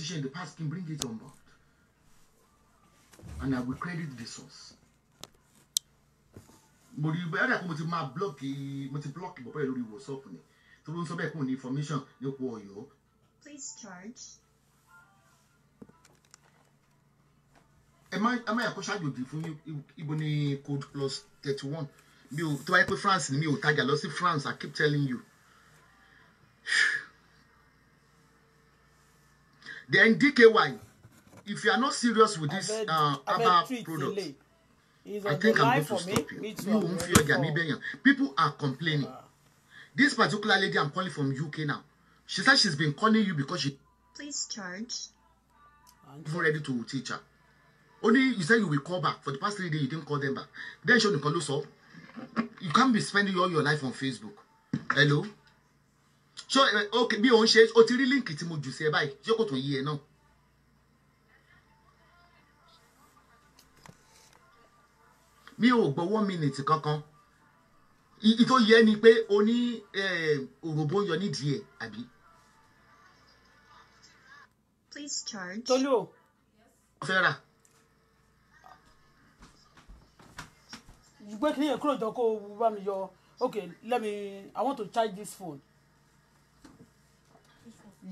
teacher in the past can bring it on board. And I will credit the source. Mo rí bẹ́ẹ̀ dàkú mo ti máa blọ́ọ̀kì mo ti blọ́ọ̀kì bọ̀bọ́ ìlú ìwòsàn fún mi. Tó ló ń sọ bẹ́ẹ̀ kún Please charge. Ẹ má yà kó ṣàjòjì fún ibo ní code plus thirty one. Mi ò tó wáyé pé France ni mi ò tajà France I keep telling you. Then DKY, if you are not serious with this bet, uh, ABBA product, I think I'm going to stop you. You won't feel Ghanaian. People are complaining. Uh, this particular lady I'm calling from UK now, she said she's been calling you because she. Please charge. I'm ready to teach her. Only you said you will call back. For the past three days, you didn't call them back. Then she will call you so. You can't be spending all your life on Facebook. Hello? ṣó eh, ok bí òun ṣe o ti rí líǹkì tí mo jù sí ẹ báyìí ṣé kò tún yí ẹ náà. mi ò gbọ́wọ́ mínítì kankan ìtò yẹ ni pé o ní eh, òròbó yọ nídìí ẹ àbí. please charge. tolu o. ọ̀fẹ́ rà. gbé kí ni èkúrò jọ kó o bá mi yọ okay let me i want to charge this phone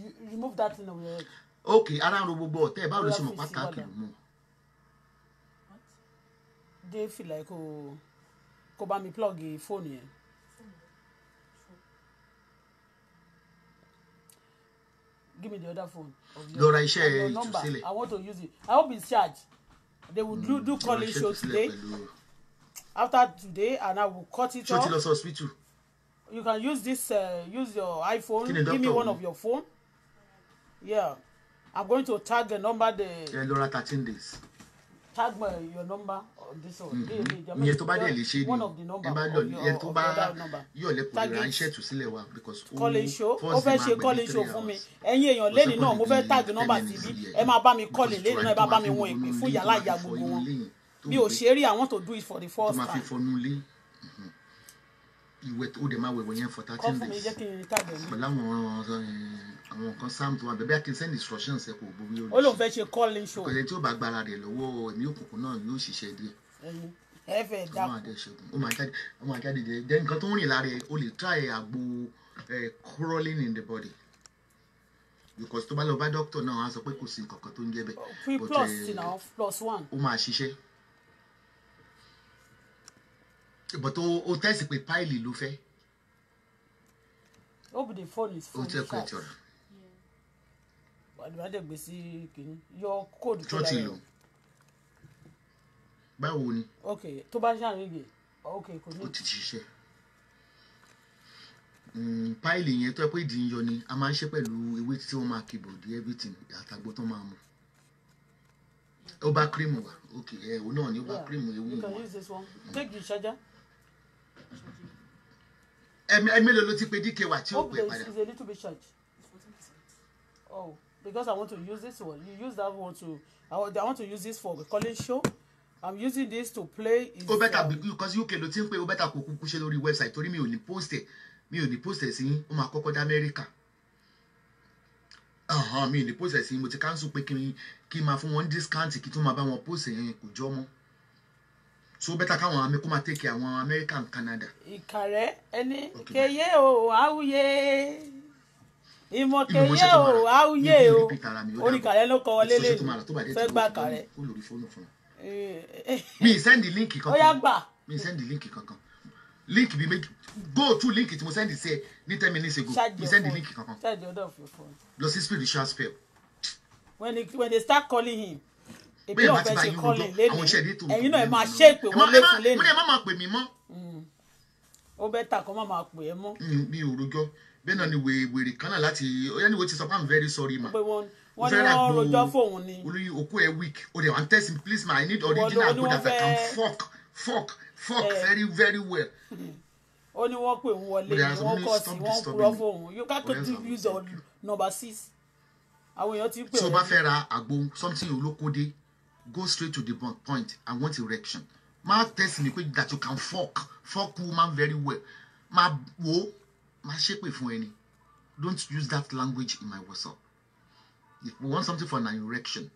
you remove that thing from your head. ok ara ń ro gbogbo ọ̀tẹ̀ báwo ló ṣe mọ̀ pàtàkì mú. dé fìlà kò kò bá mi plug fóònù yẹn. give me the other phone. lọ ra iṣẹ́ ètò sílẹ̀. i want to use it i hope it's charged they will do, hmm, do calling show today after today and i will cut it off. ṣé o ti lọ sọ hospital. you can use this uh, use your iphone give me one of your phone. Yeah. I'm going to tag the number the. Yeah, Laura, ra thirteen days. Tag my your number on this one. Iye mm-hmm. tó the dẹ̀ lè ṣe ni ẹ bá lọ ẹ tó bá yọ̀ lẹ́kọ̀ọ́ ìrà iṣẹ́ tù sílẹ̀ wa because ó kọ́lé iṣó ó fẹ́ ṣe kọ́lé iṣó fún mi ẹ̀yin èèyàn lẹ́ni náà mo fẹ́ tag nọ́mbà síbí ẹ máa bá mi kọ́lé lẹ́ni náà ẹ bá bá mi wọn ìpè fún yàrá ìyá gbogbo wọn mi ò ṣe é rí I want to do it for the first time ìwẹ ó dẹ̀ máa wẹ̀ yẹn for thirteen days pẹ̀lú àwọn àwọn kan sam tó wà bẹ́ẹ̀ bí a kì í send instructions ẹ̀ kò gbórí olùsí ó lóun fẹ́ ṣe calling show kò sẹ́ni tí ó bá gbára rẹ̀ lọ́wọ́ ẹ̀mí òkùnkùn náà yóò ṣiṣẹ́ díẹ̀ ẹ fẹ́ ó máa jáde ó máa jáde jẹ́ jẹ́ nǹkan tó ń rìn lára ẹ̀ o lè try àgbo crawling in the body because tó bá lọ bá doctor náà á sọ pé kò sí nǹkan tó ń jẹ́ bẹ́ẹ̀ oh, but eh, ó máa ṣiṣẹ́ but o tẹ́sí pé páìlì ló fẹ́. hope the phone is full charge. o tẹ́ kò jọra. àdìbò àdìgbè sí kìíní yọ kóòdù tó dára. tọ́tì lò báwo ni. ok tó bá ṣàríyè ok kò ní. o ti ṣiṣẹ́ hmm, páìlì yẹn tó yẹ pé ìdí ń yọ ni a máa ń ṣe pẹ̀lú ewé tí wọ́n máa kìbò di everything àtàgbò tó máa mu ó bá cream wa ok ẹ òun náà ni ó bá cream ewu wa. you can use this one take the charger ẹ̀mẹ́lẹ̀ ló ti pe DK wá tí ó pè padà. hope there is a little bit charge. oh because I want to use this one you use that one to I want, I want to use this for the college show I'm using this to play. ó bẹ́tà um, because you can ti ń pe ó bẹ́tà kò kúkú ṣe website torí me only post it. Me only post ẹ̀ sí yín ó máa kọ́kọ́ dá Amẹ́ríkà mi ò ní post ẹ̀ sí But you can't cancel pé kí n máa fún wọn discount kí tó máa bá wọn post ẹ̀ so better káwọn àmì kó máa take care àwọn America and Canada. ìkàrẹ́ ẹni kèye o àwùyé ìmọ̀kèye o àwùyé o oríkàrẹ́ ló kọ́ wọlé lé fẹ́ gbà kàrẹ́. Eh. mi ì sẹ́ndì líǹkì kankan mi ì sẹ́ndì líǹkì kankan líǹkì bíi méjì go to líǹkì tí mo sẹ́ndì sí ẹ ní ten minutes ago mi ì sẹ́ndì líǹkì kankan lọ sí spiritual spell. when they, when they start calling him èmi náà fẹ́ ṣe kọ́lẹ̀ lẹ́nu ẹ̀yin náà ẹ máa ṣe ìpè wọn lẹ́kùn lẹ́nu. mo ní ẹ má máa pè mí mọ́. Mm. ó bẹ́ tà kó má máa pè é mọ́. mi ò rojọ́ bẹ́ẹ̀ náà ni wèrè kan náà láti ọ̀yá ni wo ti sọ pé i'm very sorry ma. pé wọ́n wọ́n ní wọ́n rojọ́ fóun ni. olóyè òkú ẹ weak o dey wan test me please ma i need original good as i can fok fok fok very very well. ó ní wọ́n pè ń wọlé wọ́n kọ́ sí wọ́n kúrọ́ fóun you can't continue use your number six àwọn èèyàn ti pè é. tí o bá fẹ́ ra àgbo something olókóde go straight to the point i want erection máa test mi pé that you can fork fork woman very well máa wo máa shape fún ẹni don't use that language in my whatsapp if you want something for an erection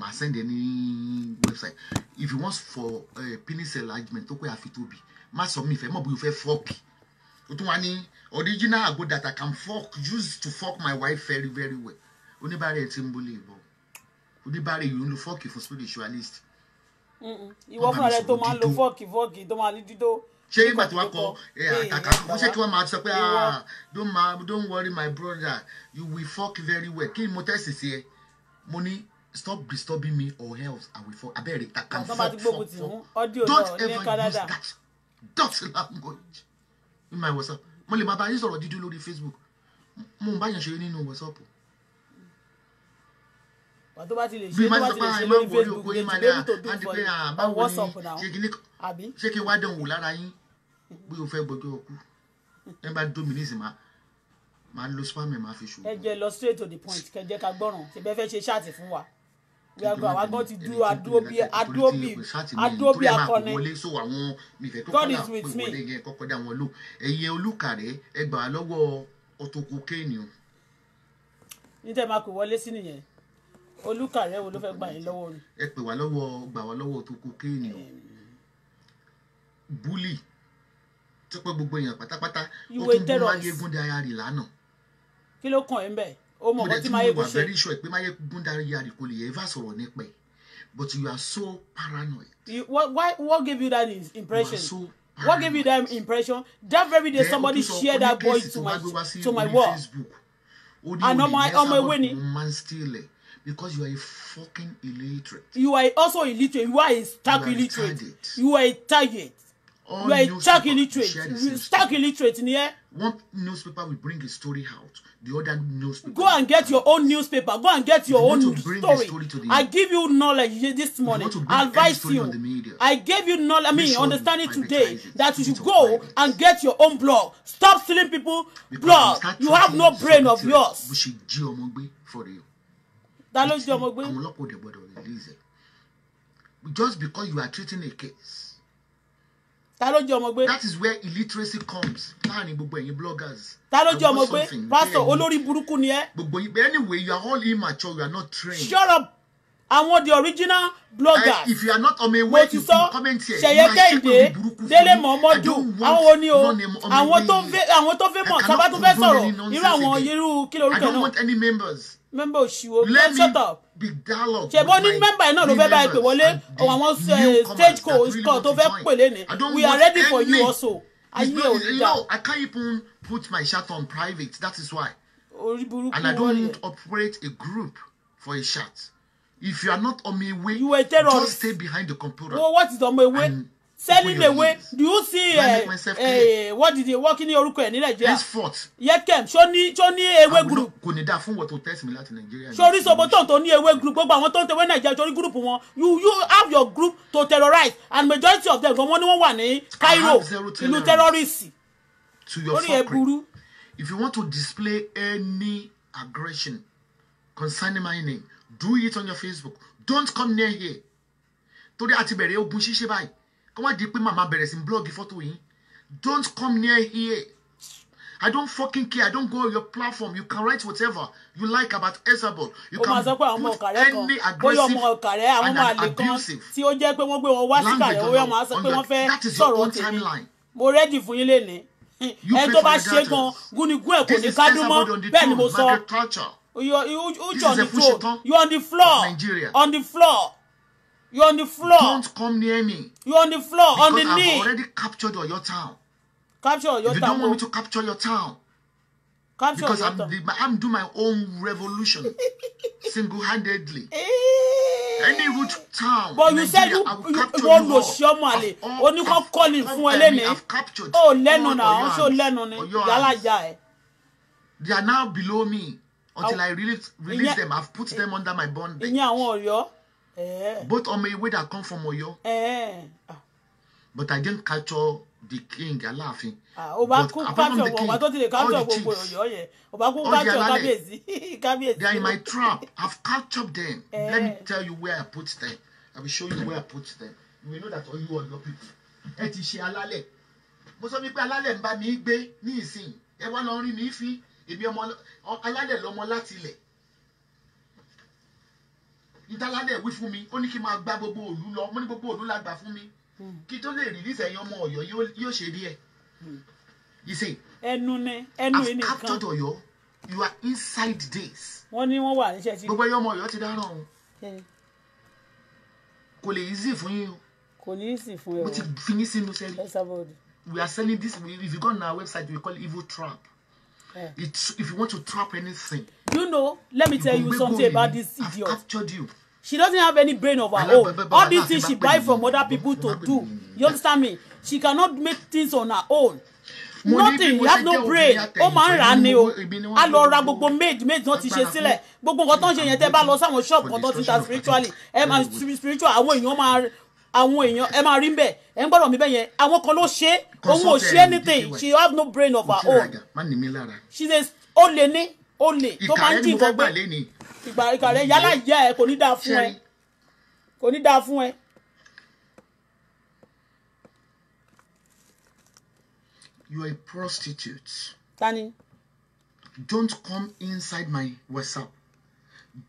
máa send any website if you want for uh, penis enlargement tó pé àfi tóbi má sọ mi ìfẹ́ mọ̀ bí o fẹ́ fork o tún wá ní original ago that i can fork use to fork my wife very very well oníbàárẹ̀ tí ń bó lè bọ́ oníbàárà yìí ń lo fọ́ọ̀kì fún spiritualist. ìwọ fúnra rẹ tó máa ń lo fọ́ọ̀kì fọ́ọ̀kì tó máa ní dídó. ṣé nígbà tí wàá kọ àkàkà kan ṣé kí wọ́n máa sọ pé ah, don't worry my brother you will fuck very well kí ni mo tẹ́sí sí ẹ mo ní stop disturbing me or else i will fall abẹ́rẹ́ ta kan fọ́ fọ́ don't ever use that that language in my whatsapp mo lè máa bá yín sọ̀rọ̀ dídú lórí facebook mo ń bá yàn ṣeré nínú whatsapp but tó bá ti lè ṣe tó bá ti lè ṣe lórí facebook page they need to do it for you on whatsapp now àbí. ṣé kí n wá dán wò lára yín bí o fẹ́ gbọ́jọ́ ọkú ẹ bá dómi nísìnyí máa máa lo spam ẹ máa fi ṣòwò. ẹ jẹ́ lọ straight to the point kẹ́ jẹ́ ká gbọ́ràn ṣe bẹ́ẹ̀ fẹ́ ṣe ṣáàtì fún wa yàgò àwọn agbọ́n ti dúró adúró bí adúró bí adúró bí akọni God is with me. ẹ̀yẹ olùkàrẹ́ ẹ gbà á lọ́wọ́ ọ̀tọ̀kọ̀ kéènì o. ní tẹ́ máa kò wọlé sí nìyẹn olùkàrẹ́ wo ló fẹ́ gbà yín lọ́wọ́ ni. ẹ pè wá lọ́wọ́ gbà wá lọ́wọ́ tó kokéènì o búlì tó pé gbogbo èèyàn pátápátá ó tún bú máyégún di ara rè lánàá. kí ló kàn ẹ́ mbẹ́ o mọ̀ ọ̀gá tí máyégún ṣe. mo dẹ̀ tí mo wà very pé máyégún darí ara rè kò lè yẹ ẹ bá sọ̀rọ̀ nípa ẹ̀ but you are so paranoid. what, why, what gave you that impression? What gave you that impression? That very day somebody shared that boy to my to my work. And ọmọ ọmọ ni because you are a fucking illiterate. you are also illiterate you are a stark illiterate you are a target. All you are a stark illiterate stark illiterate ni ẹ. one newspaper will bring a story out the other newspaper. go and get your own newspaper go and get your you own story. story i give you knowledge this morning I advise you i gave you knowledge i mean sure it today that you should go private. and get your own blog stop stealing people because blog you have no brain of yours ta ọmọ gbé. àwọn ọlọ́pàá òde gbọ́dọ̀ release ẹ̀ just because you are treating a case. ta ọmọ gbé. that is where illiteracy comes láàrin gbogbo ẹ̀yin bloggers. ta ọmọ gbé pastor olórí burúkú ni ẹ́. gbogbo yìí anyway you are all immature you are not trained. shut up àwọn the original bloggers. Uh, if you are not ọmọ ewé you can comment here. sẹ̀yẹ kẹ́hìndé délé mọ̀ọ́mọ́dù àwọn wo o àwọn tó fẹ́ mọ̀ sábà tó fẹ́ sọ̀rọ̀ irú àwọn irú kí lorúkọ náà. I don't want any members mẹ́mbà òṣìwò let's shut up ṣèbó ní mẹ́mbà yẹn náà ló fẹ́ bá ẹ pè wọlé àwọn eh, stage call tó fẹ́ pè lé we are ready for you also ayé ò ní dá. I can't even put my chat on private that is why and I don't operate a group for a chat. if you are not on my way just stay behind the computer. Well, what is on my way? and sending away do you see uh, uh, what did they work ní orúkọ ẹ̀ ní nàìjíríà henceforth yekem ṣó ní ṣó ní ewé group kò ní dáa fún wọn tó test mi láti nàìjíríà sórí sobotó tó ní ewé group gbogbo àwọn tó ń tẹwé nàìjíríà sórí group wọn you you have your group to terrorize and majority of them gan wọn ni wọn wà ní cairo ìlú To your ẹ̀bùrú. if you want to display any aggression concerning my name do it on your facebook don't come near here torí àti bẹ̀rẹ̀ ogun ṣíṣe báyìí kó má di my màmá in blog before to yín don't come near here I don't fucking care I don't go on your platform you can write whatever you like about Esabod you can put any aggressive and an abusive language on, that is your own timeline. mo rẹ́dì fún yín lénìí ẹni tó bá ṣe gan gúnigún ẹ̀ kò ní kádùn mọ́ bẹ́ẹ̀ ni you on the floor on the floor You're on the floor. Don't come near me. You're on the floor, because on the I've knee. I've already captured your, town. Capture your town. You don't want me to capture your town. Capture because your I'm, town. The, I'm doing my own revolution single-handedly. Eh. Any root town. But you said you wọ́n lò sí ọmọ Only Oníkọ́ calling fún oh, ẹ lẹ́nu. Ó lẹ́nu náà, ó ṣó lẹ́nu ni. Yálà ya They are now below me until I, release, release them. I've put them under my bondage. Inya àwọn yo. Eh. both my way, that come from Oyo. Eh. Ah. but I didn't catch all the king Aláàfin. ọba ah, kú capture ọba tó ti lè capture gbogbo Ọ̀yọ́ yẹn ọba kú they are in my trap I've captured them eh. let me eh. tell you where I put them I will show you where I put them you will know that all you your people ẹ ti ṣe alálẹ̀ mo sọ wípé alálẹ̀ ń bá mi gbé ní ìsìn ẹ wá mi fi èmi ọmọ alale lọmọ láti ilẹ̀ ntàládẹ̀ wí fún mi ó ní kí n máa gba gbogbo òlu lọ mo ní gbogbo òlu la gbà fún mi hmm. kí tó lè rí nísẹ̀yìn ọmọ ọ̀yọ́ yóò ṣe díẹ̀ hmm. you see ẹnu ni ẹnu yìí nìkan after ọ̀yọ́ you are inside this. wọ́n ní wọ́n wà níṣẹ́ tí. gbogbo ẹyọ ọmọ ọ̀yọ́ ti dáràn o kò lè easy fún yín o kò ní í fún ẹ o mo ti fi yín sínú sẹ́rí we are selling this if you go on our website we call it evil trap. Yeah. if you want to trap anything. You know, let me tell you something about this idiot. you. She doesn't have any brain of her own. All these things she buy from other people to do. You understand me? She cannot make things on her own. nothing you have no brain ó máa ń rà ni o a lọ ra gbogbo maid maid náà ti ṣe sílẹ̀ gbogbo nǹkan tó ń ṣe yẹn tẹ́ bá lọ sáwọn shop kan tó ti ta spiritually ẹ máa spiritual àwọn èèyàn máa àwọn èèyàn ẹ máa rí bẹ́ẹ̀ ẹ ń gbọ́dọ̀ mi bẹ́ẹ̀ yẹn àwọn kan ló ṣe é òun ò ṣe anything she have no brain of her own she dey olè ní olè tó máa ń jí nǹkan gbé ìgbà ìgbà rẹ yálà ìyá ẹ kò ní dáa fún ẹ kò ní dáa fún ẹ. you are a prostitute. tani. don't come inside my whatsapp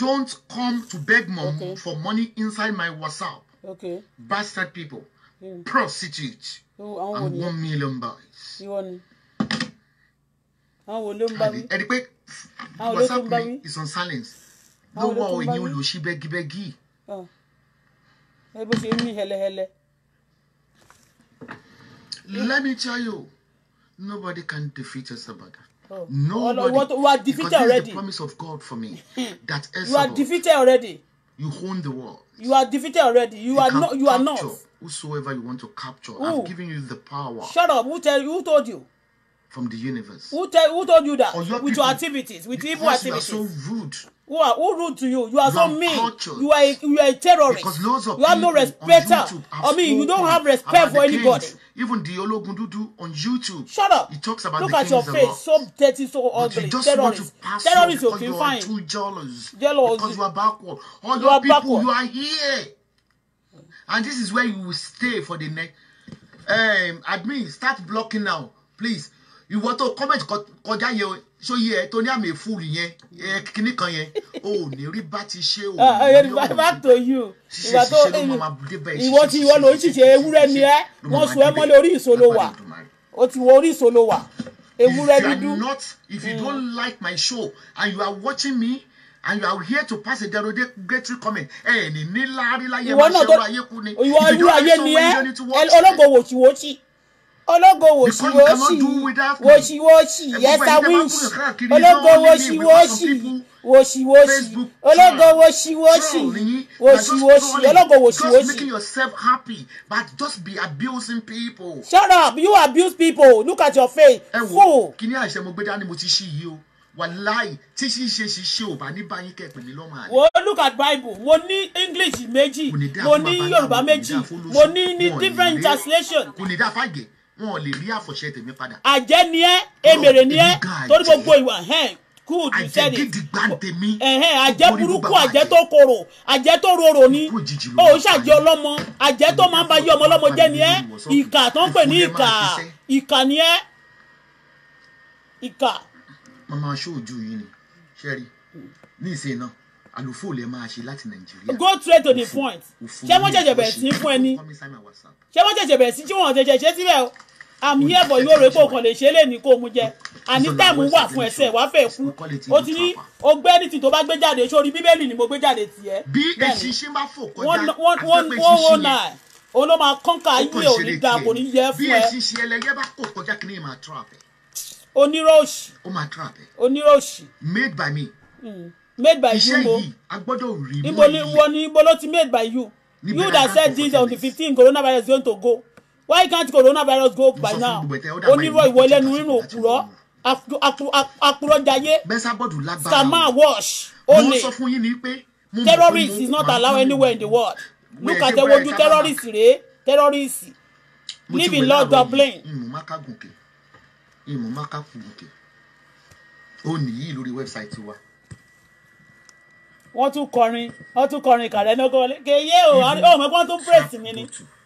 don't come to beg mom okay. for money inside my whatsapp. okay. bastard people. Hmm. prostitute and one million boys. ẹni pé whatsapp mi is on silence lọ́wọ́ ẹ̀yin olùsí bẹ́gíbẹ́gí. let me tell you nobody can defeat us, Oh. Nobody, what, you are defeated because already. is the promise of God for me that Esabod, you are defeated already. You own the world. You are defeated already. You, you are not. You are not whosoever you want to capture. Who? I've given you the power. Shut up. Who tell you? Who told you? From the universe. Who tell? Who told you that? Your with people, your activities, with evil activities. You are so rude. Who are who rude to you? You are you so mean. Cultured. You are a, you are a terrorist. Because lots of you have no respect. I mean, you don't have respect for anybody. Kings. Even the Ologun on YouTube. Shut up. He talks about Look the at your face, so dirty, so ugly. You just terrorist. want to terrorist, okay, fine. jealous. Jealous. Because you are backward. All you your people, backward. you are here and this is where you will stay for the next um, admin start blocking now please ìwọ tó comment kọjá yẹ ṣó yẹ ẹ tó ní àmì fúlù yẹn ẹ eh, kíní kan yẹn o ò ní rí bá ti ṣe o ní o bá tó yìí o ìwà tó ìwọ tí ìwọ ló ń ṣiṣẹ́ ewúrẹ́ ni ẹ wọ́n sọ ẹ mọ́lẹ̀ orí ìṣòro wà o ti wọ orí ìṣòro wà ewúrẹ́ dúdú. if you are not if you don't like my show and you are watching me and you are here to pass a derogatory comment ẹ ní ní láárí láyé máa ṣe ọ̀rọ̀ ayé kú ni ìwọ irú ayé ni ẹ ológo wòṣìwòṣì ológo wòṣìwòṣì wòṣìwòṣì yẹta wíńṣì ológo wòṣìwòṣì wòṣìwòṣì ológo wòṣìwòṣì wòṣìwòṣì ológo wòṣìwòṣì. making yourself happy but just be abusing people. shut up you abuse people look at your face. ẹ wo kí mo gbé dání mo ti ṣí yìí o wàláì tí ṣíṣe ṣíṣe ò bá ní báyìí kẹpẹ mi lọ́mọ àlè. wo look at bible mo ní english méjì mo ní yorùbá méjì mo ní ní different translation. kò ní dá fàgẹ̀ wọn ò lè rí àfọ̀ṣẹ tèmi padà. àjẹ́ ni ẹ́ èmèrè ni ẹ́ torí gbogbo ìwà good you said it àjẹ́ burúkú àjẹ́ tó korò àjẹ́ tó rorò ni ó ṣàjẹ́ ọlọ́mọ àjẹ́ tó máa ń ba yí ọmọ ọlọ́mọ jẹ́ ni ẹ́ ìkà tó ń pè ní ìkà ìkà ni ẹ́ ìkà wọ́n máa ṣóòjú yìí ni ṣẹ́rí ní ìsìn náà àlùfò lè máa ṣe láti nàìjíríà. go straight to the point ṣé wọ́n jẹ̀jẹ̀ bẹ̀rẹ̀ sí fún ẹni ṣé wọ́n jẹ̀jẹ̀ bẹ̀rẹ̀ sí tí wọ́n jẹ̀jẹ̀ ṣe síbẹ̀ o àmì yẹ̀ bọ̀ yóò rẹ̀ kó kàn lè ṣe é lè ní kó mu jẹ àní táàmù wà fún ẹsẹ̀ wà fẹ́ kú ó ti ní o gbé ní ti tó bá gbé jáde sórí bíbélì ni mo gbé jáde tiẹ̀. bí èsì ṣe máa fò kọjá àtẹ́pẹ́ ṣíṣe yẹn òun ló máa kọ́ńkà ayé òní dáa kò ní yẹ fún ẹ. bí èsì ṣe ẹlẹ́yẹ bá kò kọjá kí ni ì máa tọ́ àbẹ̀ onírọ́ òṣì. ó máa trap ẹ. onírọ́ made by me. Mm. made by you mo. iṣẹ́ yìí a gbọ́dọ̀ rí mọ́ ilé. ibo ni ibo ló ti made by you. you that said this on the fifteen coronavirus going to go why can't coronavirus go by now onírọ́ ìwọ ẹlẹ́nu rírun òpùrọ́ àpùrọ̀jayé sama wash Only olè terrorist is not allowed anywhere in the world look at ẹ wojú terrorist rèé terrorist live in lord dublin ìmọ̀ mákàpù òkè ó nìyí lórí wẹ́bsáìtì wa wọ́n tún kọrin wọ́n tún kọrin ìkàrẹ́ náà kọ́ ké yé o ọmọ ẹ̀gbọ́n tún praise mi ni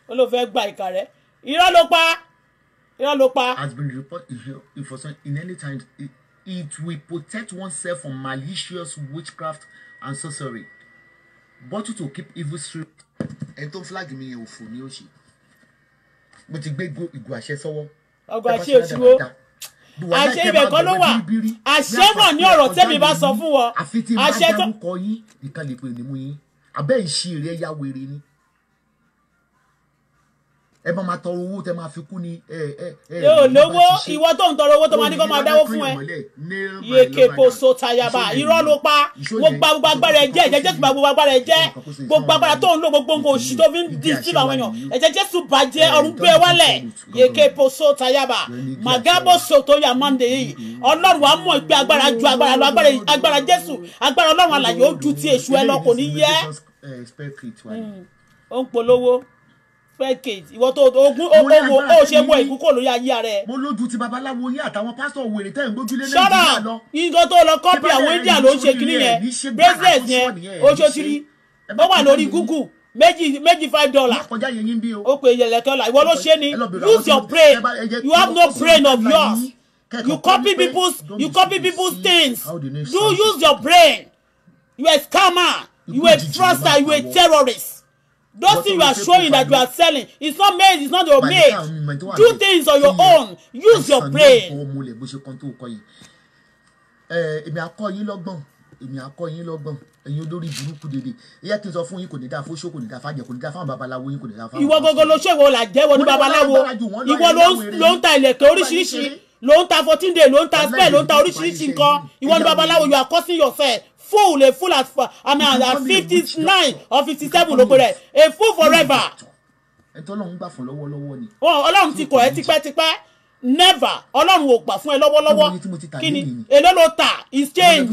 olóòfẹ́ gba ìkàrẹ́ irọ́ ló pa irọ́ ló pa. has been reported in for in any time it, will protect oneself from malicious witchcraft and sorcery but to keep evil straight. ẹ tó ń flag mi yẹn òfò ni ó ṣe mo ti gbé ìgò àṣẹ sọ́wọ́. ọgbà àṣẹ òṣìwò àṣẹ ibẹ̀ kọ́ ló wà àṣẹ wà ní ọ̀rọ̀ tẹ́mi bá sọ fún wọn àṣẹ tó. àfi tí n bá dárúkọ yín nìkan lè pè ní mú yín abẹ́ ìṣe rẹ̀ yá wèrè ni ẹ máa ma tọrọ owó tẹ máa fi kú ni. yóò lówó ìwọ tó ń tọrọ owó tó máa ní kó máa dáwó fún ẹ yèké poso tayaba irọ́ ló pa gbogbo agbára ẹ jẹ́ ẹ̀jẹ̀ Jésù bá gbogbo agbára ẹ jẹ́ gbogbo agbára tó ń lò gbogbo nǹkan oṣù tó fi ń di sí àwọn èèyàn ẹ̀jẹ̀ Jésù bàjẹ́ ọ̀run gbé wálẹ̀ yèké poso tayaba magabo soto yamande yìí ọlọ́run wa mọ̀ pé agbára ju agbára lọ agbára Jésù agbára ọlọ́run alàyè ó ju ti èṣù ẹ lọ kò ní yẹ. Hmm. ó ń polówó package ìwọ tó ogún owó ó ṣe mọ ìkú kò lórí ayé rẹ. mo lójú ti babaláwo yé àtàwọn pásítọ̀ wèrè tẹ̀ ń gbójúlé nàìjíríà lọ. ṣọ́nà nǹkan tó lọ kọ́pì àwọn india ló ń ṣe kiri yẹn bracelet yẹn oṣooṣiri ó wà lórí google méjì méjì five dollar ó pe yẹlẹkẹ ọ̀la ìwọ ló ṣe ni use your brain you have no brain of yours you copy people's you copy people's things Do use your brain you a scammer you a fraudster you a terrorist those things you are showing that you are selling it's not made it's not your made do things on your own use your brain. èmi akọ yín lọ́gbọ́n èmi akọ yín lọ́gbọ́n ẹ̀yin olórí burúkú dèdè ìyá kí n sọ fún yín kò ní dáa fóṣó kò ní dáa fájẹ kò ní dáa fáwọn babaláwo yín kò ní dáa fáwọn. ìwọ gọgọ ló ṣèwọ là jẹwọ ní babaláwo ìwọ ló ń ta ìlẹ̀kẹ̀ oríṣiríṣi ló ń ta fourteen day ló ń ta spell ló ń ta oríṣiríṣi nǹkan ìwọ ní babaláwo you are causing yourself fool a fool at I mean at fifty nine or fifty seven ló pe rẹ̀ a fool forever. ẹ tọ́lọ́run gbà fún lọ́wọ́lọ́wọ́ ni. wọn ọlọ́run ti kọ̀ ẹ́ tipẹ́tipẹ́ never ọlọ́run ò gbà fún ẹ lọ́wọ́lọ́wọ́ kí ni èló ló ta is change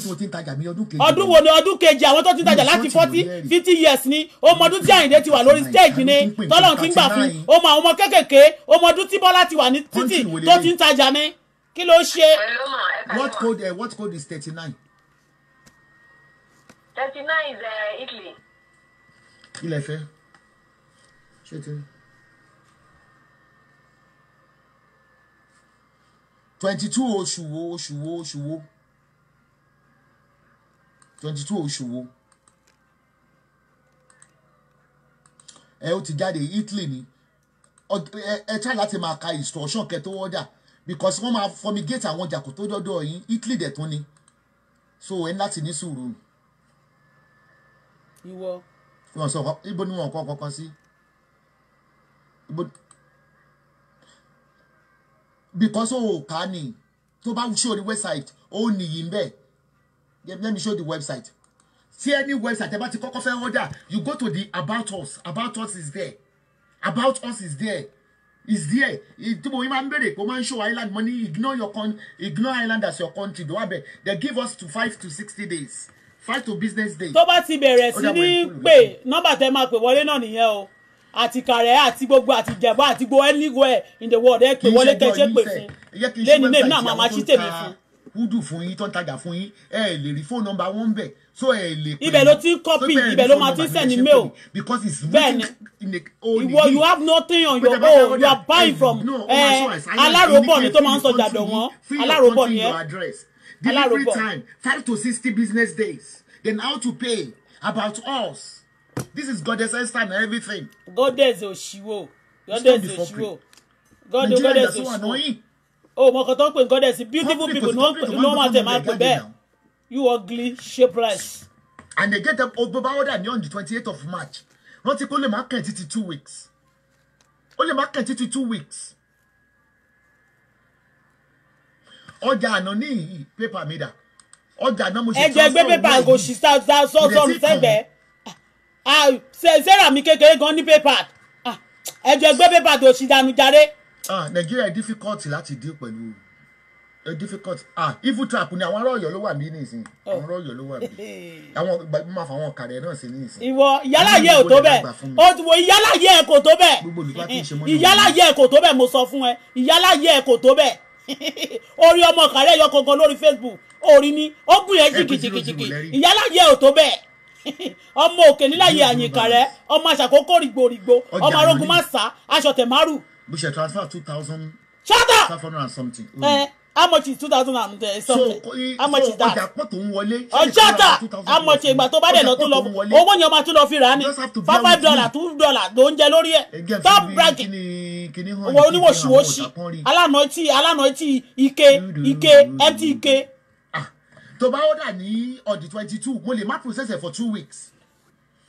ọdún wo ni ọdún kejì àwọn tó ti tajà láti forty fifty years ni ọmọ ọdún tí àyìndé ti wà lórí stage ni tọ́lọ́run ti ń gbà fún ọmọ àwọn ọmọ kékèké ọmọ ọdún tí bọ́lá ti wà ní títì tó ti ń tajà ni kí ló ṣe. what code uh, what code is thirty nine thirty nine is uh, Italy. ilẹ̀ fẹ́ ṣé ti rí. twenty two oṣù wo oṣù wo oṣù wo twenty two oṣù wo ẹ ó ti jáde Italy ni ẹ ṣáà láti máa ka instruction kẹ tó wọ́dà because wọ́n máa fọmigate àwọn ọjà kó tó dọ́dọ̀ yín Italy dẹ̀ tún ni so ẹ ní láti ní sùúrù ìwọ. wọn sọ ibo ni wọn kọ kankan sí ibo because o kà ní tó bá show the website ó nìyí ń let me show the website tí any website ẹ bá ti kọ́kọ́ fẹ́ order you go to the about us about us is there about us is there is there tí mo máa ń béèrè o máa ń show island money ignore your con ignore island as your country do abẹ they give us to five to sixty days five to business day. tó bá ti bẹ̀rẹ̀ sí ní pé nọ́mbà tẹ máa pè wọlé náà nìyẹn o àti kàrẹ́ àti gbogbo àti jẹ̀bọ́ àti gbogbo anywhere in the world ẹ pè wọlé kẹ́ṣẹ́ pè fún lẹ́ni lèmi náà máa máa ṣí tèmi fún. kúndùn fún yín tó ń tajà fún yín ẹ lè rí fóònù nọ́mbà wọn bẹ̀ so ẹ lè pè ibẹ̀ ló ti ń copy ibẹ̀ ló máa ti ń send mail bẹ́ẹ̀ni ìwọ you have nothing on your own you are buying from eh, aláròbọ̀ ni tó máa ń sọ jàdọ̀ wọn aláròbọ̀ ni ẹ aláròbọ̀ delivery time five to sixty business days then how to pay about us this is goddess esther and everything. goddess oshiwo goddess oshiwo god goddess oshiwo o mọ kan tó ń pè goddess beautiful people ni wọ́n máa tẹ̀ máa pè bẹ́ẹ̀ you ugly shapeless. and they get ọgbọba oh, order ní on the twenty eighth of march rántí pé ó lè má kàn títí two weeks ó lè má kàn títí two weeks. ọjà àná ní pépà mi dà ọjà náà mo ṣe tọ́ sọ̀rọ̀ ẹ̀jẹ̀ gbé pépà kò sì sọ̀rọ̀ sẹ́gbẹ̀ẹ́ ah, ah, sẹ́rà mi kékeré gan ní pépà ah, ẹ̀jẹ̀ gbé pépà tó sì dànù jàre. nàìjíríà difficult láti deal pẹ̀lú difficult ah evil trap ni àwọn ará Ọ̀yọ́ ló wà ní nísìn oh. àwọn ará Ọ̀yọ́ ló wà bí àwọn máa fà wọn kàrẹ náà sí nísìn. ìwọ ìyálàyé ò tó bẹ́ẹ̀ o ti wo ìyálàyé ẹ kò tó bẹ́ẹ̀ ìyálàyé ẹ kò tó bẹ́ẹ̀ mo sọ fún ẹ ìyálàyé ẹ kò tó bẹ́ẹ̀ orí ọmọ kàrẹ yọ kankan lórí Facebook orí ni ó gùn yẹn jìkìjìkìjìkì ìyálàyé ò tó bẹ́ẹ̀ ọmọ òkè níláyé àyìnkà rẹ ọmọ àṣàkókò rìgbòrìgbò ọmọ arógun má sá aṣọ tẹ̀ márù. we should transfer two thousand. five hundred and something. Mm how two thousand and eh, something how much ọjà pọ̀ tó ń wọlé oh, ọjà ta how ìgbà tó bá dẹ̀ lọ tó lọ owó yẹn máa tún lọ fi rà ní five dollar two dollar ló ń jẹ lórí ẹ̀ top bracket owó oníwòsíwòsí alánà tí alánà tí ike ike empty tó bá order ní on the twenty two mo lè má process ẹ̀ for two weeks.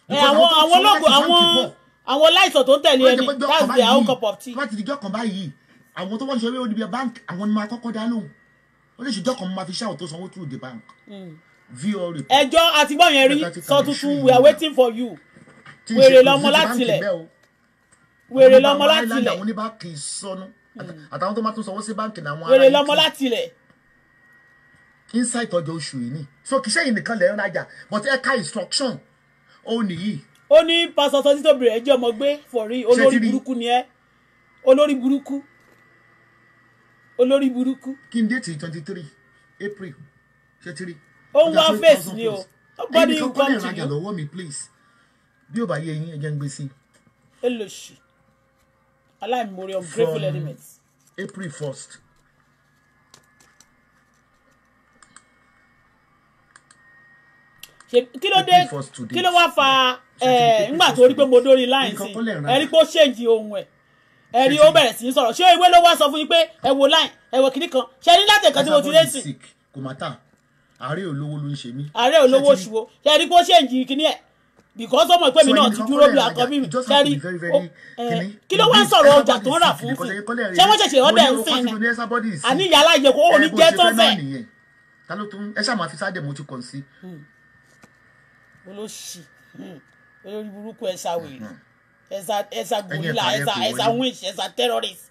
Eh, àwọn àwọn lọ́gọ̀ àwọn àwọn láìsàn tó ń tẹ̀lé ẹni that's their own cup of tea. tó bá ti di jọ́kàn báyìí àwọn tó wọ́n ṣe wéwé níbi bank àwọn ni máa kọ́kọ́ dá lóhùn ó lè ṣe jọ́kàn máa fi ṣáà tó sanwó through the bank. Hmm. ẹjọ́ àtìgbọ́ yẹn rí sọ tuntun we are waiting for you wèrè lọmọ látilẹ̀ wèrè lọ́mọ látilẹ̀ hmm. àtàwọn tó máa tún sanwó sí báǹkì náà wọn. wèrè lọ́mọ látilẹ̀ insight ọjọ́ oṣù yìí ni so kì í ṣe ìnìkan lẹ́yìn rajà but ẹ ka instruction ó nìyí. ó ní pásítọ̀ sọ́sí tó bèrè ẹjọ́ ọmọ gbé fọ̀rí olórí burúkú ni ẹ olórí burúkú olórí burúkú. kí n déètì twenty three april ṣe ti rí. ó ń wá face ni o nobody will come to you. ẹnìkan kọ́lé ìrajà lọ́wọ́ mi please bí ó bá yé eyín ẹjẹ́ ń gbé sí. ẹ lò sí aláìmoore ungrateful elements. april first kí ló dé kí ló wá fa eh, ngbà tó rí pé mo dórí line sí ẹ rí pé ó ṣèǹjì ohun ẹ̀ ẹ rí ó bẹ̀rẹ̀ sí í sọ̀rọ̀ ṣé ewé ló wá sọ fún yín pé ẹ wo line ẹ wo kìnnì kan ṣe ní láti ẹ̀kan tí mo ti dé sí. kò má tà àárẹ̀ olówó ló ń ṣe mí. àárẹ̀ olówó ṣùwọ́ ṣe rí pé ó ṣèǹjì kìnnì ẹ̀ because ọmọ ìpè mi náà ti dúró bí akọ mi kẹrí eh, kí ló wá ń sọ̀rọ̀ ọjà tó ń rà fún fún ṣé wọ́n ṣẹ̀ṣẹ̀ ọdẹ ń sìn ni àní ìyá aláìyẹ kò jẹ́ tó fẹ́. ẹ ṣáà máa fi sáà dẹ̀ mo ti kàn sí olóṣì hmm, olórí burúkú ẹ̀sà wèrè ẹ̀sà gorilla ẹ̀sà ẹ̀sà winch ẹ̀sà terrorist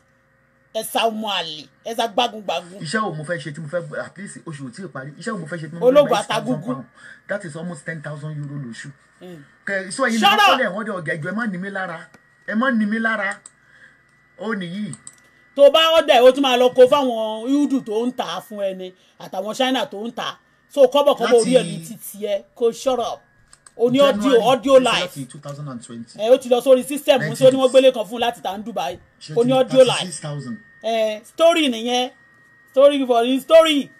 ẹ̀sà ọmọ àlè ẹ̀sà gbágungbàgun. iṣẹ́ wo mo fẹ́ ṣe tí mo fẹ́ at least oṣù tí ò parí iṣẹ́ wo mo fẹ́ ṣe tí mo fẹ́ ológun àtagúgú that is almost ten thousand euro lóṣù. Hmm. kẹ iṣẹ́ yìí ni kọ́lẹ̀ wọ́n dẹ̀ ọ̀gẹ̀ ẹ má ní mi lára ẹ má ní mi lára ó nìyí tó bá ọ̀dẹ̀ ó tún máa lọ kó fáwọn yúdù tó ń tà fún ẹni àtàwọn China tó ń tà so kọ́bọ̀kọ́bọ̀ orí ẹ̀ ní títí ẹ kó shut o ní audio audio life. ẹ o ti lọ sórí system ṣé o ní wọ́n gbélé kan fún láti ta ní Dubai o ní audio life. ẹ story nìyẹn story for the story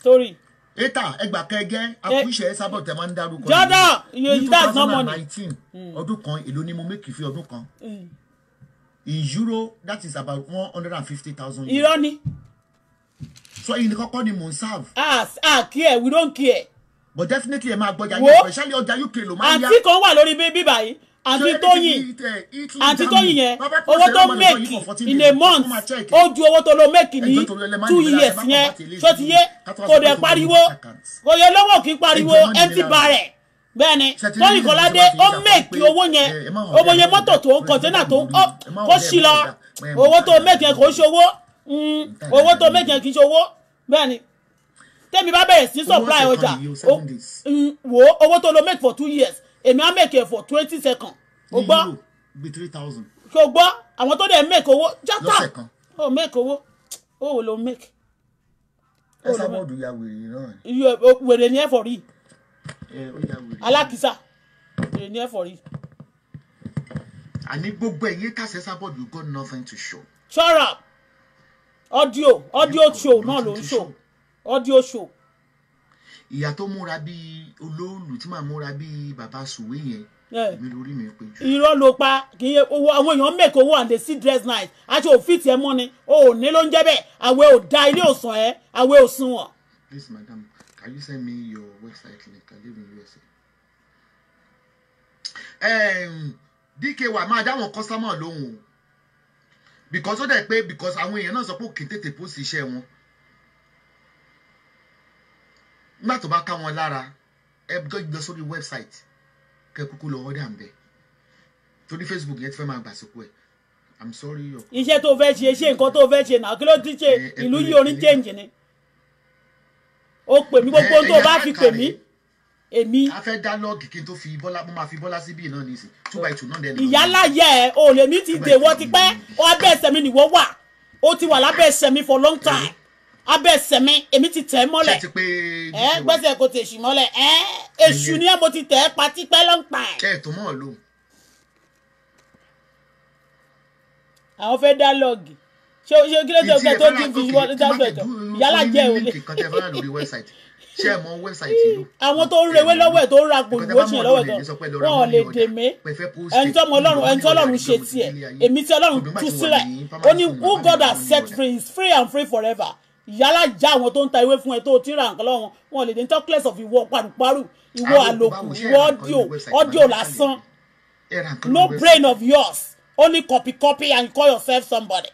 story. Eta ẹgbà kẹgẹ akúṣe sábọ̀ tẹ máa ń darúkọ jọ́dọ̀ iye that's not money mm. ọdún kan èlò ni mo mékì fi ọdún kan mm. in euro that is about one hundred and fifty thousand euro. irọ́ ni. sọ yìí ni kọ́kọ́ ni mò ń serve. ah ah care we don't care but definitely ẹ máa gbọ́jà yẹn especially ọjà UK ló máa ń yá. àǹtí kan wà lórí bíbí báyìí àǹtí Tóyìn eh, àǹtí Tóyìn yẹn owó tó make in a month ó ju owó tó lọ make ní two years yẹn tó ti yé kò dẹ̀ pariwo kò yẹ lọ́wọ́ kí pariwo empty barrel bẹ́ẹ̀ni Tóyìn Kọ́ládé ó make owó yẹn owó yẹn mọ́tò tó ń kọ̀ńténà tó ń kó sí lọ owó tó make yẹn kò ń ṣòwò owó tó make yẹn kì í ṣòwò bẹ́ẹ̀ni tẹ́mi bá bẹ̀rẹ̀ sí supply ọjà wo owó tó lo make for two years èmi á make it for twenty seconds o gbọ́ o gbọ́ àwọn tó dẹ̀ make owó jata o make owó o ò lo make. ẹ sábọ̀dù ya wèrè náà. wèrè ni ẹ fọ̀ rí alákìsà wèrè ni ẹ fọ̀ rí. àní gbogbo ẹ̀yin kàṣẹ sábọ̀dù you got nothing to show. shut up audio audio show náà ló ń show audio show. ìyá tó múra bíi olóòlù tí màá múra bíi bàbá sùwé yẹn èmi lórí mi pé jù. irọ́ ló pa kì í owó àwọn èèyàn mẹ́kọ̀ owó and they see dress nice àti òfin tiẹ̀ mọ́ ni o ò ní ló ń jẹ́ bẹ́ẹ̀ àwẹ̀ ò da ilé òsàn ẹ̀ àwẹ̀ ò sun wọn. please madam can you send me your website link i live in usa. Um, DK wa máa dáwọn kọ́sámọ̀ lóhùn o because ó dẹ̀ pé because àwọn èèyàn náà sọ pé òkè tètè post iṣẹ́ wọn nígbà tó bá ká wọn lára ẹ gbọ́ sórí website kẹ́ kúkú lọ order ń bẹ̀ torí facebook yẹn ti fẹ́ máa gbà sókú ẹ̀ i'm sorry. iṣẹ́ tó fẹ́ ṣe ṣe nǹkan tó fẹ́ ṣe náà kí ló ti ṣe ìlú yìí orin change ni o pè mí gbogbo ohun tó o bá fi pè mí èmi. a fẹ́ dá lọ́ọ̀gì kí n tó fi bọ́lá mo máa fi bọ́lá síbí náà nìyí two by two náà dẹ́nu. ìyálà yẹ ẹ o lèmi ti dèwọ́ tipẹ́ abẹ́ ẹsẹ̀ mi nìwọ́ wà o ti wà lábẹ́ ẹsẹ̀ mi for long time abẹ́ ẹsẹ̀ mi èmi ti tẹ̀ ẹ́ mọ́lẹ̀ ẹ gbẹ́sẹ̀ kò tẹ̀ èṣù mọ́lẹ̀ ẹ èṣù ni ẹ mo ti tẹ̀ ẹ́ pa tipẹ́ ló ń pa ẹ̀. kẹ́ ẹ̀ tó mọ̀ lò. àwọn fẹ́ dá lọ́ọ̀gì ṣé ṣé kí ló ṣe òkè tó ti fi wọ́n ní sáfẹ́ jọ ìyálà jẹ́ òní. ṣé ẹ mọ wẹ́bsáìtì ìlú. àwọn tó ń rewé lọ́wọ́ ẹ̀ tó ń ra gbòǹgbò ṣe lọ́wọ́ ẹ̀ gan wọn ò lè dè mí ẹni tó ọmọ ọlọ́run ẹni tó ọlọ́run ṣe tiẹ̀ èmi tí ọlọ́run tú sílẹ̀ ó ní who God has set free is free and free forever ìyálà já àwọn tó ń ta ewé fún ẹ tó ti ra nǹkan lọ́wọ́ wọn lè dé talkless of ìwọ paruparu ìwọ àlòkù ìwọ audio audio lásán no brain of yours only copy copy and call yourself somebody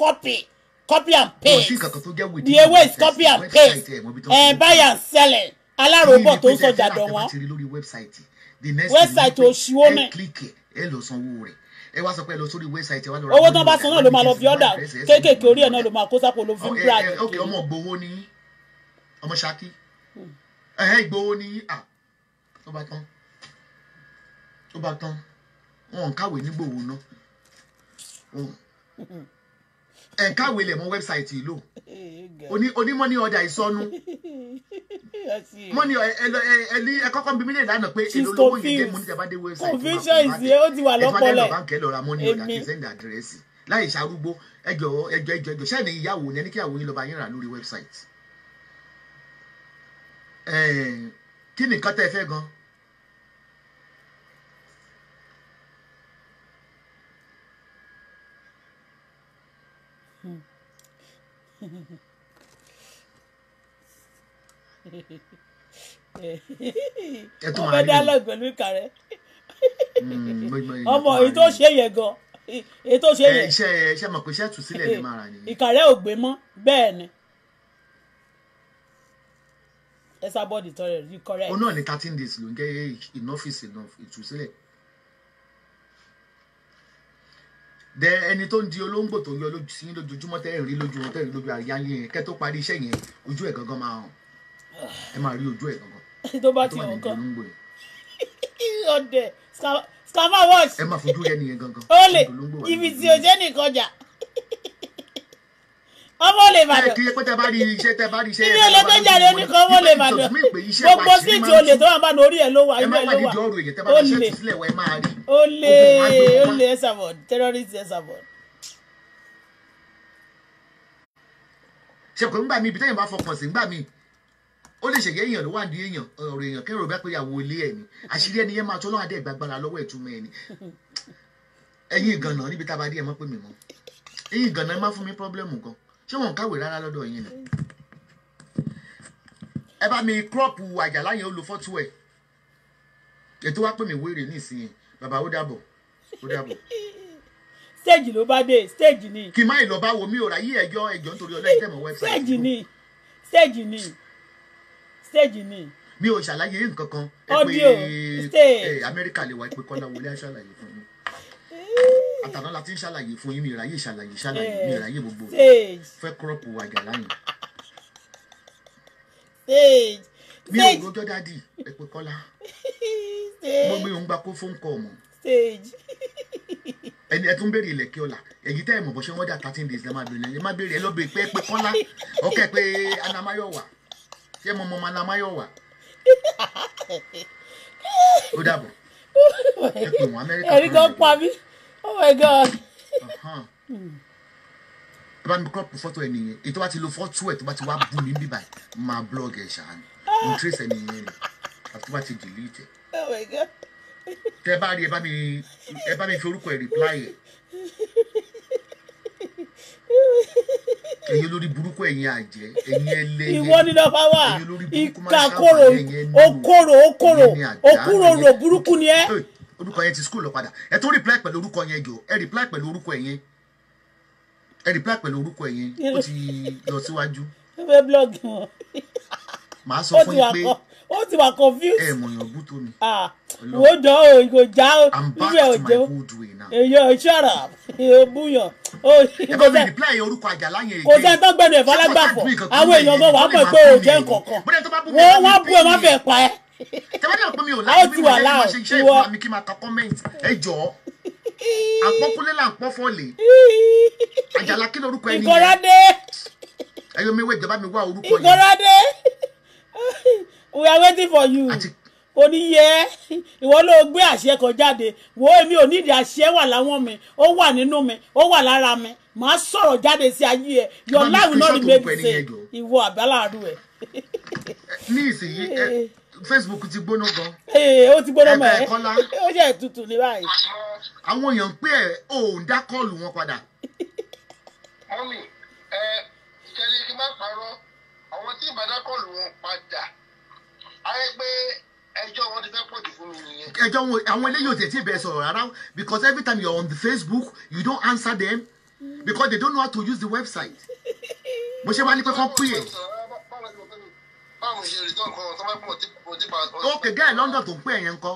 copy copy and paste the ewé is copy and paste and buy and sell it aláròbọ̀ tó ń sọjà dọ̀ website òṣìwọ́mẹ́ ẹ lọ sanwó rẹ̀ ẹ wá sọ pé lọ sórí wẹ́ẹ̀sáìtì wa lọ owó tán bá san náà ló máa lọ fi ọ̀dà kéékèèké orí ẹ̀ náà ló máa kó sápò ló fi ń bra kìkì. ok ọmọ gbowó ní ọmọ ṣákí ẹ̀hẹ́ hmm. eh, eh, ìgbowó ní à ah, tó bá tán tó bá tán wọn kàwé nígbòho náà ẹ̀ka wele mọ wẹ́bsáìtì ìlú oní mọ́ni ọjà ìsọnù mọ́ni ẹni ẹ̀kọ́kọ́ bí mílíọ̀nù lánàá pé èlò lówó yìí dé mú ní ìjàmbá dé wẹ́bsáìtì confusion is ó ti wà lọ́pọ̀lọ́ ẹ̀fọn ẹ̀lọ́ ra mọ́ni ọjà kì í sẹ́ndì àdírẹ́sì láì ṣarúgbó ẹjọ ẹjọ ẹjọ ẹjọ ṣẹ́ni ìyàwó ni ẹni kí àwọn yín lọ́ba yín rà lórí wẹ́bsáìtì kí nìkan tẹ́ fẹ́ gan-an Hmm, ọmọ dialogue pẹ̀lú ìka rẹ̀ ọmọ èyí tó ṣe yẹ gan èyí tó ṣe yẹ. iṣẹ́ ẹ ṣe mọ̀ pé iṣẹ́ ìtúsílẹ̀ ni màá rà nìyẹn. ìka rẹ̀ ò gbé mọ́ bẹ́ẹ̀ ni ẹ sábọ́ọ̀dì tọrẹ rí correct. ó náà ní thirteen days ló ń jẹ́ enough is enough ìtúsílẹ̀. dẹ ẹni tó ń di olóńgbò tó ń yọ lójú sí lójoojúmọ́ tẹ́ ẹ̀ rí lójú wọn tẹ́ ẹ̀ rí lójú àríyá yẹn kẹ́ tó parí iṣẹ́ yẹn ojú ẹ̀ gangan máa hàn ẹ máa rí ojú ẹ̀ gangan tó bá ti hàn kan ọdẹ scava watch ẹ máa fojú rẹ nìyẹn gangan olè ibi tí o jẹ́ nìkan jà ọmọ lè bàdàn. ẹ kí ẹ pé tẹ bá rí iṣẹ́ tẹ bá rí iṣẹ́. ilé olóògbé jáde ó ní kó ọmọ lè bàdàn. gbogbo síìtì olè tó wà bá lórí ẹ ló wà ibẹ ló wà ó lè ó lè ó lè ẹ sàbọ̀d terrorist ẹ sàbọ̀d. ṣe kò ń gbà mí ibi tẹ́yìn bá fọkàn sí ń gbà mí ó lè ṣègbè èèyàn ló wà ní èèyàn ọ̀rọ̀ èèyàn kẹ́rọ bá pé ilé ẹ̀ ni àṣírí ẹni yẹn máa tọ́ lọ́wọ́ àdẹ́gbàgbára lọ́wọ́ ìtumọ̀ ẹni ẹ̀yìn ìgànnà níbi tá ẹ̀ mọ́ pé mi mọ́ ẹ̀yìn ìgànnà má fún mi pọ́blẹ́mù gan ṣé wọn kàwé rárá lọ́dọ̀ yín ni ẹ bá mi kúrọ́pù àjàlá yẹn ó lo fọ́tú ètò wa pè mí wéèrè nísìnyí bàbá ó dàbọ̀ ó dàbọ̀. stage ló bá dé stage ni. kì í má ìlọ bá wo mi ò ráyé ẹjọ́ ẹjọ́ nítorí ọlọ́yin tẹ̀mọ̀ website. stage ni stage ni stage ni. mi ò ṣàlàyé nǹkan kan ẹ pé eh, eh, amẹ́ríkà lè wá ẹ pé kọ́lá wọlé aṣàlàyé fún mi àtàná la ti ń ṣàlàyé fún yín mi ìráyè ṣàlàyé ṣàlàyé mi ìráyè eh, gbogbo fẹ́ kúrọ́pù àjàlá yẹn. mi ò lójọ́ dádì ẹ pé kọ́lá mo gbé òun gba kó fóun kọ́ ọ̀mọ́ ẹni ẹ tún béèrè ilẹ̀kẹ́ ọ̀la èyí tẹ́ ẹ̀ mọ̀ bọ́ ṣé wọ́n dà thirteen days lẹ́ẹ̀ máa béèrè ẹ̀ béèrè ẹ lọ́ọ́ béèrè pé kọ́lá ọ̀kẹ́ pé anamáyọ̀wà ṣé mo mọ ọmọ anamáyọ̀wà ó dàbọ̀ ẹ pè wọ́n amẹ́ríkà fún mi. ẹ̀rí kan pa mí oh my god. ẹ bá mi crop fọ́tò ẹ nìyẹn èyí tó bá ti lo fọ́tò ẹ tó bá ti wá bù mí bíbá máa blog ẹ ṣáà ni mo ah. trace ẹ ni àti tó bá ti delete ẹ. oh my god. tẹ bá rí ẹ bá mi ẹ bá mi fi orúkọ ẹ reply ẹ ẹ̀yin olórí burúkú ẹ̀yin àjẹ́ ẹ̀yin ẹlẹ́yẹ ìwọ ni nọfà wà ìka kóró okóró okóró okóró burúkú ni ẹ orúkọ yẹn ti school lọ padà ẹ tún reply pẹ̀lú orúkọ yẹn jọ ẹ reply pẹ̀lú orúkọ yẹn ẹ reply pẹ̀lú orúkọ yẹn ó ti lọ síwájú. ó fẹ́ blọ́ọ̀gì wọn. màá sọ fún yín pé ó ti wà confused. ẹ mọ̀ bú tó wo jọ o kò já o ibi ò jẹ o èyí ò ṣọ̀rọ̀ èyí bú ẹ bá mi reply orúkọ àjàlá yẹn èyí. kò sẹ́ni tó gbẹnu ẹ̀fọ́ alágbàfọ̀ àwọn èèyàn gan wà á pé o jẹ́ nǹkan kan wọ́n wá bú ẹ má fẹ́ pa ẹ́ tẹ́wọ́n náà pé mi ò láti bí mo ṣe ṣe iṣẹ́ ìfúnra mi kí n máa ka comment ẹ jọ àpọ́kúlé là ń pọ́ fọ́ọ̀lì àjàlá kí lorúkọ ẹni ìkọ́rádé ẹyọ mi wé ìjọba mi wá orúkọ yìí ìkọ́rádé we are waiting for you kò ní yẹ ìwọ ló gbé àṣẹ kan jáde wo èmi ò nídìí àṣẹ wà láwọn mi ó wà nínú mi ó wà lára mi màá sọ̀rọ̀ jáde sí ayé ẹ your life will not remain the ìwọ àbálàrú ẹ. ní ìsinyìí Facebook ti gbóná gan. ee eh, ó ti gbóná mọ ẹ eh. ó jẹ tutù ní báyìí. àwọn èèyàn ń pè ẹ ò ń dá kọ́ọ̀lù wọn padà. mọ́mì ẹ kẹ́lí kí n má parọ́ àwọn tí ìbàdàn kọ́ọ̀lù wọn padà ayé pé ẹjọ́ wọn ti fẹ́ pọ̀ jù fún mi nìyẹn. ẹjọ́ wọn àwọn eléyìí ò tẹ̀sí bẹ́ẹ̀ sọ̀rọ̀ rárá because every time you're on the Facebook you don't answer them because they don't know how to use the website. mo ṣe wá ní pé kán pè é báwo ṣe rí tọ́kọ tó bá pọ̀ tí pa. ókè gáì London tó ń pè yẹn ńkọ́.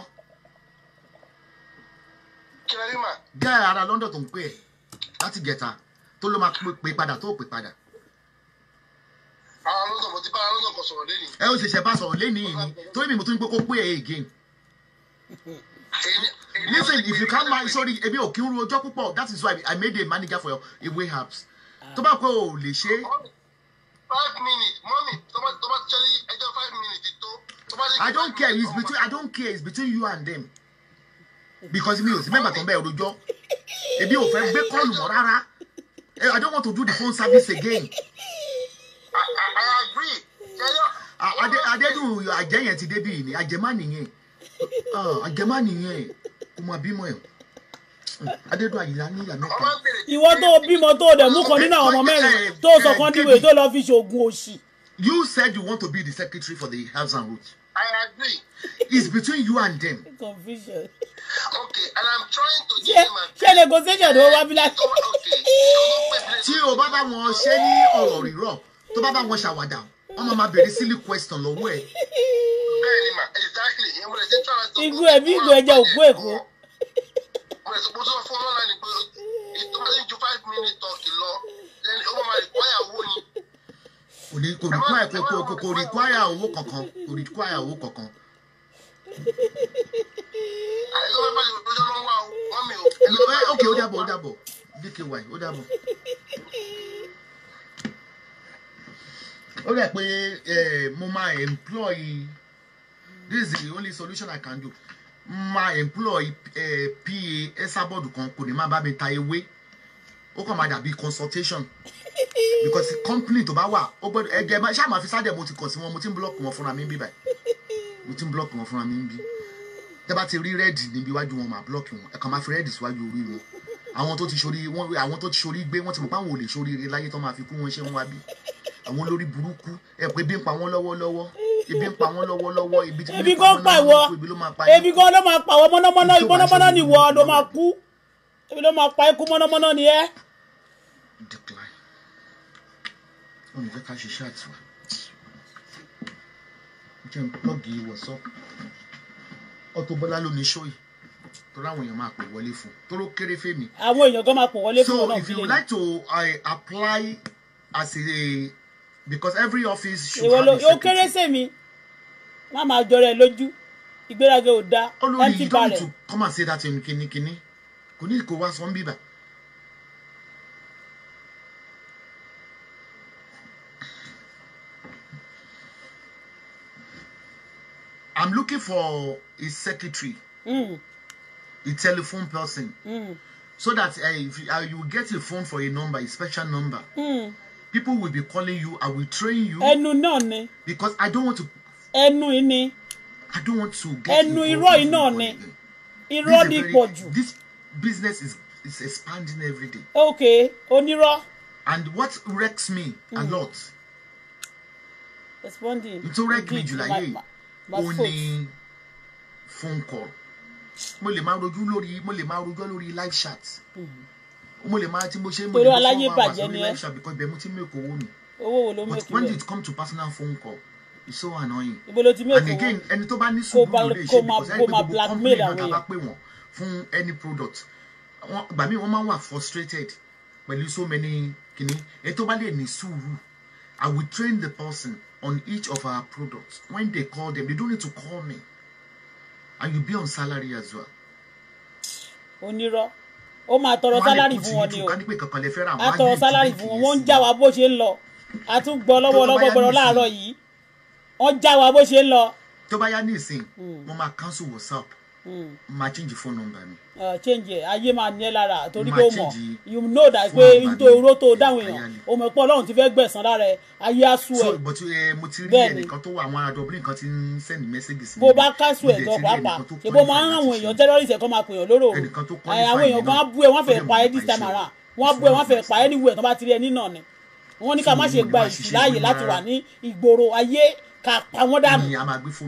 kìlẹ́rìmà. gáì ara London tó ń pè ẹ̀ láti gẹ̀ta tó ló máa pè padà tó pè padà. ara London mo ti bá London kan sọ̀rọ̀ lẹ́nìí. ẹ ó ṣẹ̀ṣẹ̀ bá sọ̀rọ̀ lẹ́nìí ni torí mi mo tún ní pé kó pè é again. listen if you can't mind sorry èmi ò kí ń ru ọjọ́ púpọ̀ that is why I made a manager for your Iwe Herbs tó bá pẹ́ ò lè ṣe é five minutes mọ́mì tó bá ṣẹlẹ̀ ẹjọ́ five minutes tó. I don't care it's between I don't care it's between you and them because mi ò sí mẹ́mbà tó ń bẹ̀ rojọ́ ebi ò fẹ́ gbé kọ́ọ̀lù mọ́ rárá eh, I don't want to do the phone service again. I, I, I agree. Adédùn àjẹyẹn ti débì ni àjẹmá nìyẹn ah, àjẹmá nìyẹn kò mọ bímọ ẹ̀ adédùn àyìnlá ní ìyá mẹ́ta. ìwọ tó bímọ tó dẹ̀ mú kan nínú àwọn ọmọ mẹ́rin tó sọ kan níwèé tó lọ fi ṣoògùn òṣì. you said you want to be the secretary for the health and road. I agree. It's between you and them. Confusion. Okay, and I'm trying to give yeah, them a. Ṣé negotiation ló wá bí láti? Tí o bá bá wọn ṣe ní ọ̀rọ̀ rírọ̀, tó bá bá wọn ṣàwádà, wọ́n máa máa bèrè silly question lọ́wọ́ ẹ̀. Bẹ́ẹ̀ni ma, exactly, ìyẹn mo lè ṣe tí wọ́n á sọ. Igun ẹ̀mí ìgbọ̀ ẹja òkú Èkó mo sọ pé fún ọmọ ni pé ètò máa ń ju five minute talk lọ then ó máa require owó ni. kò ní kò require kò kò kò require owó kankan kò require owó kankan. àìsàn bẹ́ẹ̀ bá ti rò lọ́wọ́ wa o wọ́n mi ò. ok ó dàbọ̀ ó dàbọ̀ dky ó dàbọ̀. ó rẹ̀ pé eh, mo máa employ this is the only solution I can do máa employ eh, pa Esabod kan kò ní máa bá mi ta ewé ó kàn máa dàbí consultation because company tó bá wà ó gbọ́dọ̀ ẹgẹ ṣáà máa fi sáde mo ti kàn sí wọn mo ti ń block wọn fúnra mi bí báyìí mo ti ń block wọn fúnra mi bí tẹ́ bá ti rí rẹ́ẹ̀dì níbi iwájú wọn máa block wọn ẹ̀ka máa fi rẹ́ẹ̀dì síwájú orí wọn àwọn tó ti sori wọn àwọn tó ti sori gbé wọn ti mọ̀ pé ò lè sori láyé tó máa fi kú wọn ṣé wọn wá bí àwọn olórí burúkú ẹ pé bí ń pa wọn lọ́wọ́lọ́wọ́ ibi ń pa wọ́n lọ́wọ́lọ́wọ́ ibi tí ibi kan pa ìwọ ibi kan ló máa pa ìwọ mọ́nàmọ́ná ibi mọ́nàmọ́ná ni ìwọ ló máa kú ibi ló máa pa ikú mọ́nàmọ́ná ni ẹ́. olùfẹ́ ká ṣiṣẹ́ àtiwá jẹ́ n plọ́ọ̀gì wọ̀sọ́ Auto Bola ló ní ṣóyè torí àwọn èèyàn máa pè wọlé fún toró kéré fèmí. àwọn èèyàn gan máa pè wọlé fún ọ náà. so if you would like to uh, apply as a because every office should have a secretary. yóò kéré sèmi má máa jọrọ ẹ lójú ìgbéraga ò da empty barrel. olórí you don't need to come and say that in Kinikini. kò ní kó wá sọ ń bíbà. I'm looking for a secretary, mm. a telephone person, mm. so that uh, if, uh, you get a phone for a number, a special number. Mm people will be calling you i will train you. ẹnu náà ni. because i don't want to. ẹnu yìí ni. i don't want to get ẹnu irọ́ yìí náà ni irọ́ ni pọ̀ jù. this business is is expanding every day. okay onírọ́. and what wrecks me mm. a hmm. lot. responding nítorí wreck me july yìí ó phone call mo lè máa rojú lórí mo lè máa rojọ́ lórí live chat. Mm -hmm mo lè máa tí mo ṣe mo lè fọwọ́ àwọn àti orí live chat because ibẹ̀ mo ti make owó mi but when it come to personal phone call it's so annoying and again ẹni tó bá ní sùúrù lè ṣe because ẹni pé gbogbo company náà ta bá pè wọ́n fún any product gbà mí wọ́n máa wà frustrated pẹ̀lú so many kìíní ẹni tó bá lè ní sùúrù I will train the person on each of our products when they call them they don't need to call me and you be on salary as well. onírọ́ ó máa tọrọ sálárì fún wọn ni o á tọrọ sálárì fún wọn wọ́n ń já bó ṣe ń lọ a tún gbọ́ lọ́wọ́ lọ́wọ́ gbọ́dọ̀ láàárọ̀ yìí wọ́n já bó ṣe ń lọ. tó bá yá ní ìsìn hmm. mo máa cancel WhatsApp Hmm. máa change phone number mi. change ayé máa ní ẹ lára torí pé o mọ̀ you know that pé n tó oró tó dáhùn èèyàn o mọ̀ pé ọlọ́run ti fẹ́ gbẹ̀san lára ẹ ayé á sú ẹ. so but eh, mo ti rí ẹnìkan tó wà àwọn ará dublin kan ti ń send message sí mi. bó bá káṣù ẹ̀ tọ́ pàápàá ṣèbó máa ń àwọn èèyàn terrorist ẹ̀ kọ́ máa pèèyàn lóró àwọn èèyàn kan á bú ẹ wọ́n fẹ́ pa ẹ́ this time around wọ́n á bú ẹ wọ́n fẹ́ pa ẹ́ níwú ẹ̀ tó bá ti rí ẹ nínà ni wọ́n ní ká má ṣe gba ìsì láàyè láti wà ní ìgboro ayé ká pa wọ́n dànù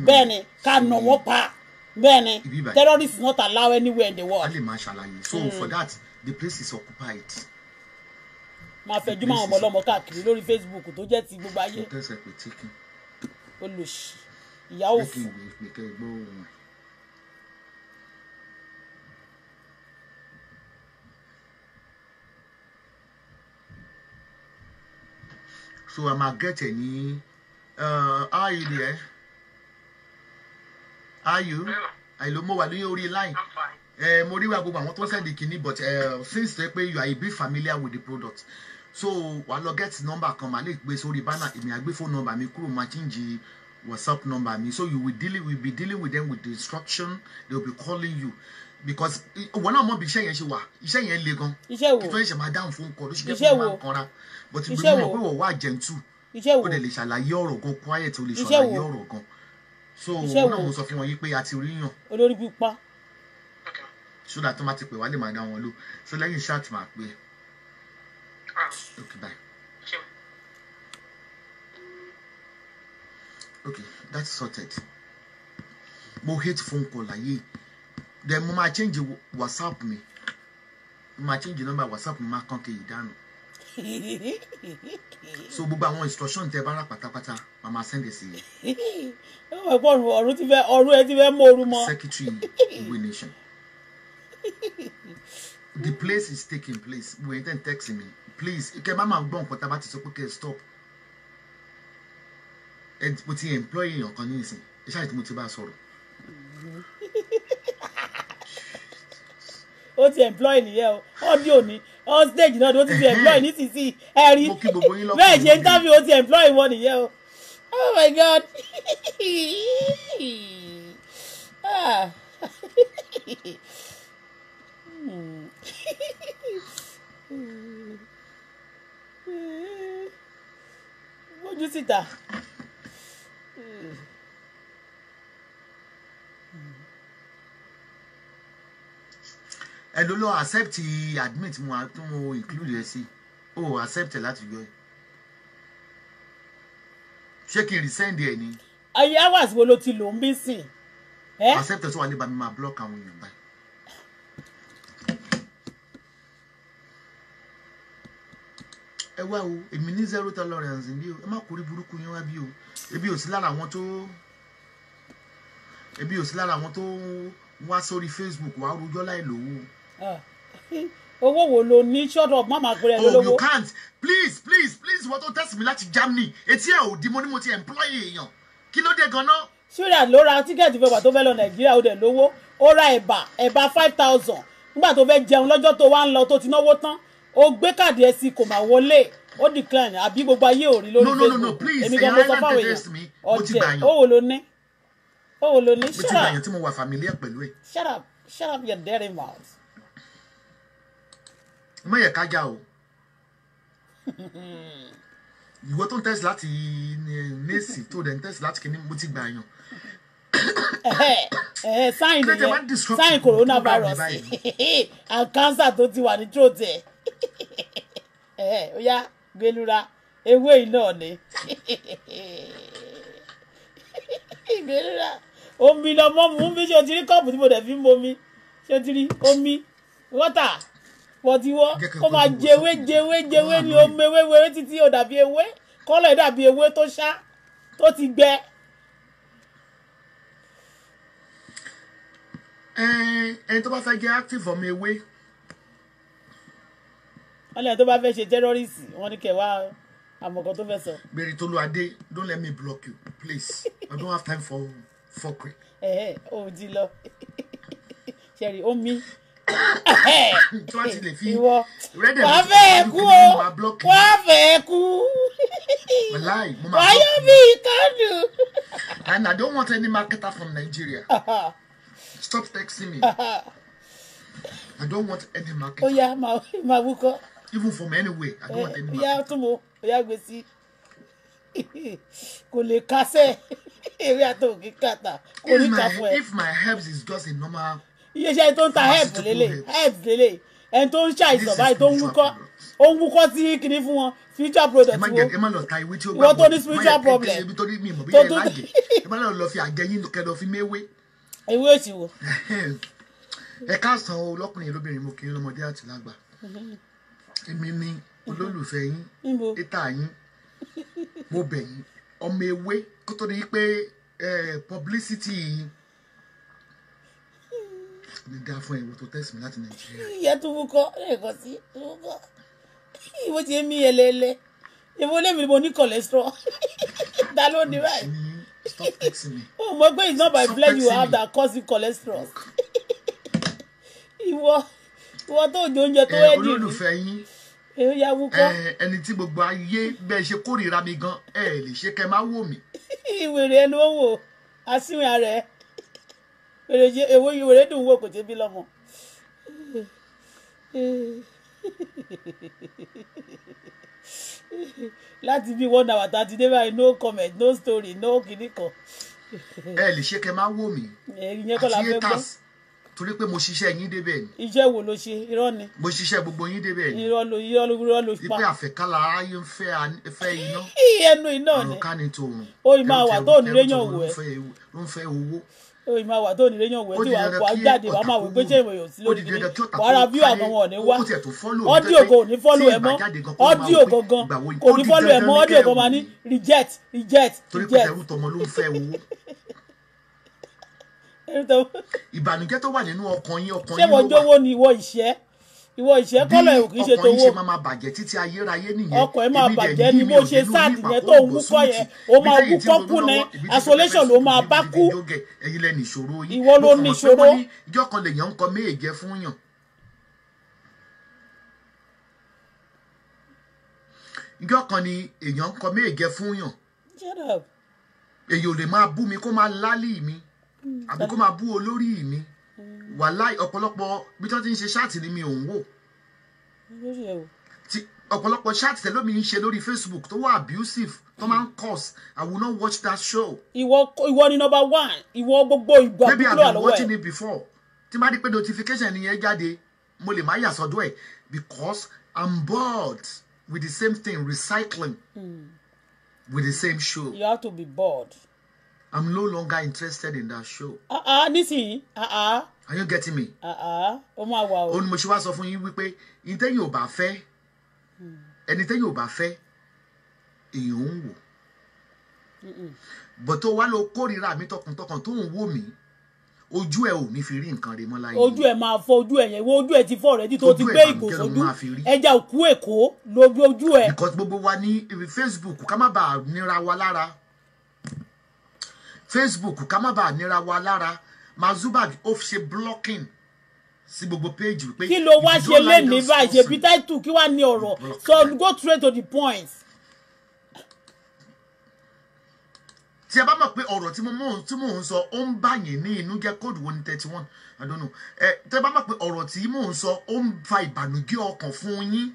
bẹ́ẹ̀ ká nà wọ́n pa. Eh, bẹ́ẹ̀ni terrorists not allowed anywhere in the world. a lè máa so mm. for that the place is occupied. máa fẹjú máa ọmọ ọlọmọ káàkiri lórí facebook tó jẹ́ ti gbogbo ayé. kò ìyàwó fún. lẹ́kìn ìwé ìpè kẹ́ ẹ gbọ́ ohun ẹ̀. so a máa gẹ̀tẹ̀ ní áìlì ẹ̀. Uh, how you àìló mo wà ní orí line mo rí wa gbogbo àwọn tó sẹ́ndì kìíní but since tó pé you are a bit familiar with the product so wà á lọ get number kan màá lè gbé sórí banner èmi àgbé phone number mi kúrò máa change whatsapp number mi so you will dealing will be dealing with them with the instruction they will be calling you because wọn náà mọ bí iṣẹ́ yẹn ṣe wà iṣẹ́ yẹn le gan kí tó ń ṣe máa dáhùn fún kọ lóṣù kẹfì máa ń kanra but ìgbìmọ̀ pé wọ́n wà gentle ó dẹ̀ lè ṣàlàyé ọ̀rọ̀ gan quiet ó lè ṣàlàyé ọ̀rọ̀ gan so òun náà mo sọ fún wọn yìí pé a ti rí yàn olórí pípa ṣódà tó má ti pè wá lè máa wọn lò so lẹ́yìn iṣẹ́ àti máa pè é ah. okay bye okay that's sorted mo hate phone call ayé then mo máa change whatsapp mi mo máa change number whatsapp mi máa kàn kéyìí dànù so gbogbo àwọn instruction tẹ bá rà pátápátá màmá sẹ́ndẹ̀ sí i. ọ̀pọ̀ ọ̀run ti fẹ́ ọ̀run ẹ ti fẹ́ mú ooru mọ́. secretary Igwe Nation the place is taking place we intend text me please ike Mama máa gbọ́ nǹkan ti sọ pé kẹ́ ẹ stop ẹ mo ti employ èèyàn kan ní ìsìn ẹ ṣáà tí mo ti bá a sọ̀rọ̀. ó ti employ nìyẹn o ọ́ òní hostage náà ló ti ti employ nísinsìnyí ẹ̀rí bẹ́ẹ̀ ṣe interview ó ti employ wọn nìyẹn o oh my god ah. Hmm. ojú síta. Hmm. ẹ ló lọ accept admit mu tó mo include ẹ sí o accept láti yọ ẹ ṣé kí n resend ẹ ni. ayé hours wo ló ti lò ń bí sìn. accept ẹ sọ wà lè ba mi máa block àwọn èèyàn báyìí. ẹ wá o èmi ní zero tolerance ní o ẹ má kórí burúkú yín wá bí o ebi ò sí lára àwọn tó ebi ò sí lára àwọn tó ń wá sórí Facebook wá rojọ́ láì lówó Ah. owó wo lo ní ṣọ́dọ̀ ọgbọ́n máa pèrè lólówó. oh you can't please please please wọ́n tó tẹ̀sí mi láti Germany etí ẹ̀ ò di mo ní mo ti employ èèyàn kí ló dé gan-an. ṣúra ló ra tíkẹ́ẹ̀tì fẹ́ẹ́ gbà tó fẹ́ lọ Nàìjíríà ó dẹ̀ lówó ó ra ẹ̀bà ẹ̀bà five thousand nígbà tó fẹ́ jẹun lọ́jọ́ tó wá ń lọ tó ti náwó tán ó gbé káàdì ẹ̀ sí kò máa wọlé ó decline àbí gbogbo ayé ò rí lórí Facebook èmi gan mo sọ fáwọn èèyàn ọ̀jẹ̀ ó wo ló ní ó wo ló ní shut up shut up your dirty mouth má yẹ ká já o ìwọ tó ń tẹ̀sí láti nẹ́ẹ̀sì tó dẹ̀ ń tẹ̀sí láti kìíní mo ti gbà yàn. sáyìn eh, eh, nìyẹn sáyìn coronavirus and cancer tó ti wà ní throat ẹ̀ eh, ó yá gbẹlura ewé yìí náà ni gbẹlura omi lọmọ mu mi ṣé o ti rí kọ́ọ̀pù tí mo dẹ̀ fi ń bomi ṣé o ti rí omi wọ́tà bọ̀díwọ́ kó máa jẹwé jẹwé jẹwé ni ó mewé wéré títí ó dàbí ewé kọ́lọ̀ ẹ̀ dàbí ewé tó ṣá tó ti gbẹ. ẹni tó bá fẹ́ jẹ́ active ọmọ ewé. wọ́n lẹ́yìn tó bá fẹ́ ṣe tẹ́rọ́rìsì wọ́n ní kẹwàá àmọ̀kàn tó fẹ́ sọ. bèrè tó lu adé don't let me block you please i don't have time for for. ẹ ẹ òun ti lọ ṣe rí omi tí wọ́n ti lè fi rẹ́dẹ̀ wọ́n fẹ́ kú o wọ́n fẹ́ kú wọ́n yóò bí ìkọ́dù. And I don't want any marketer from Nigeria. Stop texting me. I don't want any marketer. Ó ma máa wúkọ́. Even from anywhere, I don't want any marketer. Ó yá tún mo, ó yá gbèsè kò lè kásẹ̀ eré àtọ̀ òkè kàtà kò ní kà fún ẹ. If my herbs is just a normal iye iṣẹ́ tó ń ta herbs lélẹ̀ herbs lélẹ̀ ẹni tó ń ṣàìsàn báyìí tó ń wúkọ́ ó ń wúkọ́ sí kinní fún wọn spiritual product wo ìwọ tó ní spiritual problem tó tún ẹ má lọ fi àjẹyìn kẹlọ fi méwé. ìwé òsì wo. ẹ káàsán o lọkùnrin lóbìnrin mo kì í lọmọdé àti lágbà èmi ni olólùfẹ́ yín títà yín mo bẹ̀ yín ọmọ ewé kó tó pé publicity yín ní dá fún ẹ̀wò tó tẹ̀sí mi láti nàìjíríà. ìyá tó mú ẹ̀kọ́ sí tó mú kọ ìwọ ti mí ẹlẹ́ẹ̀lẹ́ ìwọ lèmi mo ní cholesterol dá ló ní báyìí. stop texting me. o mọ pé it's not by blood you have that cause you cholesterol. ìwọ ìwọ tó jẹ oúnjẹ tó ẹ dì mí. olólùfẹ́ yín eh, ẹni tí gbogbo ayé bẹ́ẹ̀ ṣe kórìíra mi gan ẹ lè ṣe kẹ́ máa wò mí. ìwèrè ẹni ó wò á ara ẹ èrèjì èwo yìí wèrè dùn wò kò tẹ́ bí lọ́mọ. láti bí one hour thirty day by no comment no story no kìíní kan. ẹ lè ṣe kẹ máa wò mí àti haters torí pé mo ṣiṣẹ́ yín débẹ̀ ni. iṣẹ́ wo ló ṣe irọ́ ni. mo ṣiṣẹ́ gbogbo yín débẹ̀ ni. irọ́ ló irọ́ ló irọ́ ló pa. ipe àfẹ́kálà ayé ń fẹ́ iná. iye ẹnu iná ni. àrùn ká ni tòun. ó máa wà tó ní réyàn wò ẹ́. ń fẹ́ owó oye máa wà tó ní léyàn wẹ̀ tí wàá jáde wàá máa wẹ̀ pé ṣé èèyàn sí lórí kìíní wàhálà bí àwọn wọn ò wá ọ́díò kò ní fọ́lù ẹ̀ mọ́ ọ́díò gangan kò ní fọ́lù ẹ̀ mọ́ ọ́díò kan máa ní reject reject reject. ìbànújẹ́ tó wà nínú ọkàn yín ọkàn yín ló wà. ṣé wọ́n jówó ni ìwọ ìṣẹ́ ìwọ ìṣẹ́kọ́lẹ̀ ò kì í ṣe tówó ọkọ̀ yín ṣe máa máa bàjẹ́ títí ayérayé nìyẹn ọkọ̀ ẹ ni bó ṣe sáàdì yẹn tó ń wúkọ́ yẹn ó máa wúkọ́ kú ni isolation ló máa bá kú ìwọ ló ní ìṣòro. ìjọ kan ni èèyàn ń kọ méje fún yàn. èèyàn ò lè máa bú mi kó máa lálì mi hmm. àbí kó máa bú olórí mi. Mm wàláì ọ̀pọ̀lọpọ̀ bí wọ́n ti ń ṣe ṣáàtì ni mi ò ń wò ọ̀pọ̀lọpọ̀ ṣáàtì tẹ́lómi ń ṣe lórí Facebook tó wà abusive tó máa ń curse I will not watch that show. ìwọ ìwọ ni number one ìwọ gbogbo ìgbà àbúrò àlọ́wọ́ ẹ̀. maybe I have been watching it before tí n bá rí pé notification yẹn jáde mo lè má yà sọ́dọ̀ ẹ̀ because I'm bored with the same thing recycling mm. with the same show. you have to be bored. I'm no longer interested in that show. Ah ah nísìnyí. Ah ah. Are you getting me? Ah ah. Ó máa wà o. Ó ní mo ṣe wá sọ fún yín wípé ìtẹ́yìn ò bá fẹ́ ẹni tẹ́yìn ò bá fẹ́ èèyàn ń wò. Bọ̀ tó wá lọ kórìíra mi tọkàntọkàn tó ń wò mí ojú ẹ ò ní fi rí nǹkan rẹ mọ́ láyé. ojú ẹ máa fọ ojú ẹ yẹn wo ojú ẹ ti fọ rẹ di ti gbé ìgò sójú ẹja òkú èkó lójú ojú ẹ. because gbogbo wa ní Facebook ká má bàa nira wa lára facebook ká má bàa nira wa lára mark zuckerberg ó ṣe blocking sí gbogbo péjì wípé kí ló wá ṣe lénìí báyìí ṣe peter two kí wá ní ọ̀rọ̀ so go straight to the point. tí ẹ bá mọ̀ pé ọ̀rọ̀ tí mò ń sọ ó ń bàyìn ní inú jẹ́ kóòdù one thirty one I don't know ẹ tí ẹ bá mọ̀ pé ọ̀rọ̀ tí mò ń sọ ó ń fa ìbànújẹ́ ọkàn fún yín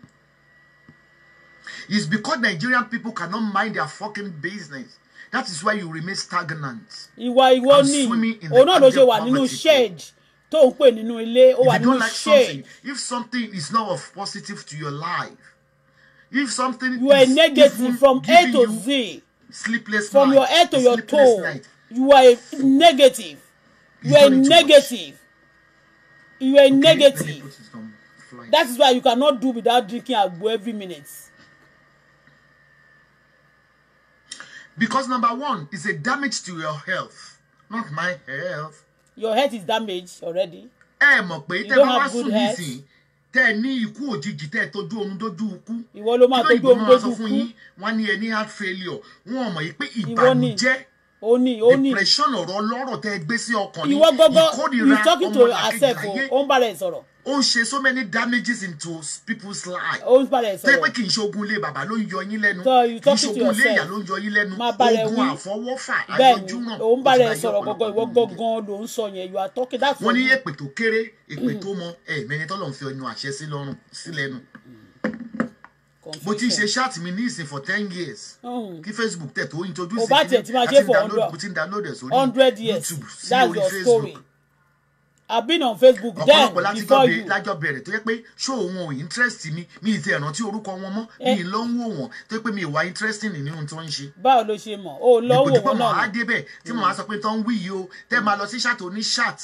it's because Nigerian people cannot mind their fucking business that is why you remain stagnant. ìwà ìwọ ni òun náà ló ṣe wà nínú shed tó ń pè nínú ilé ó wà nínú shed. if something is not of positive to your life if something you are negative from A to Z sleepless from night, your head to your toe night. you are a negative you, are negative you are okay, negative that is why you cannot do without drinking agbo every minute. Because number one is a damage to your health, not my health. Your health is damaged already. Ẹ mọ̀ pé tẹ́ bá wá sùn nísìnyí tẹ́ ní ikú òjijì tẹ́ tójú oorun dójú ikú. Ìwọ ló máa tójú oorun dójú ikú. Wọ́n ní ẹ heart failure. Wọ́n mọ̀ yìí pé ìbànújẹ́ ó ní ó ní depression ọ̀rọ̀ ọlọ́rọ̀ tẹ́ gbé sí ọkàn ní ìkórìíra ọmọlàkejì ayé. Ìwọ gọ́gọ́ he's talking to herself o, ó ń bára ẹ̀ sọ̀rọ̀ ó ń ṣe so many damages into people's life. ó ń balẹ̀ sọ̀rọ̀ pé kì í ṣoògùn ilé bàbá ló ń yọ yín lẹ́nu kì í ṣoògùn ilé ìyá ló ń yọ yín lẹ́nu oògùn àfọwọ́fà àyọjú ó ń balẹ̀ sọ̀rọ̀ gọ́gọ́ ìwọ gọ́gán ló ń sọ yẹn you are talking that for me. wọ́n ní èpè tó kéré èpè mm. tó mọ ẹ̀ẹ̀mẹ́ni tọ́lọ̀ ń fi ọyàn àṣẹ sí lẹ́nu. Mm. mo ti ṣe ṣáàtì mi ní ìsìn for ten years mm. kí Facebook tẹ̀ tó introduce ìkíni àti download mo ti download ẹ̀ sórí YouTube sórí Facebook. I've been on Facebook then before you. ọ̀pọ̀lọpọ̀ lájọ bẹ̀rẹ̀ tó yẹ pé ṣó òun interest mi mi ì ti ẹ̀rántí orúkọ wọn mọ́ mi eh. ì lọ ń wò wọ́n tó yẹ pé mi ì wá interesting nínú ohun tó ń ṣe. báwo ló ṣe mọ̀ o lọ wò wọ́n náà. ìbùdókọ̀ mọ̀ á débẹ̀ tí mo máa sọ pé tó ń wí yìí o tẹ́ máa lọ sí ṣàtò ní ṣàt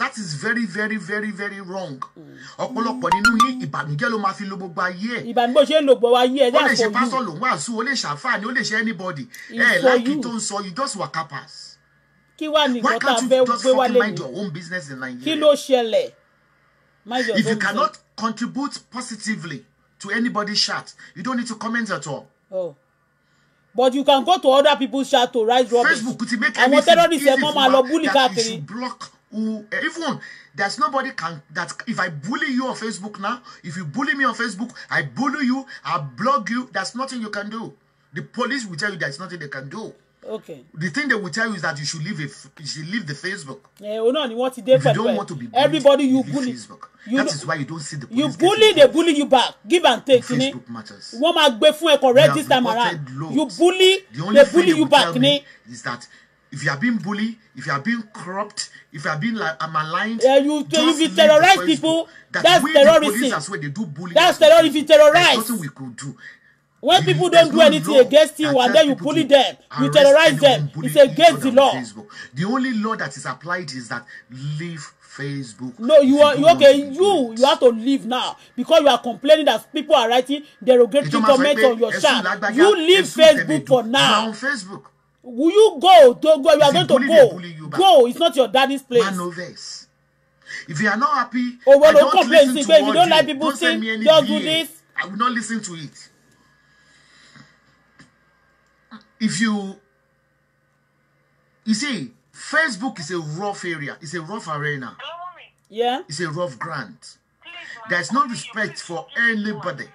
that is very very very very wrong. Hmm. ọ̀pọ̀lọpọ̀ nínú yín ìbànújẹ́ ló máa fi lo gbogbo ayé ẹ̀. ìbànújẹ́ ṣe ń lo gbogbo ayé ẹ̀ dáàbò yìí. ó lè ṣe pásọ̀ anybody. ẹ̀ eh, láìkí tó ń sọ you just waka pass kí wá ní nǹkan tá a fẹ́ gbé wálé yìí kí ló ṣẹlẹ̀ mind your own business. if you cannot contribute positively to anybody's chat you don't need to comment at all. Oh. but you can go to other people's chat to write rubbish. facebook ti make everything easy for that you block who uh, even there's nobody can that if I bully you on Facebook now if you bully me on Facebook I bully you I blog you there's nothing you can do the police will tell you there's nothing they can do Okay. The thing they will tell you is that you should leave a, you should leave the Facebook. Yeah, oh no, you want to if you don't want to be bullied, everybody you bully. Facebook. You that is why you don't see the police. You bully, they bully you back. Give and take. Facebook ni. matters. Wọ́n máa gbé fún correct this time around. Loads. You bully, the only they bully thing you back. Ni. Is that if you are being bullied, if you are being corrupt, if you are being like I'm maligned, yeah, you, just if you terrorize people, that that's terrorism. The as well, they do bullying. That's terrorism. If you terrorize, we could do. When people don't do anything against you and then you bully them, you terrorize them, it's against the law. Facebook. The only law that is applied is that leave Facebook. No, you are you okay. You you have to leave now because you are complaining that people are writing derogatory comments on your chat. You leave Facebook for now. On Facebook. Will you go? Don't go. You are going to go. Go. It's not your daddy's place. If you are not happy, oh, well, I don't complain. Listen to if you don't like people saying, Don't do this. I will not listen to it. if you you see facebook is a rough area it's a rough arena yeah it's a rough ground there's no respect for anybody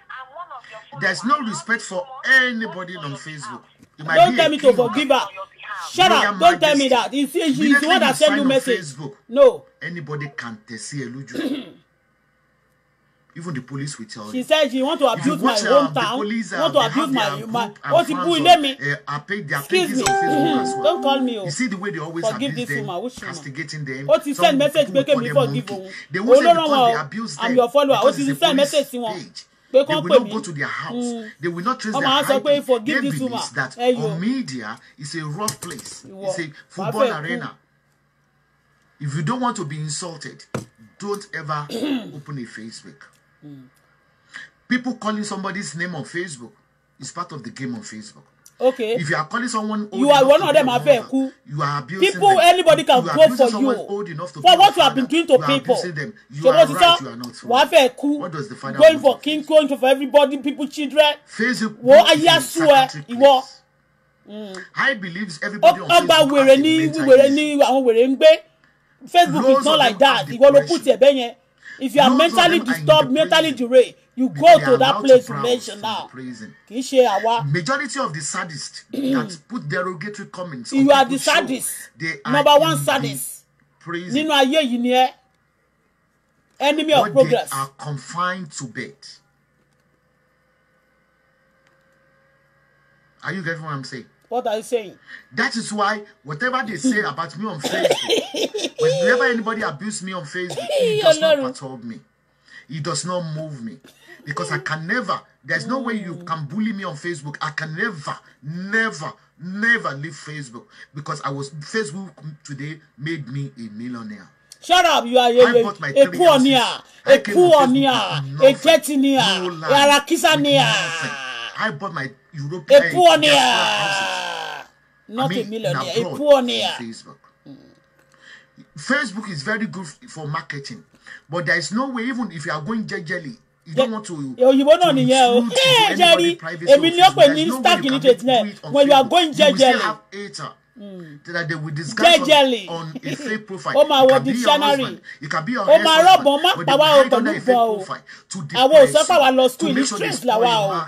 there's no respect for anybody on facebook don't tell me to forgive her shut up don't tell me that you see she's the one that sent you message facebook, no anybody can't see a lójú even the police will tell she you. she said she want to abuse my hometown um, want to abuse my my o ti bu ilé mi excuse me mm-hmm. don't call me o oh. you see the way they always forgive this woman which woman castigating them o ti send message pé kemi forgive òun olórí wọn am your follower o ti send message sí wọn pé kán pè mí mm. they will not trace their hiding they believe that media is a rough place it's a football arena if you don't want to be insulted don't ever open a Facebook. People calling somebody's name on Facebook is part of the game on Facebook. Okay. If you are calling someone old you are one of them abeg you are abusing people them. anybody can go for you old enough to for what you have been doing to you people are them. you so are right you are not wrong wàá fẹ́ ku what does the father going for king going for everybody people children Facebook What are you ẹ I believe everybody on Facebook ọba wèrè ní wèrè ní àwọn wèrè Facebook is not like that ìwọ ló kù tiẹ̀ bẹ́yẹn if you are Those mentally disturbed mentally deranged you go to that place you mention now kì í ṣe àwa. majority of the sadists that put derogatory comments on you are the sadist number one sadist nínú ayé yìí ni ẹ enemy of progress. but they are confined to bed. Are you getting what I'm saying? What are you saying? That is why whatever they say about me on Facebook, whenever anybody abuse me on Facebook, it does not perturb me. It does not move me. Because I can never, there's no way you can bully me on Facebook. I can never, never, never leave Facebook. Because I was, Facebook today made me a millionaire. Shut up, you are a, a, a pioneer, a pioneer, a jettineer, a rakisanier. I bought my European. A poor near. Not I mean, a millionaire. A poor near. Facebook. Mm. Facebook is very good for marketing, but there is no way. Even if you are going jelly, you don't want to. Òyìnbó náà nìyẹn o. Ee Jerry, èmi ní ọ̀pẹ̀ ní stark ní tètè náà. When you are going jelly, You will still have hater. Mm. that they will discuss Jejeli. on, on a fake profile. Oh my, wọ dictionary. It can be your husband. Ó máa rọ̀bọ̀n power pa wá o pẹ̀lú bọ̀ o. Àwọn òṣèpá wa lọ school ní street làwa o.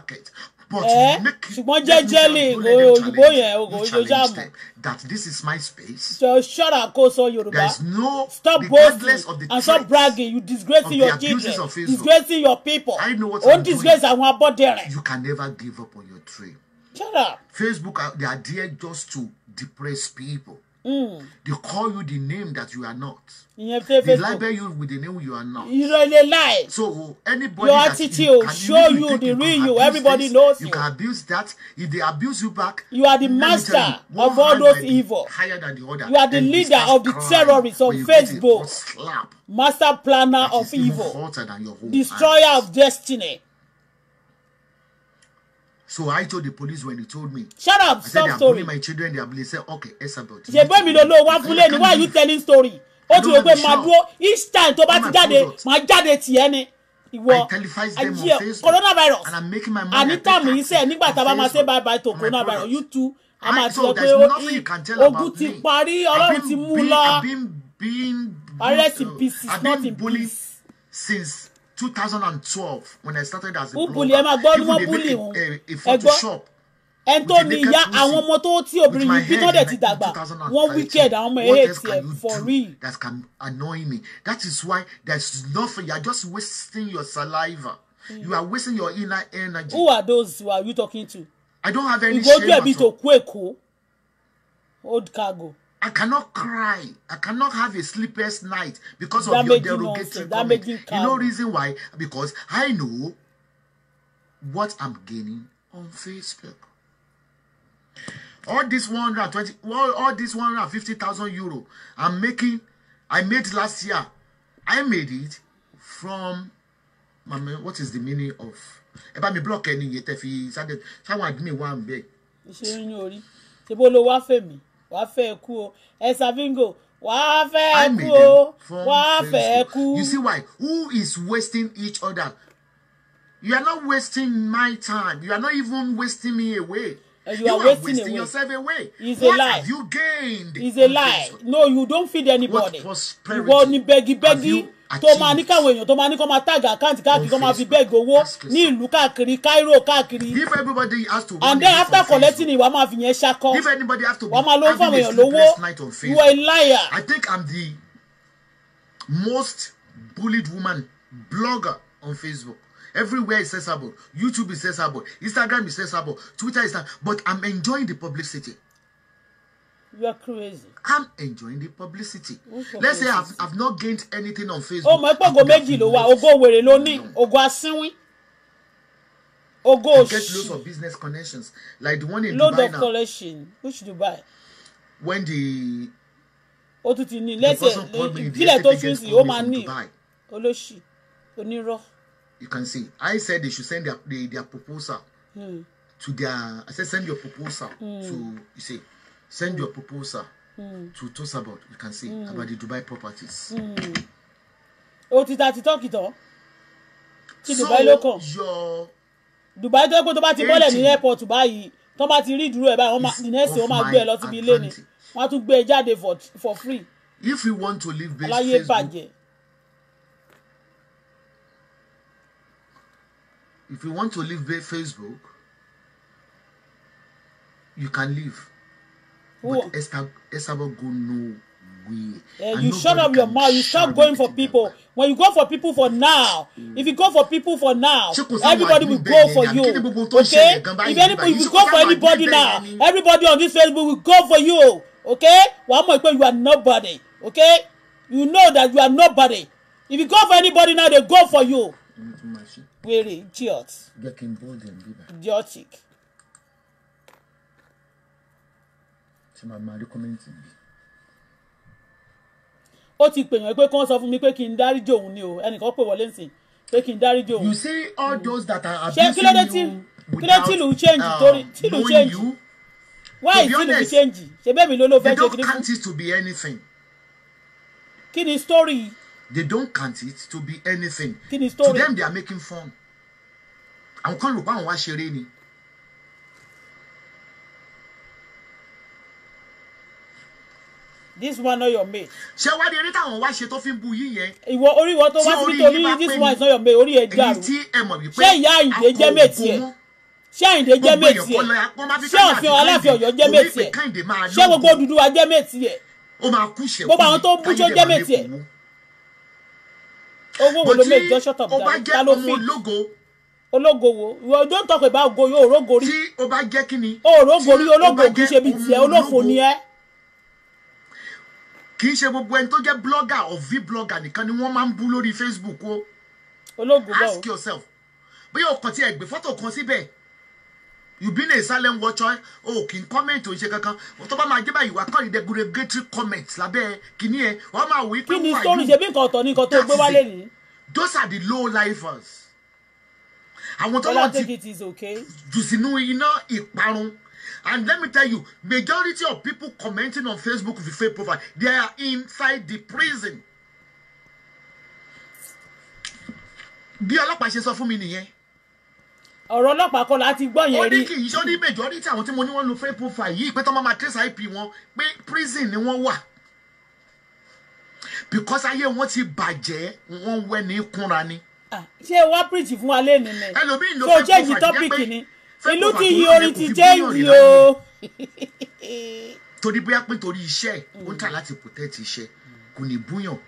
Eh? ṣùgbọ́n jẹ́jẹ́ òyìnbó yẹn òyìnbó that this is my space. so shut up kó sọ there is no stop boasting and stop bragging you disgracing your children disgracing your people. i know what i'm doing. o disgrace àwọn abọ́dẹ̀rẹ̀. you can never give up on your dream. shut up. facebook uh, they are there just to depress people. Hmm. They call you the name that you are not. Yeah, they label you with the name you are not. You know they lie. So anybody your attitude you can show you, you the real you. Everybody this, knows you. You can abuse that. If they abuse you back, you are the master of all those evil. Higher than the other. You are the leader of the terrorists on Facebook. Slap. Master planner of evil. Destroyer hands. of destiny. So I told the police when he told me. Shut up, I said, they are bullying my children, they are bullying. Say, okay, it's about me. Ṣègbè mi ló lo wá fúnlé ni, why are you telling story? Ó ti rò pé màá dúró each time tó bá ti jáde, màá jáde tì ẹ́ ni. Ìwọ ayé coronavirus àníta mi iṣẹ́ nígbà tá a bá máa ṣe bye bye to coronavirus you too a máa sọ pé ogun ti parí ọlọ́run ti mú lọ arrest in uh, peace is not Since 2012 when I started as a blogger. Búbùlì ẹ máa gbọ́ ní wọ́n búlì wọn. Ẹ gbọ́ ẹni tó ní ìyá àwọn ọmọ tó tí obìnrin yìí bí tọ́dẹ̀ ti dàgbà wọ́n wicked àwọn ọmọ eré tiẹ̀ for real. That can annoy me. That is why there's nothing. You are just wasting your saliva. Mm. You are wasting your inner energy. Who are those who are you talking to? I don't have any shame at all. Ìgòjú ẹ̀bí tó kú old cargo. I cannot cry. I cannot have a sleepless night because that of your derogatory comment. You know reason why? Because I know what I'm gaining on Facebook. All this 120, all, all this 150,000 euro I'm making, I made last year. I made it from, mama, what is the meaning of? Ẹ bá mi block ẹni yẹn tẹ́ fi ṣáwọn admin wà ń bẹ̀. Ìṣeré ní orí, ṣe bó ló wá fèmí? wàá fẹ́ ẹ kú o ẹ̀sà bingo wàá fẹ́ ẹ kú o wàá fẹ́ ẹ kú. you see why who is wasting each other you are not wasting my time you are not even wasting me away. you, you are, wasting, wasting yourself away. It's what a lie. have you gained? It's a lie. No, you don't feed anybody. What prosperity? Ìwọ ni bẹ́gibẹ́gi tó máa ní káwọn èèyàn tó máa ní kó máa tag account káàkiri kó máa fi bẹ́ẹ̀ gbowó ní ìlú káàkiri Cairo káàkiri and then after collecting ìwà máa fi yẹn ṣakọ wọ́n máa lówó fáwọn èèyàn lówó you are a I think I'm the most bullied woman blogger on Facebook. Everywhere is accessible. YouTube is accessible. Instagram is accessible. Twitter is accessible. But I'm enjoying the publicity crazy. I'm enjoying the publicity. Let's crazy. say I've, I've not gained anything on Facebook. Oh Ọmọ ẹgbẹ́ ògo méjì ló wà, ògo wèrè ló ní, ògo asínwín. Ogo I get loads of business connections, like the one in Load Dubai of now. collection, which Dubai? When the o tún ti ní lẹ́sẹ̀ ìbílẹ̀ tó tún sí ó máa ní olóṣì onírọ́. You can see I said they should send their their, their proposal. Hmm. To their I said send your proposal hmm. to you see send your proposal mm. to about. you can see mm. about the dubai properties. Mm. o ti ta ti tọ́kì tán ti dubai ló kàn dubai tó pé tó bá ti bọ́lẹ̀ ní airport báyìí tó bá ti rí ìdúró ẹ̀ báyìí the next day wọ́n máa gbé ẹ lọ síbi ilé ni wọ́n á tún gbé ẹ jáde for free. if you want to leave based Alaye facebook bàjẹ́. if you want to leave facebook you can leave But Esther, Esther will go nowhere. Uh, you shut up your mouth. You start going for people. When you go for people for now, mm. if you go for people for now, everybody will go for you. Okay? If, anybody if you go for anybody now, everybody on this Facebook will go for you. Okay? One more you are nobody. Okay? You know that you are nobody. If you go for anybody now, they go for you. Really, idiot. Idiotic. tí màá máa rí mi. ó ti pèèyàn pé kán sọ fún mi pé kí n dáríjì òun ni o ẹnìkan pè wọlé nsìn pé kí n dáríjì òun. you see all those that are abusing you without uh, knowing you why is tilu change ṣebí èmi ló ló fẹ́ ṣe kiri they don't count it to be anything. kí ni story. they don't count it to be anything. kí ni story. to them they are making fun. àwọn kan rò pé àwọn wá ṣeré ni. this one not your mate. ṣé wá di eré táwọn wá ṣe tó fi ń bu yín yẹn. ìwọ orí ìwọ tó wá síbi tó this one is not your mate orí ẹ dàrú ṣé ìyá àyìndé jẹ́ mate yẹn ṣé àyìndé jẹ́ mate yẹn ṣé òfin aláàfin ọ̀yọ́ jẹ́ mate yẹn ṣé gbogbo Odùduwà jẹ́ mate yẹn gbogbo àwọn tó ń bú tó jẹ́ mate yẹn owó wo ló mé ìjọ ṣọ́tọ̀ dáa ta ló fi ológo wo you don't talk about go yóò rógo rí. tí o bá jẹ́ kí ni. o rógo rí ológo kì í ṣe bíi tiẹ̀ olófò ni ẹ́ kì ṣe gbogbo ẹni tó jẹ́ blogger or vblogger nìkan ni wọ́n máa ń bú lórí Facebook o ask yourself bí o kàn ti ẹ̀gbẹ́ fọ́tò kan síbẹ̀ you been a silent watcher o kì í comment o ṣe kankan tó bá máa jẹ́ báyìí wà kàn ní derogatory comment lábẹ́ kìíní ẹ̀ wọ́n máa wí pé wà yìí kí ni sọ́run ṣe bí those are the low lifers àwọn tó lọ ti jù sínú iná ìparun And let me tell you, majority of people commenting on Facebook with fake profile, they are inside the prison. Bí ọlọ́pàá ṣe sọ fún mi nìyẹn. ọ̀rọ̀ ọlọ́pàá kan láti gbọ́ yẹn rí. ó ní kì í ṣó ní majority àwọn tí mo ní wọ́n lu fake profile yìí pé tó máa ma trace IP wọn pé prison ni wọ́n wà because ayé wọn ti bàjẹ́ wọ́n wẹ́ ní kúnra ni. Ah, ṣé wàá preach fún wa lẹ́nu ni. ẹlòmíì ló fẹ́ profile jẹ́ pé ìlú ti yí orin ti jẹ́ǹgì o. torí bóyá pé torí iṣẹ́ ó ń tà mm. láti protect iṣẹ́ kò ní búyàn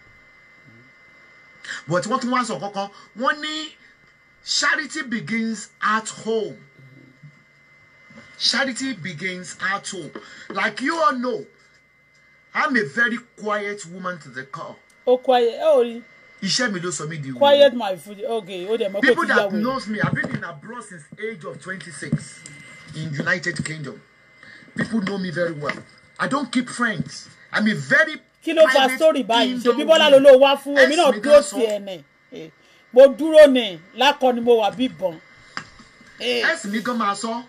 but wọ́n tún wá sọ kankan wọ́n ní charity begins at home charity begins at home like you all know I'm a very quiet woman to the core. o quiet ẹ ò rí. Iṣẹ́ mi ló sọ mí di wúwo. Quiet my food. Okay, ó dẹ̀ People that knows me, I've been in abroad since age of twenty-six in United Kingdom. People know me very well. I don't keep friends. I'm a very private ló fa story báyìí ṣe bí bọ́lá ló ló wá fún èmi náà dúró sí ẹ nì mo dúró nì lákọ mo wà bí bọ̀n. ẹsì eh. mi gan sọ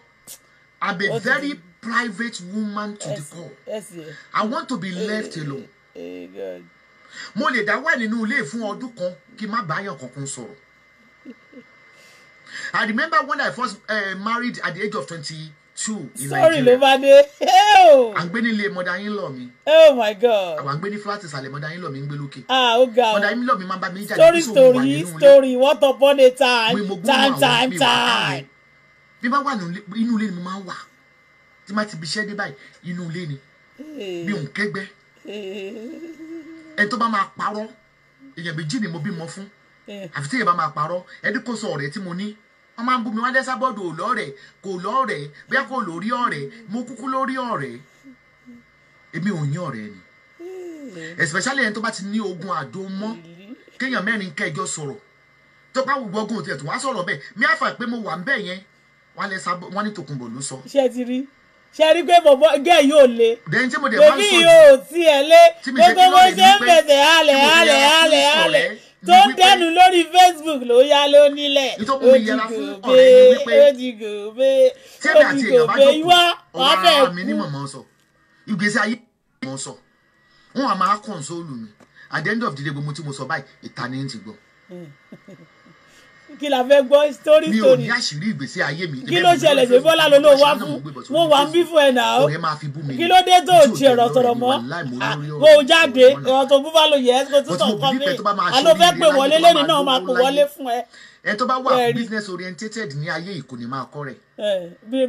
i'm a very private woman to the core i want to be eh, left alone eh, mo lè dá wà nínú ilé fún ọdún kan kí n má báyọ̀ kankan sọ̀rọ̀ I remember when I first uh, married at the age of twenty-two in Sorry, Nigeria. Sorry ló bá dé. À ń gbé nílé mọ̀dáyínlọ̀ mi. Oh my God. Àwọn à ń gbé ní fúláàtì ìsàlẹ̀ mọ̀dáyínlọ̀ mi ń gbé lókè. Ah ó ga o. Mọ̀dáyínlọ̀ mi máa ń bá mi ní ìjàdí Story story story what upon a time. Time, time, time. mi wà káàrin. Bí bá wà nínú ilé ni mo máa ń wà. Tí má ti bí iṣẹ́ dé báyìí, inú ilé ni. Eh. Mi ò kẹ́gbẹ́. Eh ẹ tó bá máa parọ́ èèyàn méjì ni mo bímọ fún eh. àfi tí èèyàn bá máa parọ́ ẹni kò sọ ọ̀rẹ́ tí mo ní wọ́n máa ń bú mi wọ́n dẹ́sà bọ́ọ̀dù òlọ́ọ̀rẹ́ kò lọ́ọ̀rẹ́ bóyá kò lórí ọ̀rẹ́ mo kúkú lórí ọ̀rẹ́ èmi ò ní ọ̀rẹ́ ni hmm. especially ẹni tó bá ti ní ogun àdó mọ́ kéèyàn mẹ́rin kẹjọ sọ̀rọ̀ tó bá wù gbọ́gùn tiẹ̀ tó wá sọ̀rọ̀ bẹ́ẹ̀ mi àfà pé mo wà ń bẹ́ẹ̀ yẹn wọ́n ní tòkunbọ̀ ló sọ. iṣẹ́ ti rí ṣe rí pé bọ̀bọ̀ gẹ̀ yóò le bèbí yóò tiẹ̀ lé gbogbo bó ṣe ń fẹsẹ̀ halẹ̀ halẹ̀ halẹ̀ halẹ̀ tó ń dẹnu lórí Facebook ló yá ló nílẹ̀ ojúgòbe ojúgòbe ojúgòbe wá ọ̀bẹ kú. ìgbésí ayé mo sọ wọn a máa kọ̀ǹsóòlù mi at the end of the day gbogbo tí mo sọ báyìí ìta ni ń ti gbọ́. kí la fẹ́ gbọ́ story story. kí ló ṣẹlẹ̀ ṣe bọ́lá ló ló wá fún wọn wá ń bí fún ẹ náà o kí ló dé tó ti ọ̀rọ̀ sọ̀rọ̀ mọ́ ah, kó o jáde ọ̀rọ̀ tó búfalo yẹ kó tún sàn kọ́ mi fẹ́ pè wọlé lẹ́ni náà máa pè wọlé fún ẹ. ẹ tó bá wà business oriented ní ayé ìkòní máa kọ́ rẹ̀.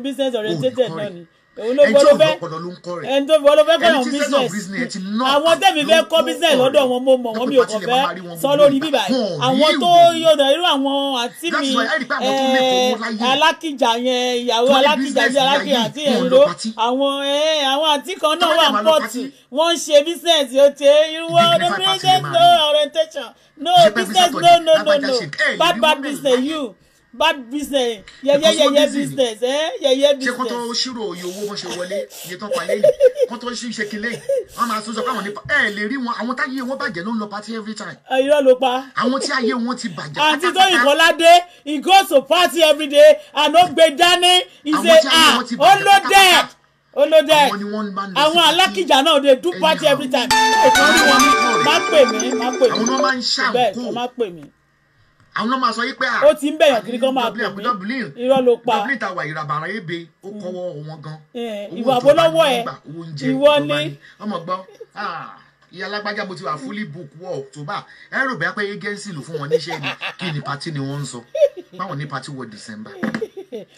business oriented náà ni ẹni tí òfin ọpọlọ ló ń kọ rẹ ẹni tó fi ọlọfẹ kọ àwọn business àwọn tẹ̀mí fẹ́ kọ́ business lọ́dọ̀ wọn mo mọ̀ wọn mi ò kọ̀ fẹ́ sọ lórí bíbá àwọn tó yọ̀dọ̀ irú àwọn àti mi alákìjà yẹn ìyàwó alákìjà yẹn alákìjà àti ẹ̀rọ àwọn eh, àwọn àti kan náà wà pọ̀tì wọ́n ń ṣe business yóò tẹ eh, irú wọn no business no orientation no business no no no no eh, bad bad business you bad business yẹyẹ yẹyẹ business ẹ yẹyẹ business. ṣé kó tó ṣírò òye owó bó ṣe wọlé iye tó palẹ́ yìí kó tó ṣí ṣe kílẹ̀ wọ́n máa sọ káwọn nípa ẹ lè rí wọn àwọn táyé wọn bàjẹ́ ló ń lọ party every time. Ah, irọ́ ló pa. àwọn tí ayé wọn ti bàjẹ́ pátápátá. àti tó ìkọ́ládé he goes to party every day and ó gbé dání say ah ó ló dẹ̀ olóde àwọn alákìjà náà dey do party every time ètò orí wọn má pè mí má pè mí bẹ́ẹ̀ má pè mí àwọn náà máa sọ yí pé à. Ah, ó ti ń bẹ̀yàn kiri kan máa pè mí dublin irọ́ ló pa dublin ta wà ìràbàrà ebe ó kọ́wọ́ wọn gan. Mm. Eh, ìwà àbólọ́wọ́ ẹ̀ ìwọ ni. ọmọ gbọ́ ah, ìyá alágbájá mo ti wà fully book wọ october ẹ rò bẹ́ẹ̀ pé agency ló fún wọn níṣẹ́ ni kí ni party ni wọ́n ń sọ báwọn ní party wọ december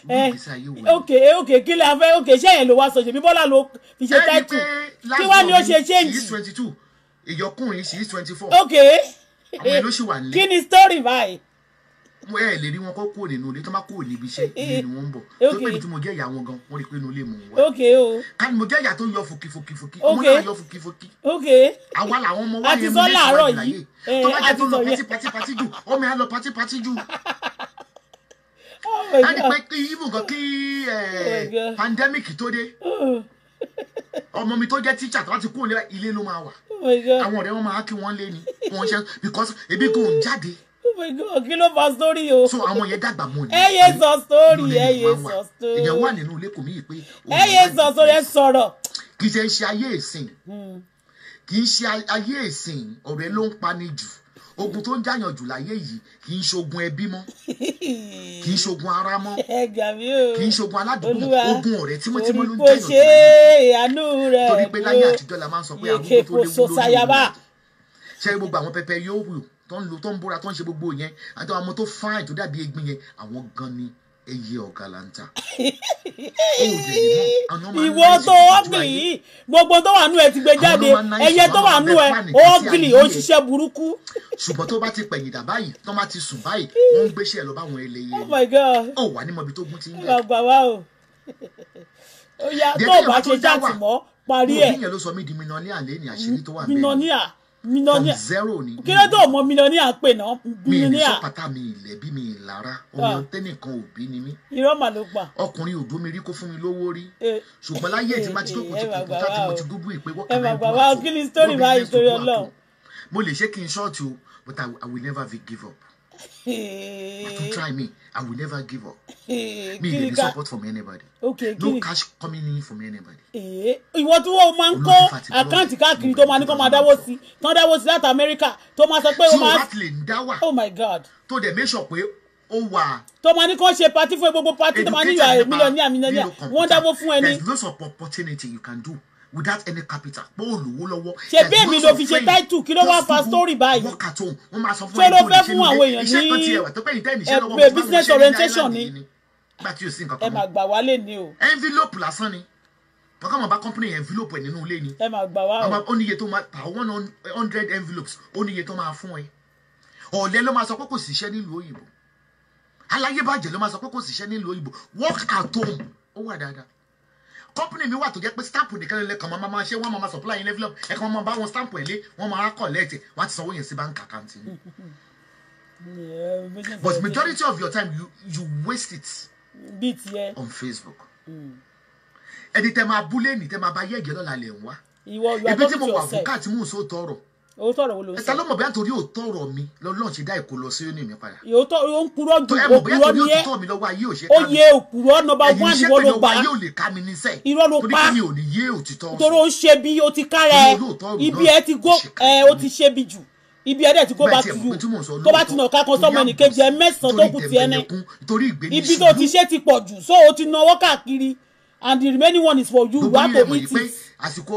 eh, okay eh, okay kí la fẹ́ okay ṣé yẹn ló wá sọ ṣèbí bọ́lá ló fi ṣe title kí wá ni ó ṣe change. twenty two ìyọkùnrin six twenty four. okay àwọn èlò ṣì wà nílé. kí ni story báyìí ẹ lè rí wọn kó kúrò nínú ilé tó má kúrò níbi iṣẹ́ eh, ilé ni ń bọ̀ eh, tó pé ibi tí mo jẹ́ ìyá gan wọ́n rí pé inú ilé mò ń wá oh. ká ni mo jẹ́ ìyá tó ń yọ fòkìfòkìfòkì ọmọ náà yọ fòkìfòkì àwa làwọn ọmọ wa yẹn mú ní ìṣòro ìlàyé tó bá eh, jẹ́ tó lọ pátí pátí pátí jù ọmọ yẹn lọ pátí pátí jù oh a ní kí even gan kí oh pandemic tó dé ọmọ mi tó jẹ́ tíṣà tó bá ti kúrò ilé ló máa wà àwọn ọ̀rẹ́ wọn máa kí wọ́n lé ni wọ́n ṣe because ebi kò ń jáde kí ló fa story o. so àwọn yẹn dàgbà mọ ni. ẹ yé sọ story ẹ yé sọ story. èèyàn wà nínú ilé kò mí yìí pé. ẹ yé sọ story ẹ sọ̀rọ̀. kì í ṣe ṣe ayé ìsìn hmm. kì í ṣe ayé ìsìn ọ̀rẹ́ ló ń pani jù ogun tó ń jàyàn jù láyé yìí kì í ṣogun ẹbí mọ́ kì í ṣogun ara mọ́ kì í ṣogun aládùúgbò ogun ọ̀rẹ́ tímọ́tímọ́ ló ń jàyàn jù láyé torí pé láyé àtijọ́ la máa ń sọ pé àwọn ogun tó léwu lórí ìlú ṣe gbogbo àwọn pẹpẹ yóò wù tó ń lo tó ń bóra tó ń ṣe gbogbo yẹn àti àwọn ọmọ tó fáìn tó dàbí egbin yẹn àwọn gan ni eye ọ̀gàlàǹtà. ìwọ tó ọ́gbìn yìí gbogbo tó wà nú ẹ ti gbé jáde ẹyẹ tó wà nú ẹ ọ́gbìn ó burúkú. ṣùgbọ́n tó bá ti pẹ̀yìn dà báyìí tó bá ti sùn báyìí wọ́n ń gbéṣẹ́ lọ báwọn eléyè oh ó wà ní mọ̀bí tó gún ti ń yẹ. bàbá wa o tó o bá ṣe jáàtì mọ́ parí ẹ̀. mo ní ìyẹn ló sọ mí di minọ́níà lẹ́ni àṣírí tó wà mẹ́rin millionaire zero ni kí ló tó mọ millionaire pè náà millionaire. mi ní sọpàtà mi ilẹ̀ ah. bí mi ìlara omi tẹ́nìkan òbí ni mí. irọ́ mà ló pa. ọkùnrin òdó mi rí kó fún mi lówó rí. Eh, ṣùgbọ́n láyé eh, ẹ̀ máa ti tó ti kò tá tí mo ti eh, dúbú ìpè wọ́n kàn án bọ́ àtò mo lè ṣe kí n ṣọ́ọ̀tì o but I, I will never give up. But to try me, I will never give up. Eh, me, there is support from anybody. Okay, no kiri. cash coming in from anybody. Eh, ìwọ tí wọ́n máa ń kọ́ àkáǹtì káàkiri tó máa ní kó máa dáwọ́ sí tó máa dáwọ́ sí láti Amẹ́ríkà tó máa sọ pé Tí o bá tilẹ̀ ń dá wà. Oh my God. Tó dẹ̀ mẹ́sọ̀ pé ó wà. Tó máa ní kó ṣe patí fún gbogbo patí tó máa ní ìyá mílíọ̀nù ní àmì náírà wọ́n dáwọ́ fún ẹni. There is lots of opportunity you can do without any capital pé olówó lọ́wọ́. ṣe bí èmi ló fi ṣe táìtù kí ló wá fa story báyìí. wọ́n kà tó wọ́n máa sọ fún ẹni tó lè ṣe ní iṣẹ́ kan tiẹ̀ wà tó pé ìdá ìníṣẹ́ lọ́wọ́ ẹ̀ business orientation ni. nígbà tí o sì nǹkan kan mọ́ ẹ máa gbà wálé ni o. envelope lásán ni bọ́kà mọ̀ bá company envelope ẹ̀ nínú ilé ni. ẹ máa gbà wá o. ó ní iye tó máa pa one hundred envelopes ó ní iye tó máa fún ẹ. ọ̀lẹ́ ló máa sọ pé kò síṣẹ́ nílùú òyìnbó aláyébàjẹ́ ló máa sọ pé kò síṣẹ́ nílùú òyìnbó work at home ó wà dáadáa company mi wà tó jẹ́ pé stamp nìkan lè kàn máa máa ṣe wọ́n máa supply envelope ẹ̀ kàn máa bá wọn stamp ẹ̀ lé wọ́n máa collect wọ́n ti sanwó yẹn sí bank account yín. Mm-hmm. but majority of your time you you waste it Bit on Facebook. Mm. ẹni tẹ máa bú lẹ́nìí tẹ máa bá yẹ́ ìjẹ́ lọ́la lẹ̀ ń wá. ibi tí mo wà fún káàtì mò ń so tọrọ òótọ́ ọ̀rọ̀ wo ló ń sọ. ẹ̀ta ló mọ̀ bẹ́ẹ̀ torí òótọ́ ọ̀rọ̀ mi lọ́lọ́run ti dá èkó lọ sí òní mi padà. òótọ́ ó ń purọ́ ju òpùrọ́ ni ẹ́ ó yẹ òpùrọ́ nọmba wán ni wọ́n ló pa irọ́ ló pa torí ó ń ṣe bí o ti kára ẹ ibi ẹ ti gó ẹ o ti ṣe bí jù ibi ẹ̀dẹ̀ tí kò bá tu tó bá ti nà ká kan sọ́mọ ẹnìkejì ẹ mẹ́sàn-án tó kù tiẹ̀ ní ibi tó ti ṣe ti pọ̀ jù so o ti nà ọwọ́ káàkiri and the remaining one is for you wà tó ní ti. àsìkò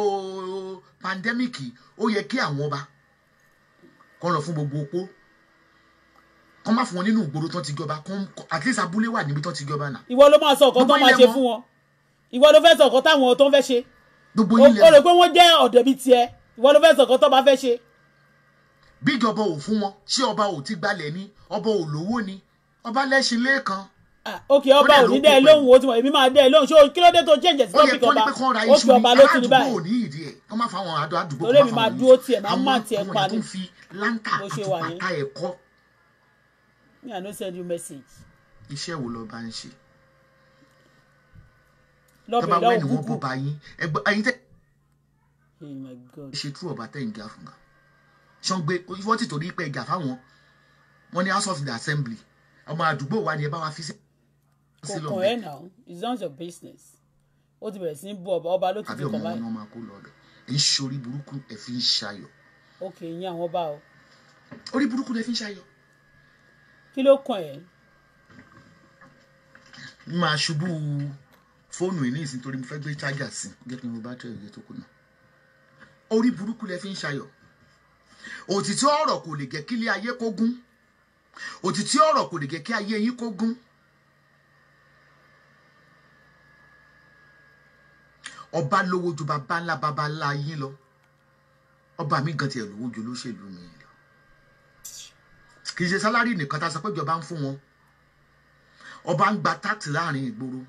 pandẹ́míkì ó yẹ kí àwọn ọba kọ́ lọ fún gbogbo opó kọ́ má fún wọn nínú ìgboro tán ti jọba at least abúlé wà níbi tán ti jọba náà. ìwọ ló máa sọ ọkọ tó máa ṣe fún wọn ìwọ ló fẹ́ sọ ọkọ táwọn tó ń fẹ́ ṣe o rò pé wọ́n jẹ́ ọ̀dẹ̀ bíi tiẹ̀ ìwọ ló fẹ́ sọ ọkọ tó bá fẹ́ ṣe. bíjọba ò fún wọn ṣé ọba ò ti gbalẹ̀ ni ọba ò lówó ni ọba lẹ́sìn lẹ́ẹ̀kan òkè ah, ọba ò ní dẹ́ ẹ lóhùn o ti mọ̀ èmi máa dẹ́ ẹ lóhùn ṣé o kí ló dé tó change sí tọ́pìkì ọba ó fi ọba ló ti ní báyìí torí èmi máa dúró tiẹ̀ máa má tiẹ̀ pa ní bó ṣe wà ní. me i no send you message. iṣẹ́ wo lọ́ba ń ṣe. lọ́bẹ̀ lọ́wọ́ kúkú ṣe tú ọba tẹ̀ ń ga fún wa ṣọ́ngbé wọ́n ti torí pé ẹ̀gà fáwọn wọ́n ní house of the assembly ọmọ àdúgbò wa ni ẹ bá wa fi sẹ́yìn kò ẹ̀ náà it's not your business ó ti bẹ̀rẹ̀ sí í bú ọba ọba ló ti di kọ̀ báyìí. àbí ọmọ náà máa kó lọ rẹ̀ ẹ̀ ń ṣorí burúkú ẹ̀ fi ń ṣayọ̀. ok ìyẹn àwọn ọba o. orí burúkú lẹ fi ń ṣayọ̀. kí ló kàn ẹ́. n máa ṣubú fóònù yìí ní ìsìn torí mo fẹ́ gbé chájà sí jẹ́ kí n mo bá tẹ̀ ìyẹ́ tó kù náà. orí burúkú lẹ fi ń ṣayọ̀ òtítọ́ ọ̀rọ̀ kò lè jẹ́ kílé ayé kó gún òtítọ́ ọ̀rọ̀ kò lè jẹ́ kí ayé yín kó gún ọba lówó ju bàbá ńlá bàbá ńlá yín lọ ọba mi gan tiẹ̀ lówó ju olóṣèlú mi lọ kì í ṣe sálárì nìkan tá a sọ pé ìjọba ń fún wọn ọba ń gba táàtì láàrin ìgboro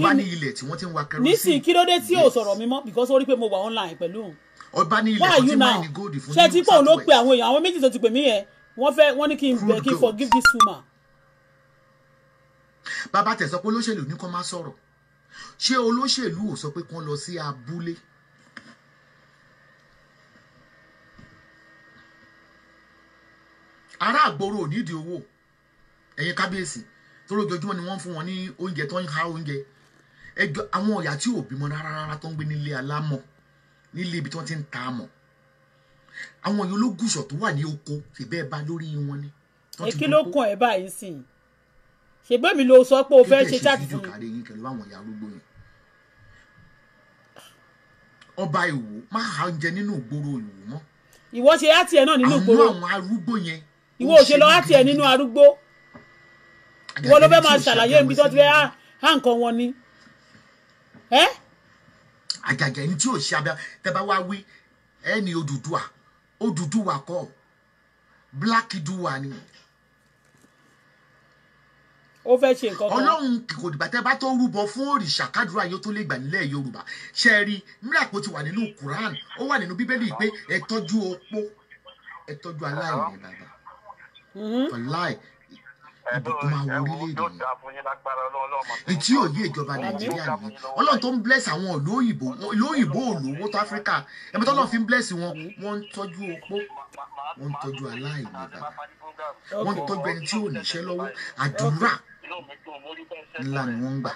ọba ní ilẹ̀ tí wọ́n ti ń wa kẹrọsí nísìnyí kí ló dé tí ò sọ̀rọ̀ mi mọ́ because ó rí pé mo wà online pẹ̀lú òun ọba ní ilẹ̀ tí máa ní góòdì fún ní ṣe ló pe àwọn èèyàn àwọn méjì tó ti pè mí yẹn wọ́n fẹ́ wọ́n ní kí n bẹ̀ kí n forgive this woman. bàbá tẹ̀sán pé olóṣèlú ní kó má sọ̀rọ̀ ṣé olóṣèlú ò sọ pé kán lọ sí abúlé. ará àgbòrò ò nídìí owó ẹ̀yin kábíyèsí tó lójoojúmọ́ ni wọ́n ń fún wọn ní oúnjẹ tó ń ha oúnjẹ ẹjọ́ àwọn ọ̀yà tí ò bímọ rárá rárá tó ń gbé nílé alámọ̀ nílé ibi tí wọ́n ti ń ta amọ̀ àwọn yòlógùsọ̀ tó wà ní oko ṣèbẹ́ẹ̀ bá lórí wọn ni. èkí ló kàn báyìí sí i ṣègbè mi ló sọ pé o fẹ́ ṣe chat fún mi. ọba ìwò máa ha oúnjẹ nínú ìgboro ìwò mọ́. ìwọ ṣe àtìẹ náà nínú ìgboro àwọn arúgbó yẹn. ìwọ ò ṣe lọ àtìẹ nínú arúgbó. ìwọ ló fẹ́ máa ṣàlàyé ibi tó ti fẹ́ há nǹkan wọn ni. àjàjà ẹni tí ò ṣe abẹ tẹ́bá wá wí ẹni Odùduwà Odùduwà kọ́ black duwa ni ó fẹ́ ṣe nǹkan kan. ọlọ́run kò dìgbà tẹ́ bá tó rúbọ fún òrìṣà kádùrá yóò tó lè gbà nílẹ̀ yorùbá ṣe é rí mìíràpò ti wà nínú quran ó wà nínú bíbélì pé ẹ tọ́jú opó ẹ tọ́jú aláìní bàbá ọláì mm-hmm. ibùdó máa wọ orílẹ̀-èdè yìí tí òye ìjọba nàìjíríà ni ọlọ́run tó ń bless àwọn ìlú òyìnbó olówó tó áfíríkà ẹ̀mí tọ́lọ́ fi ń bless wọn wọ́n ń tọ́jú opó wọ́n ń tọ́jú aláìní bàbá wọ́n ń tọ́jú ẹni tí ò níṣẹ́ lọ́wọ́ àdúrà ńlá ni wọ́n ń gbà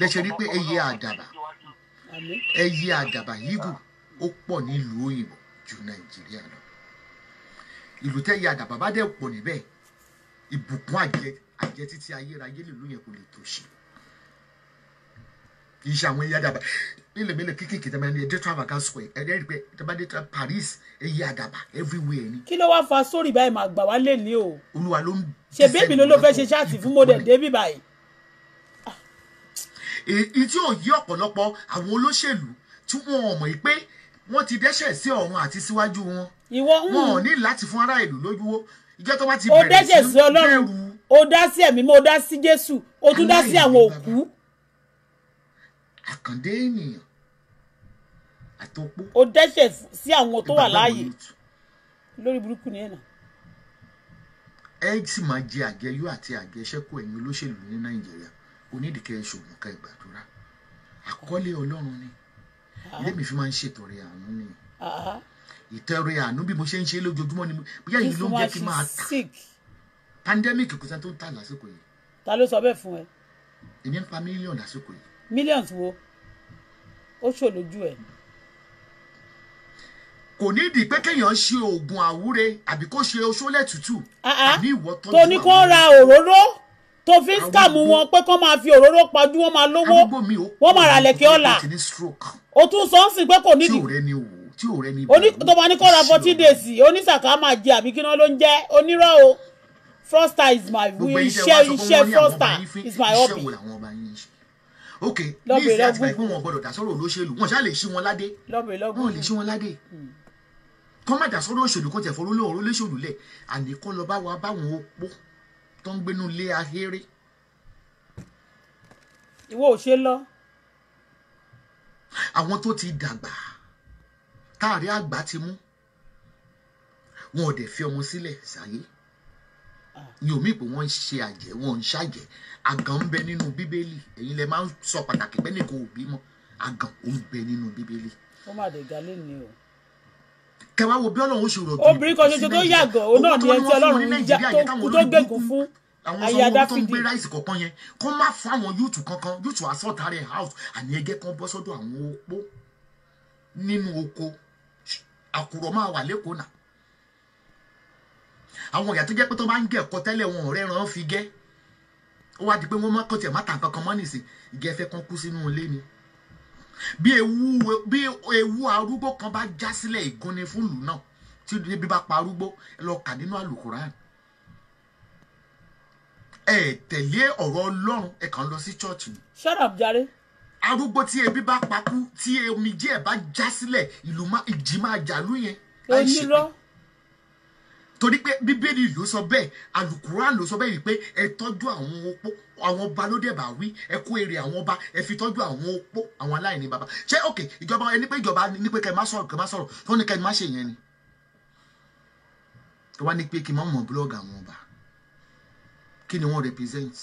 lẹ́sẹ̀ rí pé ẹyẹ àdàbà ẹyẹ àdàbà yígù ó pọ̀ nílùú òyìnbó ju nàìjíríà lọ ìlú tẹ́yẹ àdàbà bá dẹ̀ pọ̀ níbẹ̀ ìbùkún àjẹ àjẹ títí ayérayé lè lóyún kò lè tó ṣe kì í ṣe àwọn ẹyẹ àdàbà mílẹ̀mílẹ̀ kéékèèké tẹ́ máa ń dé Trafalgar Square ẹ̀rẹ́ rí pé tẹ́ máa Paris ẹyẹ àdàbà everywhere ni. kí ló wáá fa sórí báyìí màá gbà wá lè o. olúwa ló ń ṣe bébì ló ló fẹ́ ṣe ṣáàtì fún mo dẹ̀ débì báyìí. èyí tí ò yí ọ̀pọ̀lọpọ̀ àwọn olóṣèlú tí wọn ò mọ̀ yìí pé wọ́n ti dẹ́ṣẹ̀ sí ọ̀run àti síwájú wọn wọn hmm. ò ní láti fún ará ìlú lójúwó ìjọ tó bá ti bẹ̀rẹ̀ sí bẹ̀rù. o dá sí ẹ̀mí mo dá sí Jésù o tún dá sí àwọn òkú. àkàndé ènìyàn àtòpó. o dẹ́ṣẹ̀ sí àwọn tó wà láàyè lórí burúkú ni ẹ̀ náà ẹ sì máa jẹ àjẹyó àti àjẹṣẹ́kù ẹ̀yin olóṣèlú ní nàìjíríà onídìkẹ́ ṣògùn ká ìgbàdúrà àkọlé ọlọ́run ni ah. lèmi fi máa ń ṣètọrẹ àánú ni ah. ìtọrẹ àánú bí mo ṣe ń ṣe lójoojúmọ́ ni bí ẹ̀yin ló ń jẹ́ kí n máa tà pandemic kò sẹ́ni tó ń tà lásìkò yìí. ta ló sọ bẹ́ẹ̀ fún ẹ. èmi ń pa mílíọ̀nù lásìkò yìí. mílíọ̀nù wo ó ṣòlójú ẹ̀ kò ní ìdí pé kéèyàn ṣe oògùn àwúre àbí kó ṣe oṣólẹ̀ tútù. kò ní kó ra òróró tó fi ń skàmù wọn pé kó máa fi òróró pajú wọn máa lówó wọn máa ra lẹ̀kẹ̀ ọ̀la o tún sọ ń sìn pé kò nídìí tó máa ní kó ra forty days oníṣàkà máa jẹ àbí kí náà ló ń jẹ onírọ́ o froster is my will iṣẹ́ iṣẹ́ froster is my hobby ok ní ìfẹ́ àtìgbà ìpín wọn gbọ́dọ̀ dá sọ́rọ̀ olóṣèlú wọn ṣáà lè ṣí wọn ládé wọn lè ṣí wọn ládé. Hmm kọ́ má jà sọ́rọ́ òṣèlú kó tiẹ̀ fọ́rọ́ lóòrọ́ léṣòlù lẹ̀ àní kọ́ lọ bá wa báwọn opó tó ń gbénú lé ahéré. ìwọ ò ṣe lọ. àwọn tó ti dàgbà táàrí àgbà ti mú wọn ò dẹ̀ fi ọmọ sílẹ̀ sáyé ni omi pé wọ́n ń ṣe àjẹ́ wọ́n ń ṣàjẹ́ àgàn ń bẹ nínú bíbélì èyí lẹ máa ń sọ pàtàkì pé nìkan bímọ àgàn ń bẹ nínú bíbélì. ó má dé galé ni o. kẹwàá wo bí ọlọ́run ó ṣòro bí. obìnrin kan ṣoṣo tó yàgàn òun náà ni ẹni tí ọlọ́run tó gbẹ̀gùn fún àwọn sọ́wọ́ tó ń gbé ráìsì kọ̀ọ̀kan yẹn kó má fún àwọn yúùtù kankan yúùtù assault rẹ̀ house àní ẹgẹ kan bọ́ sọ́dọ̀ àwọn opó nínú oko àkùrọ̀ máa wà náà àwọn ìyá tó pé tó bá ń bí ewu bí ewu arúgbó kan bá já sílẹ̀ ìgúnni fún ìlú náà tí ebi bá pa arúgbó ẹ lọ kà nínú àlùkùránì ẹ tẹ̀lé ọ̀rọ̀ ọlọ́run ẹ kàn lọ sí chọ́ọ̀chì ni. shut up jàre. arúgbó tí ebi bá pakú tí omijé ẹ̀ bá já sílẹ̀ ìlú ìjì máa jà lóyè. onírọ́ torí pé bíbélì ló sọ bẹ́ẹ̀ alukuran ló sọ bẹ́ẹ̀ yìí pé ẹ tọ́jú àwọn opó àwọn ọba ló dẹ̀ bá wí ẹ kó èrè àwọn ọba ẹ fi tọ́jú àwọn opó àwọn aláìní baba ṣé ok ìjọba ẹni pé ìjọba ni pé kẹ má sọ̀rọ̀ kẹ má sọ̀rọ̀ tó ní kẹ má ṣe yẹn ni tó wá ní pé kí n má mọ̀ búlọ́ọ̀gù àwọn ọba kí ni wọ́n represent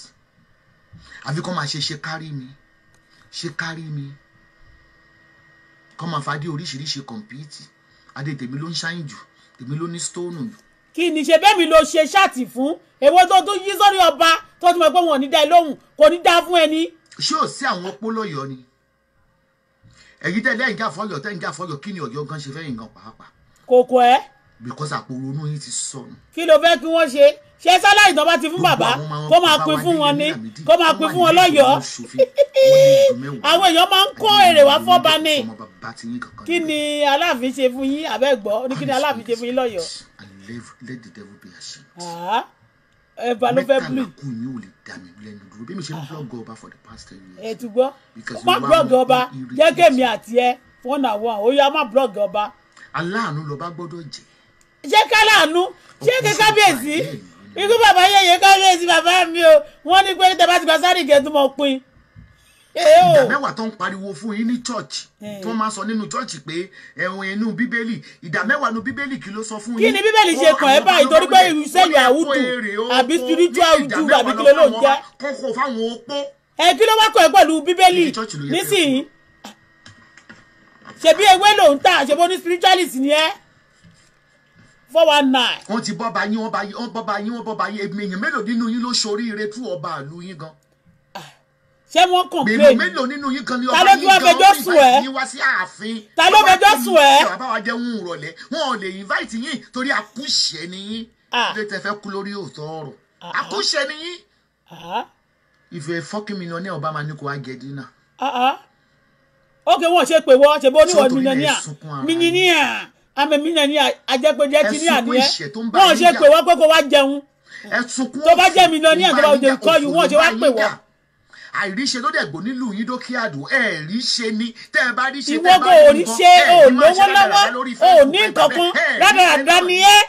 àfi kọ́ máa ṣe ṣe kárí mi ṣe kárí mi kọ́ máa fàdé oríṣiríṣi kọ̀mpìtì adé tèmi ló ń ṣáyìn jù tèmi ló ní stóònù jù kí ni ṣe bẹ́ẹ̀ mi ló ṣe ṣáàtì fún èwo tó tún yí sórí ọba tó ti mọ̀ pé wọn ò ní dá ẹ lóhùn kò ní dá fún ẹni. ṣé ò sí àwọn pólóyọ ni ẹ̀yin tẹ́lẹ̀ ẹ̀yin káfọyọ tẹ́yin káfọyọ kí ni ọ̀yọ́ gan ṣe fẹ́ yìnbọn pàápàá. kòkó ẹ. because àpò ronú yín ti sọnù. kí ló fẹ́ kí wọ́n ṣe ṣé sálárì tó bá ti fún bàbá kó máa pín fún wọn ni kó máa pín fún wọn lọ́yọ̀ọ́ àwọn èèyàn máa ń kó èrè wá fọ́ba ni kí ni aláàfin ṣe fún yín àbẹ́gbọ́ ní kí ni aláàfin ṣe fún yín lọ́yọ̀ọ́ let the devil be ashamed. Ah, ẹ̀fà ló fẹ́ blu. mẹ́tàlá kù yín ò lè dà mí lẹ́nu dúró bí mi ṣe ń blog ah. ọba for the past ten years. ètò gbọ́ má blog ọba jẹ́ kèmi àti ẹ one on one ó yá má blog ọba. aláàánú lọba gbọ́dọ̀ jẹ́. ṣé káláàánú ṣé kí kábíyèsí ikú bàbá yẹyẹ kábíyèsí bàbá mi o wọ́n ní pé tẹ bá ti gba sáré ìgẹ̀dùnmọ̀ pin. Eh, oh. ìdá mẹ́wàá tó ń pariwo fún yín ní chọ́ọ̀chì eh. tó máa sọ nínú chọ́ọ̀chì pé ẹ̀hún inú bíbélì ìdá mẹ́wàá nu bíbélì kí ló sọ fún yín. kí ni bíbélì ṣe kàn ẹ́ báyìí torí pé ìrúsẹ́ yahoo àbí spiritual jude àbí kí ló ló ń jẹ́. kókó fáwọn opó. ẹ kí ló wá kọ ẹ pẹ̀lú bíbélì nísìnyí ṣebí ewé ló ń tà ṣebí spiritualist ni ẹ́ four one nine. wọ́n ti bọ́ba yín wọ́n bọ́ba yín wọ́n bọ́ba yín èmi èèyàn mélòó nínú yín ló ṣoríire tú ọba ìlú yín gan ṣé wọ́n kàn pé bèlò mélòó nínú yín kan ní ọba yín gan ọ́n yín wá sí ààfin ta ló fẹjọ́ sùn ẹ́ bàbá wa jẹ́ ń rọ̀lẹ́ wọn ò lè invite yín torí akúṣẹ̀ ni yín ah. lè tẹ fẹ́ kú lórí òótọ́ ọ̀rọ̀ akúṣẹ̀ ah. ni yín ìfẹ́ fọ́kìn mílíọ̀nù ọba máa ní kó wá jẹ dínà ókè ah, wọn ṣe pé wọ́n ṣe bó ní wọ́n mílíọ̀nìà mílíọ̀nìà àmì mílíọ̀nìà àjẹpẹ́jẹ ti ní àníyẹ wọn ṣe pé wọ́n pé kó wá jẹun tó bá jẹ́ mílíọ̀nìà tó bá jẹun kọ́ yìí wọ́n ṣe wá pè wọ́n àìríṣe ló dẹ̀gbò nílùú yín dókíàdù ẹ̀ ríṣe ni tẹ́ ẹ bá ríṣe tẹ́ ẹ bá rí nǹkan ẹ̀ ní máa ṣe dáradára lórí fẹ́ẹ̀kù pẹ̀pẹ̀ ẹ̀ rádaràdá ni ẹ́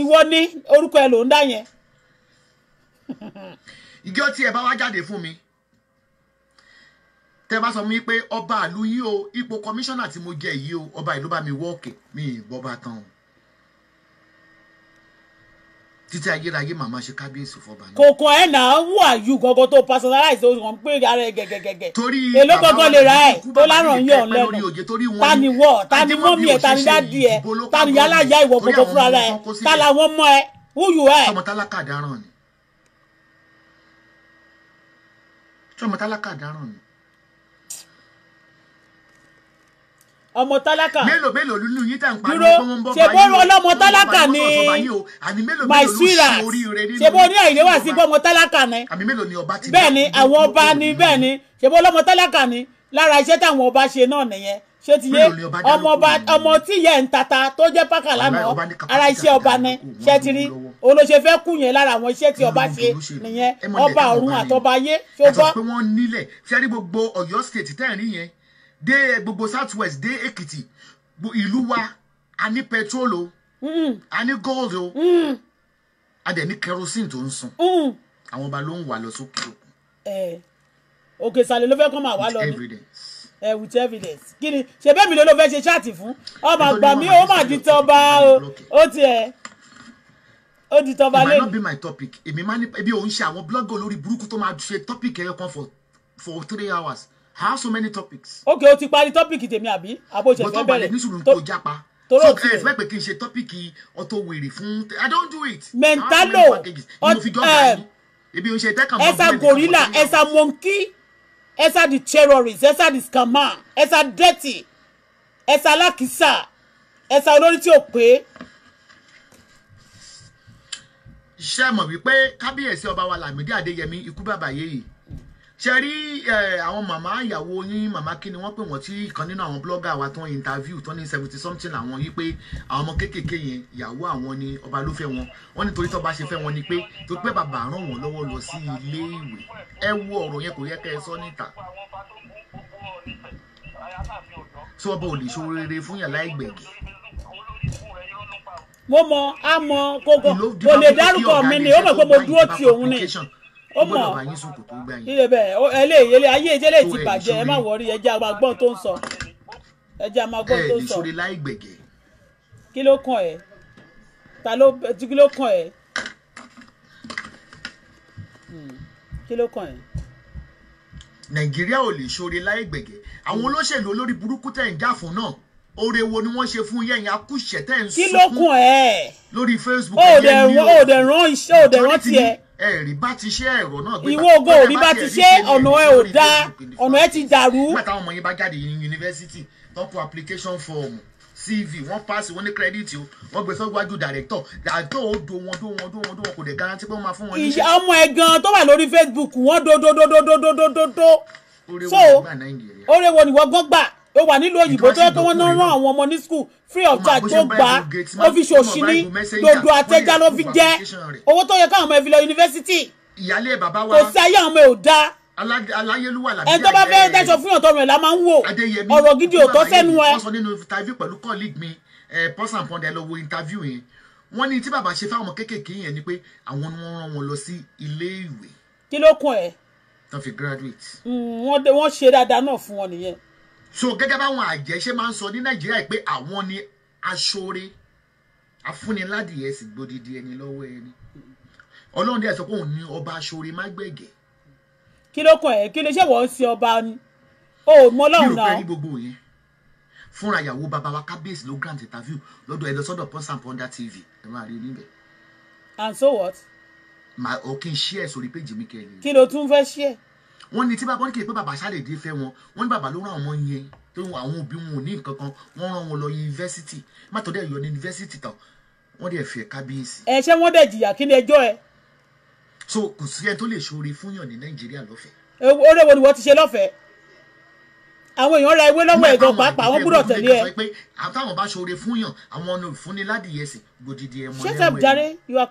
ìwọ ni orúkọ ẹ ló ń dá yẹn. ìjọ tí ẹ bá wá jáde fún mi tẹ́ bá sọ mi pé ọba ìlú yìí o ipò kọmíṣánná tí mo jẹ yìí o ọba ìlú bá mi wọ́ọ̀kì mi ì bọ́ bá tán o títí ayérayé màmá ṣe kábíyèsí fọba náà. kòkò ẹ̀ náà wà yù gọ́gọ́ tó personalize o wọn pé ara ẹ gẹ́gẹ́gẹ́. torí èló gọ́gọ́ lè ra ẹ̀ tó láràn yín ọ̀n lẹ́nu Tani ni wọ́ ta ni mọ́mí ẹ̀ ta Tani dádì ẹ̀ ta ni yálà ya ìwọ gbogbo fúnra ẹ̀ ta làwọn mọ ẹ̀ wúyù ẹ̀. sọmọ dáràn ni sọmọ dáràn ni ọmọ tálákà. mélòó mélòó lulú yín ṣèbó ọlọ́mọ tálákà ni my sweetheart ṣèbó ní àyè wá sí ọmọ tálákà ni bẹ́ẹ̀ ni àwọn ọba ni bẹ́ẹ̀ ni ṣèbó ọlọ́mọ tálákà ni lára iṣẹ́ táwọn ọba ṣe náà nìyẹn ṣé ti yé ọmọọba ọmọ tí yẹ ń tata tó jẹ́ pákà lánàá ara iṣẹ́ ọba ni ṣé ti rí olóṣè fẹ́ kú yẹn lára àwọn iṣẹ́ tí ọba ṣe nìyẹn ọba ọ̀run àtọba ayé ṣó gbọ́. ẹ sọ pé wọ́n nílẹ̀ fẹ́rí gbogbo Ọ̀yọ́ state tẹ́ ẹ̀ rí yẹn dé gbogbo south west dé èkìtì ìlú wa a ní petrol o mm-hmm. a ní gold o mm-hmm. a dẹ̀ ní kerosene tó ń sun mm-hmm. àwọn ọba ló ń wà lọ sókè òkun. òkè ìsàlẹ̀ ló fẹ́ kọ́ máa wá lọ ní ẹ with evidence kí ni ṣe bẹ́ẹ̀ mi ló ló fẹ́ ṣe ṣáàtì fún ọmọ àgbà mi ó mà di tọba ó tiẹ̀ ó di tọba lẹ́yìn. it might not be my topic èmi máa ní ebi òun ṣe àwọn blọ́gà olórí burúkú tó máa ṣe topic ẹyọ kan for for three hours how so many topics. Okay, o ti parí topic tèmi àbí àbò ìṣẹ̀fẹ́ bẹ̀rẹ̀ bọ́tọ̀ balẹ̀ ní sùúrù tó so ẹ ẹ fẹ́ pé kí n ṣe tọ́pìkì ọtọ i don't do it. mentalo eh, Ebi take Esa gorilla Esa monkey Esa the terrorist Esa the scammer Esa dirty Esa lakisa. Esa olórí ti ò pé. ṣé ẹ mọ̀ wípé kábíyèsí ọba wa Lámídì Adéyẹmí ikú bàbá yéyìí ṣe rí eh, àwọn màmá ìyàwó yín màmá kí ni wọ́n pè wọ́n tí kan nínú àwọn blọ́gà wa tán interview tán ní seventy something àwọn yìí pé àwọn ọmọ kéékèèké yẹn ìyàwó àwọn ni ọba ló fẹ́ wọn wọ́n ní torí tọ́ba ṣe fẹ́ wọn ni pé tó pẹ́ bàbá ràn wọ́n lọ́wọ́ lọ sí ilé ìwé ẹ wo ọ̀rọ̀ yẹn kò yẹ kẹ́ ẹ sọ níta tí ọba ò lè ṣòro rere fún yàrá ìgbẹ̀gì. mo mọ a mọ kókó kò lè dárúkọ mi ni ó mọ̀ pé mo dúró ti òun ni ó mọ̀ ilé bẹ́ẹ̀ eléyìí eléyìí ayé ìjẹ́lẹ̀ ti bàjẹ́ ẹ má wọrí ẹ jẹ́ tó ń sọ ẹ jẹ́ tó ń sọ kí ló kàn ẹ́ ta ló kí ló kàn ẹ́ hmm, kí ló kàn ẹ́. nàìjíríà ò lè ṣoore láì gbẹ̀gẹ̀ àwọn olóṣèlú olórí burúkú tẹ̀ ń jà fún náà oore wo ni wọ́n ṣe fún yẹ̀yìn akúṣẹ̀ tẹ̀ ń sunkún lórí facebook ẹ̀yẹ́ mi ò dẹ̀ rán tiẹ̀ ẹ̀rí bá ti ṣe ẹ̀rọ náà. ìwọ ògo òrí bá ti ṣe ọ̀nà ẹ ò dáa ọ̀nà ẹ ti dàrú. nígbà ọmọ yẹn bá jáde ní yunifásitì tó application form cv wọ́n pass wọ́n ní credit o wọ́n gbé sọ́gbájú director àjọ ò do wọn do wọn do wọn do wọn kò dẹ̀ garanti pé wọ́n máa fún wọn níṣẹ́. ọmọ ẹ gan tó wà lórí facebook wọ́n dodododododododo so oore ni wọ́n gbọ́n gbà ó wà nílùú òyìnbó tó yẹ pé wọ́n náà rán àwọn ọmọ ní school free of charge tó gbà ó fi ṣòṣì ní gbogbo àtẹjá ló fi jẹ owó tó yẹ káwọn ọmọ ẹ university? lọ baba. kò sí ayé àwọn ọmọ ẹ ò dáa aláyélúwà làbí ẹni tó bá fẹ́ dáṣọ fún ọ̀tọ̀ rẹ̀ la máa ń wò ọ̀rọ̀ gidi ò tọ́ sẹ́nu ẹ. wọ́n sọ nínú interview pẹ̀lú colleague mi eh, pọ́sàn pọ́ndẹ lọ wo interview yẹn wọ́n ní tí bàbá ṣe fáwọn ọmọ kéékèèké yẹn ni pé àwọn ni wọ́n rán wọn lọ sí ilé ìwé. kí ló kún ẹ. tó fi graduate. Mm, wọ́n ṣe dáadáa náà fún wọn nìyẹn so gẹ́gẹ́ báwọn àjẹ́ ṣe máa ń sọ ní nàìjíríà pé àwọn ni aṣọre afúniládìyẹ sì gbódìdí ẹni lọ́wọ́ ẹni ọlọ́run dẹ̀ sọ pé òun ni ọba aṣọre mágbẹ̀gẹ̀. kí ló kọ ẹ kí ló ṣe wọ́n sí ọba ni o mọ ọlọ́run náà. mi ò fẹ́ rí gbogbo yẹn fúnra ìyàwó bàbá wa kábíyèsí ló grant interview lọ́dọ̀ ẹ lọ sọ́dọ̀ Pulse and Pounder TV ẹ máa rí níbẹ̀. and so what. màá ò kí n ṣí ẹ sórí péjì mi kẹrin. kí ló tún fẹ́ ṣí ẹ wọ́n ní tí bàbá wọn kì í pé bàbá Ṣádédé fẹ́ wọn wọ́n ní bàbá ló rán ọmọ yẹn tó àwọn òbí wọn ò ní nǹkan kan wọ́n rán wọn lọ yunifásitì mátọ̀dẹ́ yọ ní yunifásitì tán wọ́n dẹ̀ fi kábíyèsí. ẹ ṣé wọ́n dẹ̀ jìyà kí ni ẹjọ́ ẹ. so kò sí ẹni tó lè ṣoore fún yàn ní nàìjíríà lọ́fẹ̀ẹ́. oore wo ni wọ́n ti ṣe lọ́fẹ̀ẹ́ àwọn èèyàn ra ewé lọ́wọ́ ẹ̀gàn pàápàá wọ́n gbúdọ̀ tẹ̀lé ẹ. àtàwọn bá ṣoore fún yàn àwọn ọ̀nà you are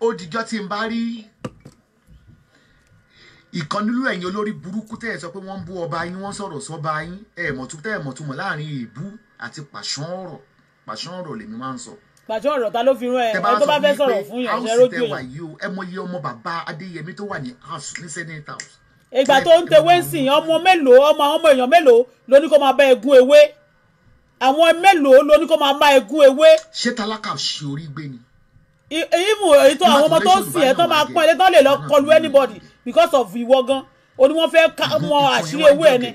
ó dijọ́ tí n bá rí ìkan nílùú ẹ̀yin olórí burúkú tẹ́ ẹ̀ sọ pé wọ́n ń bú ọba yín wọ́n sọ̀rọ̀ sọ́ba yín ẹ̀ mọ̀tún tẹ́ ẹ̀ mọ̀túnmọ̀ láàrin ìbú àti pàṣán ọ̀rọ̀ pàṣán ọ̀rọ̀ lèmi máa ń sọ. pàṣán ta ló fi rán ẹ ẹ tó bá fẹ́ sọ̀rọ̀ fún yàn ṣe rójú ẹ̀. ẹ mọ ọmọ bàbá adéyẹmí tó wà ní house ní senate house. ìgbà tó ń tewé sìn ọmọ mélòó ọmọ ọmọ èèyàn mélòó ló ní kó máa bá egun ewé àwọn mélòó ló ní kó máa bá egun ewé. ṣé tálákà ṣe orí gbé ni even èyí tó àwọn ọmọ tó ń sìn ẹ́ tó máa pọ́n ẹ tó lè lọ kọlu anybody because of ìwọ gan o ní wọ́n fẹ́ mọ àṣírí owó ẹ ni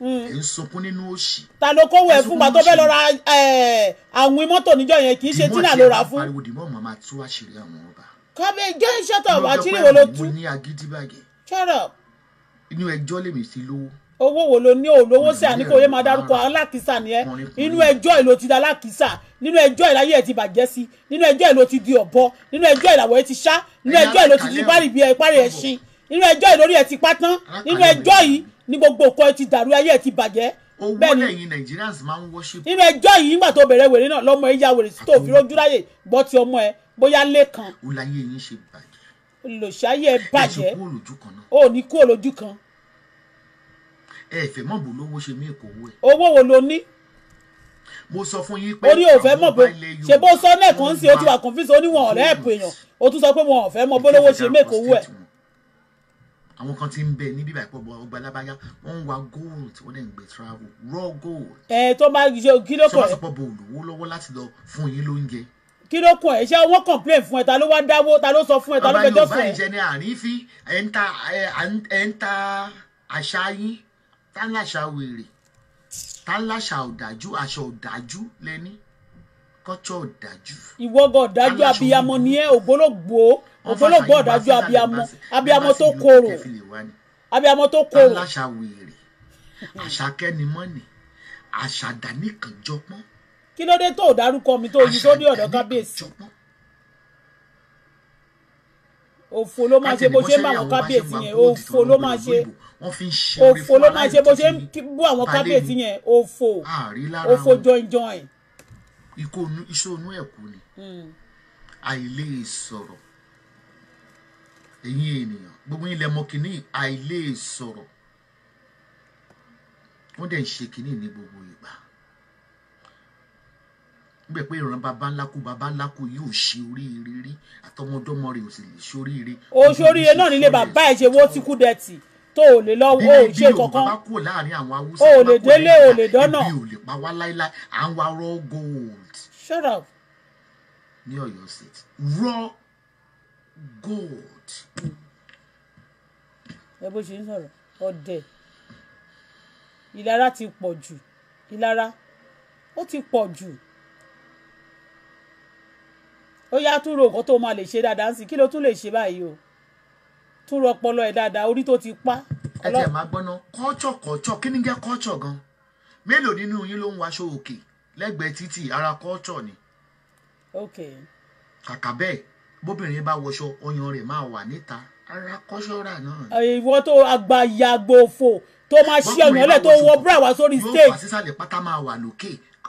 hmm. sunkún nínú òṣì. ta ló kówó ẹ fún wa tó fẹ́ lọ ra àwìn mọ́tò níjọ yẹn kì í ṣe tí náà ló ra fún. kọ́bí jẹ́ iṣẹ́ tó wà àṣírí wo ló tú. shut up. inú ẹjọ́ lèmi sí lówó owó wo ló ní olówó sí àníkò yé máa dárúkọ alákìsà ni ẹ inú ẹjọ́ ìlò ti da alákìsà nínú ẹjọ́ ẹ̀ láyé ẹ̀ ti bàjẹ́ sí nínú ẹjọ́ ẹ̀ ló ti di ọ̀bọ nínú ẹjọ́ ẹ̀ làwọ̀ ẹ̀ ti ṣá nínú ẹjọ́ ẹ̀ ló ti di bárì bí ìparí ẹ̀ṣin nínú ẹjọ́ ẹ̀ lórí ẹ̀ ti pátán nínú ẹjọ́ yìí ní gbogbo nǹkan ẹ̀ ti dàrú ayé ẹ̀ ti bàjẹ́ bẹ́ẹ̀ni nínú ẹjọ́ yìí nígbà tó bẹ̀rẹ̀ wèrè náà lọ́mọ ẹ̀yà wèrè tó fi rójú ráyè gbọ́ ti ọmọ ẹ bóyá lẹ́kan lòṣàyè ẹ bàjẹ́ ò ní kú òlójú kan. ẹ fẹ́ mọ̀ bò lówó ṣe mí èkó owó ẹ. owó wo lo ní mo sọ fún yín pé orí òfẹ́ mọ̀ pé ṣe bó sọ náà kàn ń ṣe ó ti wà confuse ó ní wọn ọ̀rẹ́ ẹ̀pù èèyàn ó tún sọ pé wọn ọ̀fẹ́ mọ bólówó ṣe mẹ́kọ̀ owó ẹ̀. àwọn kan ti ń bẹ ní bíbá ìpọ̀ ọgbà alábáyá wọ́n ń wa gold wọ́n dẹ̀ ń gbé travel raw gold. ẹ tó bá ṣe kí ló kọ ẹ. sọ́wọ́sọ̀pọ̀ bò lówó lọ́wọ́ láti lọ fún yín lóúnjẹ. kí ló kọ ẹ ṣé wọ́n complain fún ẹ ta ló wá dáwó ta ló sọ fún ẹ ta ló fẹjọ́ sùn. ọba yorùbá ìṣẹ́ ni àrífín ẹ̀ ń ta àṣà yín tálàṣà ọ̀dájú aṣọ ọ̀dájú lẹ́ni kọ́tsọ̀ ọ̀dájú. ìwọ́gọ̀ ọ̀dájú abiyamọ ni ẹ ògbólógbò ògbólógbò ọ̀dájú abiyamọ abiyamọ tó korò abiyamọ tó korò. tálàṣà wèrè àṣà kẹ́nimọ́nì àṣà dánìkànjọ́pọ́n. kí ló dé tó o dárúkọ mi tó yí tó ní ọ̀dọ̀ kábíyèsí òfò ló máa ṣe bó ṣe ń bá àwọn kábíyèsí yẹn òfò ló máa ṣe wọ́n fi ń ṣe orí fún aláìní òfò ló máa ṣe bó ṣe ń bú àwọn kábíyèsí yẹn òfò òfò jọ̀njọ̀n. iṣẹ́ onú ẹ̀kú ni hmm. àìlè sọ̀rọ̀ ẹ̀yin ènìyàn gbogbo yín lẹ mọ̀ kínní àìlè sọ̀rọ̀ wọ́n dẹ̀ ń ṣe kínní ní gbogbo ìgbà níbẹ̀ pé ìran baba ńlá kú baba ńlá kú yóò ṣe oríire rí àtọmọdọ́mọ rẹ̀ ò sì lè ṣoríire. o ṣoríire náà nílé bàbá ẹ̀ ṣe wó tí kú dẹ̀ tì tó o lè lọ o ò kankan o lè délé o lè dọ́nà. shut up. ní Ọ̀yọ́ state raw gold. ẹ bó ṣe ń sọ̀rọ̀ ọ̀dẹ̀ ìlara ti pọ̀ jù ìlara ó ti pọ̀ jù ó yá tún ro nǹkan tó máa lè ṣe dáadáa sí kí ló tún lè ṣe báyìí o tún rọ ọpọlọ ẹ̀ dáadáa orí tó ti pa. ẹ tẹ̀ máa gbọ́ná kọ́ọ̀tsọ̀ kọ́ọ̀tsọ̀ kí ni jẹ́ kọ́ọ̀tsọ̀ gan mélòó nínú yín ló ń waṣọ òkè lẹ́gbẹ̀ẹ́ títì ara kọ́ọ̀tsọ̀ ni. kàkà bẹ́ẹ̀ bóbìnrin bá wọṣọ ọyàn rẹ̀ máa wà níta ara kọ́ṣọ́ra náà. ìwọ tó àgbàyàgbò fò tó máa ṣí ọ̀nà ọ̀lẹ́ tó wọ búra wá sórí stage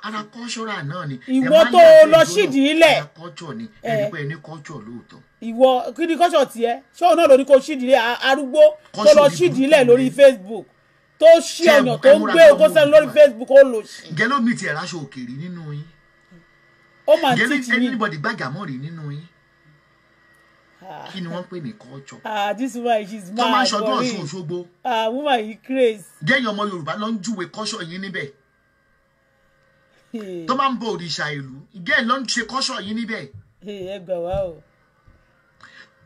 ara kọ́ṣọ́rà náà ni. ìwọ tó lọ ṣídìí ilẹ̀. ara ni ẹni pé ẹni kọ́ṣọ́ lóòótọ́. ìwọ kí ni kọ́ṣọ́ tiẹ̀ ṣọ́ọ̀ náà ló ní kó ṣídìí ilẹ̀ arúgbó tó lọ ṣídìí ilẹ̀ lórí Facebook tó ṣí ọ̀yàn tó ń gbé ogó sẹ́nu lórí Facebook ó lò sí. gẹ́lọ́ mi ti ẹ̀ráṣọ òkèèrè nínú yín. ó máa ń títí mi. gẹ́lọ́ anybody gbàjàmọ́ rí nínú yín. Ah. kí ni wọ́n pè ní culture. ah this woman is mad for me. tọ́ máa ń ṣọdún Ọ̀ṣun Òṣogbo. ah woman yìí craze. gẹ́yìn ọmọ Yorùbá ló ń júwe culture yín níbẹ̀. Hmm. tó máa ń bọ òrìṣà ìlú gẹ́ẹ̀ ló ń ṣe kọ́ṣọ̀ yín níbẹ̀. Hmm, ẹ gbà wá o.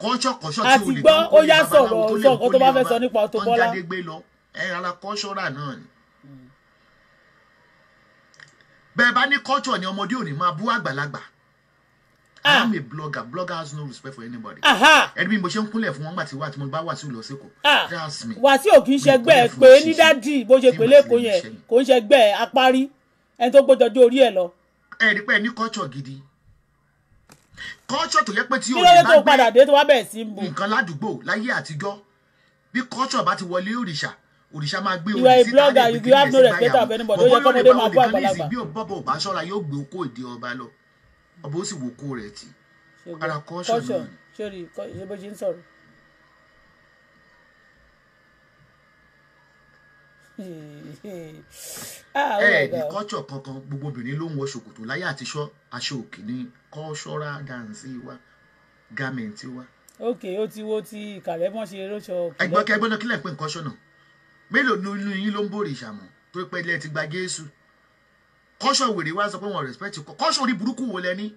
kọ́ṣọ̀ kọ́ṣọ̀ tí o lè gbọ́ ó yá sọ̀rọ̀ sọ̀rọ̀ tó bá fẹ́ sọ nípa Auto gbé lọ ẹ ara kọ́ṣọ́rà náà ni. Hmm. bẹ́ẹ̀ bá ní kọ́ṣọ̀ ni ọmọdé ò ní máa bú àgbàlagbà. Ah. I am a blogger blogger has no respect for anybody. ẹni bí mo ṣe ń kúnlẹ̀ fún wọn gbà tí wà tí mo bá wà sí ìlọsẹ́kọ̀. Ah. wàsíù kì í ṣẹgbẹ́ pé ní dádì bó ṣe pèlè kò yẹn kò ń ṣẹgbẹ́ apárí ẹni tó gbójọjú orí ẹ lọ. ẹ rí pé ẹ ní culture gidi culture tó yẹ pé tí òye bá gbé nǹkan ládùúgbò láyé àtijọ́ bí culture bá ti wọlé òrìṣà òrìṣà máa gbé orí síta lè gbé sí báyà bọ̀ bọ́ọ̀lù rẹ̀ bá òde ní ìsìn bí bọ́bọ̀ bá ṣọ́ra yóò gbé okó ìdí ọba lọ ọba ó sì wo okó rẹ̀ tì ara culture náà. ẹ ní ah, oh eh, culture kankan gbogbo obìnrin ló ń wọ ṣòkòtò láyé àtiṣọ aṣọ òkè ní cultural dance wa garment wa. ok ó ti wo ti ìkàlẹ́ mọ́ ṣe rọ́ṣọ. ẹgbọ́n kẹgbọ́n náà kílẹ̀ pé nǹkan ṣọ̀nà mélòó nínú yín ló ń bòrè ìṣàmọ̀ tó pẹ́ ilé ti gba jésù kọ́ṣọ̀ wèrè wá sọ pé wọ́n respect kọ́ṣọ̀ orí burúkú wo lẹ́ni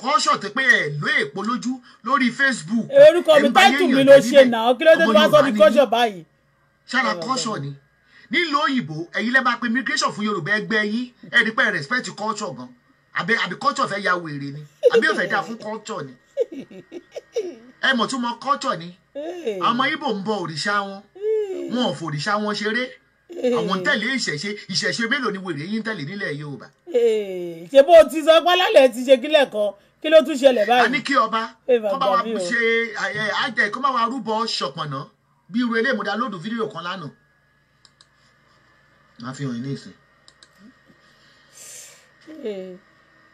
kọ́ṣọ̀ tó pé ẹ̀ ló èpo lójú lórí facebook. orúkọ mi táìtù mi ló ṣe nà ọ́ kí ló ní kọ́ṣọ̀ ni nílùú òyìnbó ẹ̀yin lẹ́ máa pe immigration fún yorùbá ẹgbẹ́ yín ẹni pé respect culture gan àbí àbí culture fẹ́ ya wèrè ni àbí òfẹ́ dà fún culture ni ẹ mọ̀ tún mọ culture ni àwọn ọmọ ibo ń bọ òrìṣà wọn wọn ò fòrìṣà wọn ṣeré àwọn tẹ̀lé ìṣẹ̀ṣe ìṣẹ̀ṣe mélòó ni wèrè yín tẹ̀lé nílẹ̀ yorùbá. ṣé bó o ti sọ pé alálẹ̀ ti ṣe kílẹ̀ kan kí ló tún ṣẹlẹ̀ báyìí. a ní kí ọba kó bá wa ṣe àjẹ kó bá wa rúbọ ṣọ̀pọ̀nà bí irú eléyìí mo dá lóòdù fídíò kan lánàá máa fi hàn ní eh,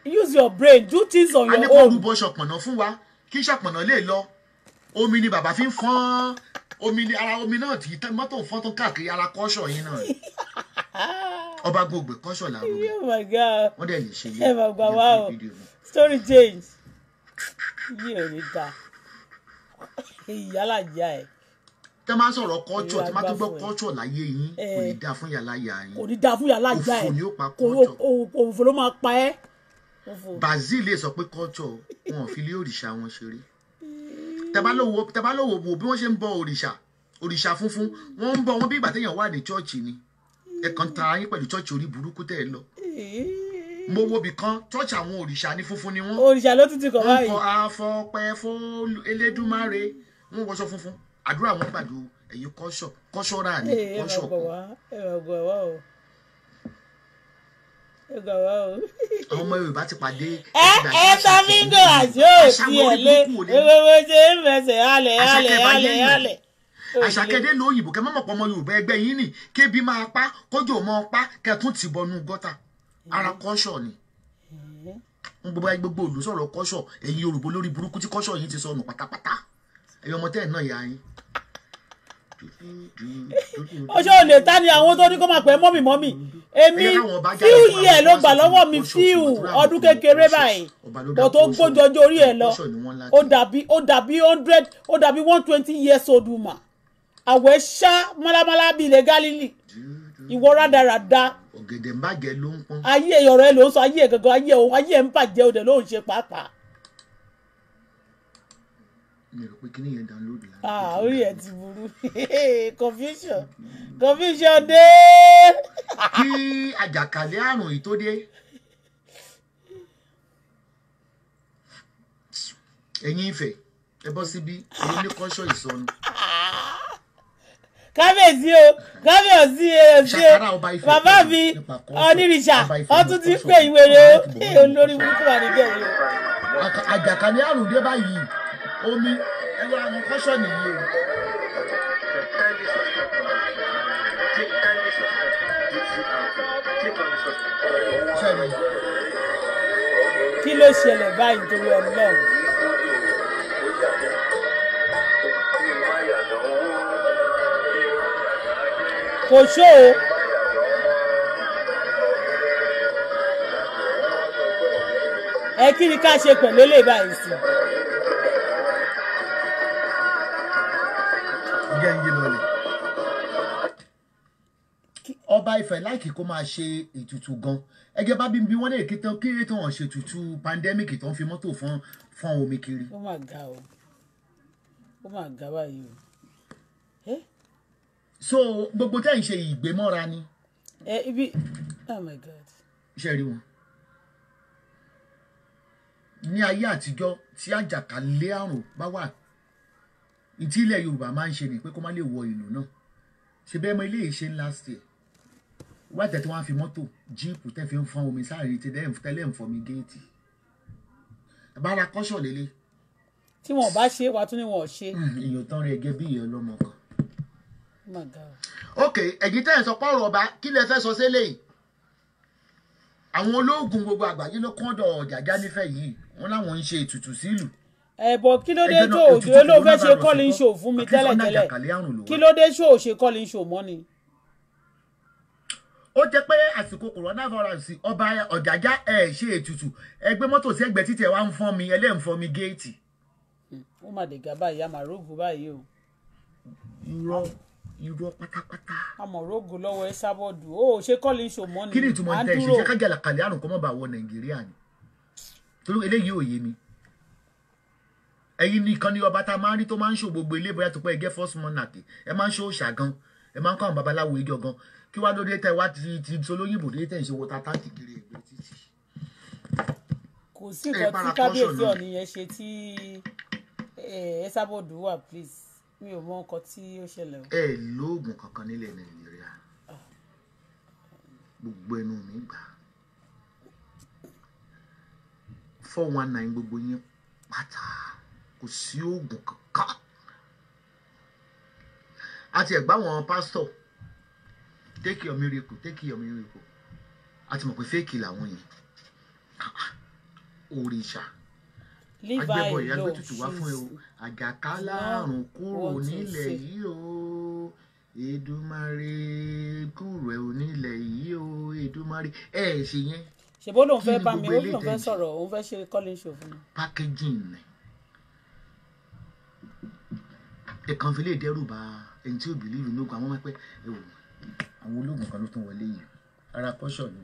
use your brain do things on your own. a ní kó rúbọ ṣọpọ̀nà fún wa kí ṣọpọ̀nà lè lọ omi ni bàbá fi ń fọ́n omi ni ara omi náà tí mọ́tò fọ́n tó káàkiri ara kọ́ṣọ̀ yín náà ọba gbogbo kọ́ṣọ̀ làwọn oh wọ́n dẹ̀ lè ṣe yé ẹ bàbá wa o story change yìí ò ní ta ìyálà jà ẹ̀ tẹ máa ń sọ̀rọ̀ kọ́ọ̀tsọ̀ tẹ máa tó gbọ́ kọ́ọ̀tsọ̀ láyé yín kò ní eh. dáa fún yàrá yà yín kò ní dáa fún yàrá yà ẹ̀ òfò ni ó pa kọ́ọ̀tsọ̀ òfò ló máa pa ẹ́. Brazil lè sọ pé kọ́ọ̀tsọ̀ wọn ò fi lé òrìṣà wọn ṣeré tẹ bá lọ wo bí wọ́n ṣe ń bọ òrìṣà òrìṣà funfun wọ́n ń bọ wọn bí ìgbà téèyàn wà ní chọ́ọ̀chì ni ẹ kàn ta yín pẹ̀lú chọ́ọ̀chì orí burúkú tẹ́ ẹ lọ mo wo bìkan chọ́ọ̀chì àwọn òrìṣà ní funfun ni wọ́n òrìṣà ló tún ti kọ̀ báyìí wọn kọ afọpẹ́ fún Elédùmarè wọn wọṣọ funfun àdúrà wọn gbàdo ẹ̀yin kọ́ṣọ́ kọ́ṣọ́ra ni kọ́ṣọ́ kọ́. ẹ̀rọ̀gbọ̀ wá o ẹ̀rọ̀gbọ̀ wá o. àwọn ọmọ Yorùbá ti pàdé. ẹ ẹ sọ fíńgò àti òsì ẹ lé ewéwé ṣe ń fẹsẹ̀ halẹ̀ halẹ̀ halẹ̀ halẹ̀ àṣàkẹ́dé ló òyìnbó kẹ́ mọ́mọ́ pọ̀ ọmọ Yorùbá ẹgbẹ́ yín ni kébi máa pa kójò mọ́ pa kẹ́tún ti bọnú gọ́tà ara kọ́ṣọ̀ ni gbogbo ẹgbẹ́ gbòòlù sọ̀rọ̀ kọ́ṣọ̀ ẹ̀yin Yorùbá lórí burúkú tí kọ́ṣọ̀ yìí ti sọnù pátápátá ẹ̀yin ọmọ tẹ́ ẹ̀ náà yà yín. ó ṣe olè ta ni àwọn tó ní kó máa pẹ́ mọ́mì mọ́mì èmi fíù yẹ ló gbà lọ́wọ́ mi fíù ọdún kékeré báyìí kò tó gbójọjọ orí ẹ̀ lọ ó dàbí ó dàbí hundred ó dàbí one twenty years old woman àwẹ̀ ṣá málámálá bíi ilẹ̀ Gálílì ìwọ rádaràda ọ̀gẹ̀dẹ̀ ń bàjẹ́ ló ń pọ́n. ayé ọ̀rọ̀ ẹ ló ń sọ ayé ẹ gangan ayé ẹ ń bàjẹ́ òde ló ń ṣe pàápàá mi rò pé kí nìyẹn download lánàá. ah orí ẹ ti burú confusion confusion dé. kí àjàkálẹ̀ àrùn yìí tó dé ẹ̀yin ìfẹ́ ẹ bọ́ síbí èyí ní kọ́ṣọ́ ìsọnù. kábíyèsí o kábíyèsí eh, ẹ̀ẹ́dẹ́ bàbá mi onírìṣà ọtún ti ń pè ìwé rẹ o olórí burúkú wà níbẹ̀ yìí. àjàkálẹ̀ àrùn dé báyìí omi ẹ̀rọ àwọn kọ́ṣọ́ nìyí o. kí ló ṣẹlẹ̀ báyìí torí ọlọ́run. kò ṣó o. ẹ kí ni ká ṣe pẹ̀lú eléyìí báyìí sí i. jẹ́ ń yí lọ lẹ̀. ọba Ifẹ̀ láìkí kó máa ṣe ètùtù gan ẹgẹ bá bímbi wọn lè kíta kéré tó hàn ṣètùtù pandemic tó ń fi mọ́tò fọ́n fọ́n omi kiri. ó mà ga o ó mà ga báyìí o. so gbogbo tẹ́ ń ṣe ìgbémọ́ra ni. ẹ ibi oh my god. ṣe rí wọn ní ayé àtijọ́ tí àjàkálẹ̀ àrùn bá wà ìtí ilẹ̀ Yorùbá máa ń ṣe ni pé kó má lè wọ ìlú náà ṣe bẹ́ẹ̀ mọ ilé ìṣe ńlá ṣe wá tẹ̀ tí wọ́n á fi mọ́tò jíìpù tẹ́ fi ń fọ́n omi sáàrin ti tẹ́lẹ̀ ń fọ́ mi géètì bára kọ́ṣọ̀ lélẹ̀. tí wọn bá ṣe wàá tún ni wọn ò ṣe. Hmm, èèyàn tán rẹ gẹ bí ìyẹn ọlọmọ kan. Oh ok ẹ̀yin tẹ́ ẹ̀ sọ pọ́ọ̀rọ̀ ọba kí lẹ fẹ́ sọ sílẹ̀ yìí àwọn olóògùn gbogbo àgbáyé ló kọ́ ọ̀dọ̀ Jàjà nífẹ̀ẹ́ yìí wọ́n láwọn ń ṣe ètùtù sílùú ẹ̀bọ̀ eh, kí ló dé tó òjò ló fẹ́ ṣe kọ́lí ṣò fún mi tẹ́lẹ̀tẹ́lẹ̀ kí ló dé ṣò ṣe kọ́lí ṣò mọ́ ni. ó jẹ́ pé àsìkò coronavirus ọba ọ̀jájá ẹ̀ ṣe ètùtù ẹgbẹ́ mọ́tò sí ẹgbẹ́ títẹ̀ wá ń fọ́n mi ẹlẹ́ ń fọ́n mi géètì. Hmm, ó mà dé gàba ìyá màrógùn báyìí o. irọ́ irọ́ pátápátá. amọ̀rógùn lọ́wọ́ ẹ sábọ́ọ̀dù ó ṣe kọ́lí ṣò mọ́ ni. kí ni ìtumọ̀ tẹ̀ ṣe jẹ́ kájà àkàlẹ́ àrùn kọ́mọ́bà wọ Nàìjíríà ni torí eléyìí ò yé mi ẹ̀yin nìkan ni ọba tá a máa ń rí tó máa ń ṣò gbogbo ilé bóyá tó pẹ́ ẹgẹ́ first ẹ máa ń ṣò òòṣà gan ẹ máa ń kọ́ àwọn babaláwo ẹjọ́ gan kí wàá lórí tẹ wá ti ti solóyìnbó lórí tẹ̀ ń ṣe wọta táǹkì kiri ìgbé títì. kò sí nǹkan tí kábíyèsí ọ̀nì yẹn ṣe tí ẹ sábòdù wà please mi ò mọ nǹkan tí ó ṣẹlẹ̀ ẹ lóògùn kankan nílẹ̀ nàìjíríà ah. gbogbo ẹnu mi gbà four one nine gbogbo yín pátá kò sí oògùn kankan àti ẹ̀gbá wọn pásítọ̀ take your miracle take your miracle àti mọ̀ pé fẹ́ẹ̀kì làwọn yẹn òrìṣà ah, agbẹ́bọ̀ ìyá gbé tutù wá fún ẹ o àjàkálà àrùn kúrò nílẹ̀ yìí o Èdùmàrè kúrò ẹ onílẹ̀ yìí o Èdùmàrè ẹ ṣe yẹn. ṣèbó lòun fẹ́ bá mi ó lòun fẹ́ sọ̀rọ̀ òun fẹ́ ṣe calling show packaging ni. ẹ̀kan fi lè dẹ́rù bá ẹni tí ò bìlíìrù ní ogun àwọn ọmọ ẹgbẹ́ ẹ̀wò àwọn ológun kan ló tún wọlé yìí ara kọ́ṣọ̀ ni.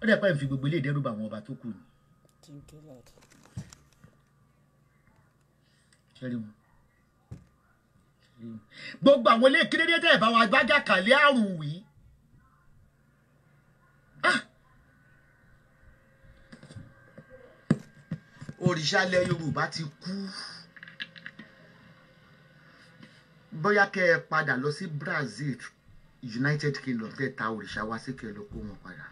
ó dẹ̀ pẹ́ ń fi gbogbo ilé ìdẹ́rù bá àwọn ọba tó kù ni. ṣẹ́rí wọn gbogbo àwọn ilé kíndéédé tẹ̀ bá wa gbájà kàlẹ́ àrùn wí. ah òrìṣà ilẹ̀ Yorùbá ti kú bóyá kẹ́ ẹ padà lọ sí Brazil United Kingdom kẹ́ ẹ ta òrìṣà wá sí kẹ́ ẹ lọ kó wọn padà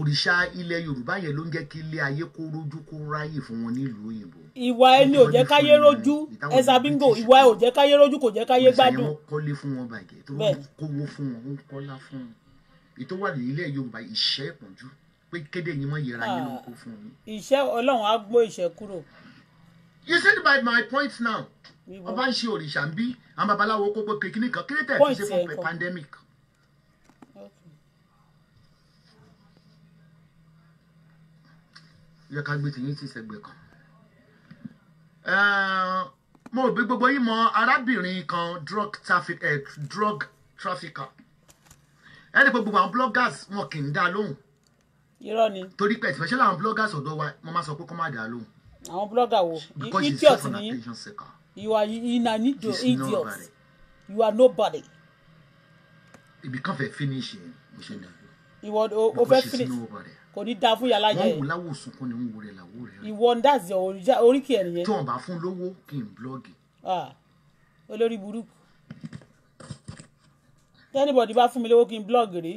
òrìṣà ilẹ̀ Yorùbá yẹn ló ń jẹ́ kí ilé ayé kó rójú kó ráyè fún wọn nílùú òyìnbó. ìwà ẹni ò jẹ́ káyé rójú ẹ̀sà bíngò ìwà ẹ̀ ò jẹ́ káyé rójú kò jẹ́ káyé gbádùn. òrìṣà yẹn kọ́lé fún wọn bàjẹ́ tó ń kówó fún wọn ń kọ́lá fún wọn ètò ní ilẹ̀ Yorùbá ìṣẹ́ ìpọ́njú pé kéde yín mọ̀ yẹra yín ah, ló kó fún yín. iṣẹ́ ọlọ́run á gbó ìṣẹ́ kúrò. you said by my point now ọba ń ṣe òrìṣà ń bí àwọn babaláwo kó gbókè kíní kan kíní tẹ̀ fi ṣe fún pandemic. yẹ ká gbé tìyín sí sẹgbẹ kan eh, mo ò bí gbogbo yín mọ arábìnrin kan drug traffic eh, drug trafficker ẹni pé gbogbo àwọn bloggers wọn kì í dá lóhùn irọ́ ni. torí pé especially àwọn bloggers ọ̀dọ́ wa wọ́n máa sọ pé kó má dà á lóhùn. àwọn blogger wo idiot ni you are in an idiot you are nobody. ibi kan fẹ́ finish yẹn mo ṣe dà. ìwọ o fẹ́ finish kò ní da fún yàrá yẹn. wọ́n wò láwò sunkún ni wọ́n wò rẹ̀ làwò rẹ̀. ìwọ that's your oríkì ẹ̀ nìyẹn. tí wọn bá fún lówó kí n blọ́ọ̀gì. olórí burúkú tẹ́nibọ̀dì bá fún mi lówó kí n blọ́ọ̀gì rí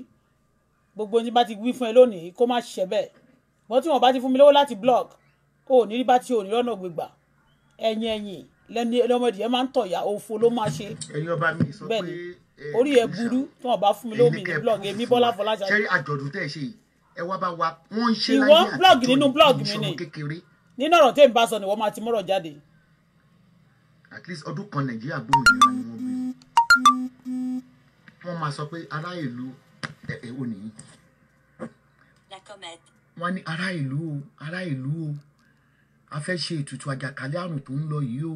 gbogbo ní bá ti wí fún ẹ lónìí kó má ṣiṣẹ́ bẹ́ẹ̀ wọ́n tí wọ́n bá ti fún mi lówó láti blog ó ní rí bá ti òní lọ́nà gbégbà ẹ̀yìn ẹ̀yìn lẹ́ni ọmọdé ẹ máa ń tọ̀yà òfo ló máa ṣe bẹ́ẹ̀ ni eh, orí ẹ burú tí wọ́n bá fún mi lówó ní blog èmi Bọ́lá Fọláṣadé. ṣé àjọ̀dún tẹ̀ ṣe ẹ wá bá wa wọ́n ń ṣe láyé àtijọ́ ìṣòro kékeré. nínú ọ̀rọ̀ tẹ́ ń bá sọ ni wọ́n máa ti mọ́rọ̀ jáde. at least ọdún kan Nàìjíríà gbòmìnira ni wọ́n gbé wọ́n máa sọ pé ará ìlú èwo nìyí. wọ́n ní ará ìlú o ará ìlú o a fẹ́ ṣe ètùtù àjàkálẹ̀ àrùn tó ń lọ yìí o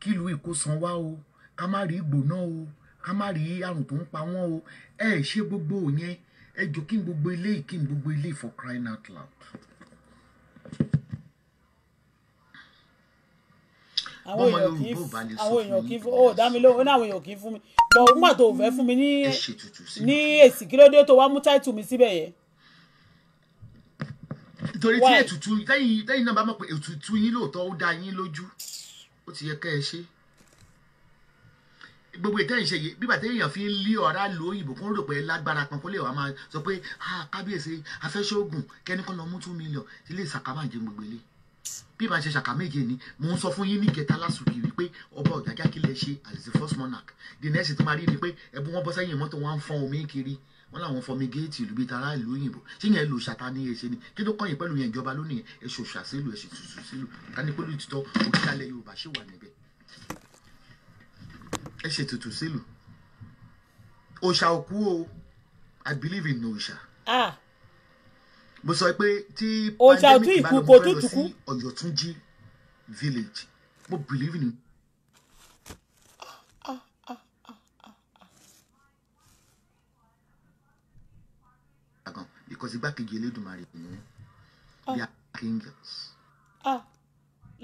kílù ìkósan wá o ká má rí ìgbóná o ká má rí àrùn tó ń pa wọ́n o ẹ ṣe gbogbo yẹn ẹ jọ kí n gbogbo ilé kí n gbogbo ilé for crying out loud. bọ́mọ yorùbá ò bá lè sọ fún mi. ó dá mi lóhùn ó ní àwọn èèyàn kì í fún mi bọ̀ nígbà tó fẹ́ fún mi ní ní èsì kí ló dé tó wá mú táìtù mi síbẹ̀ yẹn. torí tí ètùtù lẹ́yìn náà bá mọ̀ pé ètùtù yín lóòótọ́ ó dá yín lójú ó ti yẹ ká ẹ ṣe gbogbo ìtẹ́ ìṣe yìí bíbà tí èèyàn fi ń lé ọ̀rá lu òyìnbó kó ń rò pé lágbára kan kó lè wá máa sọ pé ah, kábíyèsí afẹ́ṣẹ́ kẹ́ni kan lọ mú two million ilé ìsàkámà jẹun gbogbo ilé bí ìbá ṣe ṣàkà méje ni mò ń sọ fún yín ní ìkẹta lásùkì wípé ọba ọ̀gágá kí lè ṣe as the first monarch the next tó máa rí ni pé ẹbú wọn bọ́ sẹ́yìn mọ́tò wọn ń fọ́n omi kiri wọn làwọn fọmi géètì ìlú bíi tara ìlú òyìnbó tí yẹn lò ṣàtà ní èṣe ni kí ló kọ́ yín pẹ̀lú yẹn ìjọba lónìí ẹ ṣòṣà sílùú ẹ ṣètùtù sílùú tani pẹ̀lú ìtìtọ́ òkìtàlẹ̀ Yorùbá ṣì wà níbẹ̀ ẹ ṣètùtù sílùú òṣà òkú o I believe in òṣà. No ah mo sọ pé tí pandemic bá lọ mo fẹ́ lọ sí ọ̀yọ̀túnjí village mo believe in. because igbákejì elédùnmarè ni ah. they are angels. Ah.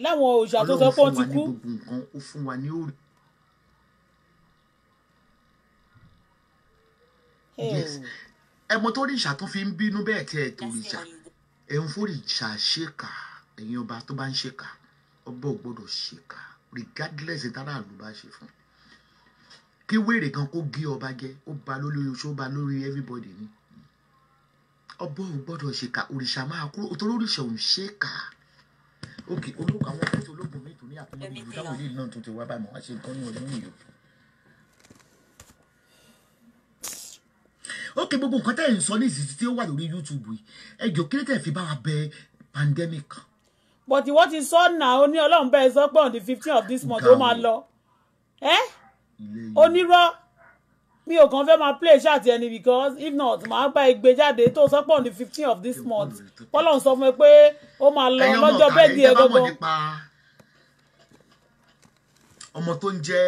láwọn òòṣà tó sọ pé ó ti kú. ọlọ́run fún wa ní gbogbo nǹkan ó fún wa ní òòrè. yes ẹmọ tó rí ìṣà tó fi ń bínú bẹ́ẹ̀ tí ẹ tó rí ìṣà ẹ ń fórí ìṣà ṣèkà ẹ̀yin ọba tó bá ń ṣèkà ọba ò gbọ́dọ̀ ṣèkà regardless ìtàláàlú bá ṣe fún kí wèrè kan kó gé ọba jẹ ó ba lórí oṣù ó ba lórí everybody ni ọba ò gbọ́dọ̀ ṣèkà òrìṣà máa kúrò òtòrò òrìṣà ò ń ṣèkà òkè olóògùn àwọn ọ̀rẹ́ tó olóògùn mi tò ní àpò ìlú táwọn ilé náà tó ti wá báyìí mo wá ṣe nǹkan ní ọdún yìí o. ókè gbogbo nǹkan tẹ́ ẹ̀ ń sọ ní ìsinsìnyí tí ó wà lórí youtube yìí ẹ jọ kí ló tẹ̀ fi bá wa bẹ pandemic. but ìwọ ti sọ náà ó ọlọ́run bẹ́ẹ̀ sọ pé on the fifteen of this month ó máa lọ ẹ́ onírọ́ mi ò kàn fẹ́ máa play ṣáàtì ẹni because if not màá bá igbe jáde tó sọ pé on the fifteen of this month ọlọ́run sọ fún mi pé ó máa lọ lọ́jọ́ bẹ́ẹ̀ di ẹ gbogbo. ọmọ tó ń jẹ́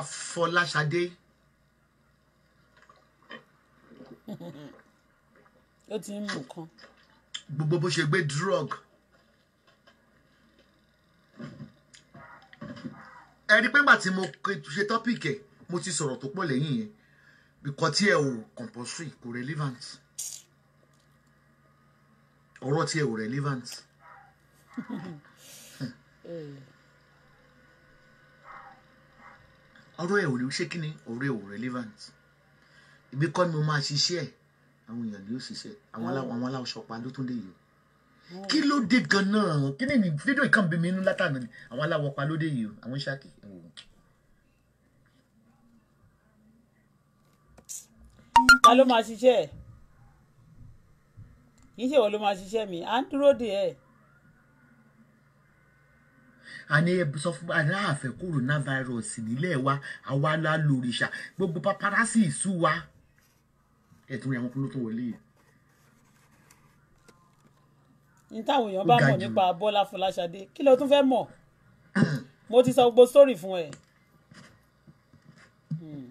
Afọláṣadé ó ti ń mú nǹkan. gbogbo bó ṣe gbé drug. ẹ rí pé nígbà tí mo ṣe tọ́pìkì ẹ̀ mo ti sọ̀rọ̀ tó pọ̀ lẹ́yìn yẹn bìkọ́ tí ẹ ò compulsory kò relevant ọ̀rọ̀ tí ẹ ò relevant. ọ̀rọ̀ ẹ ò lè ṣé kí ni ọ̀rọ̀ ẹ ò relevant ibi kọ́ ni mo máa ṣiṣẹ́ ẹ̀ àwọn èèyàn ló ṣiṣẹ́ àwọn aláwọ̀ àwọn aláwọ̀ ṣọpa ló tún dé yìí o oh. kí ló dé gan kí ni fídíò ìkànnì bí mi inú látàná ni àwọn aláwọ̀ pa ló dé yìí o àwọn ṣáàkì ẹ̀wò. ta ló máa ṣiṣẹ́ kì í ṣe ìwọ ló máa ṣiṣẹ́ mi à ń dúró dè ẹ́. àní ẹ sọ fún àná kòrónà fáírọ̀sì nílẹ̀ wa àwa la lòrìṣà gbogbo paparazzi ìsú wa ẹ̀tún àwọn fúnlọ́tò wọlé yìí. ní táwọn èèyàn bá mọ̀ nípa Bọ́lá Fọláṣadé kí ló tún fẹ́ mọ̀ mo ti sọ gbogbo sórí fún ẹ. Hmm.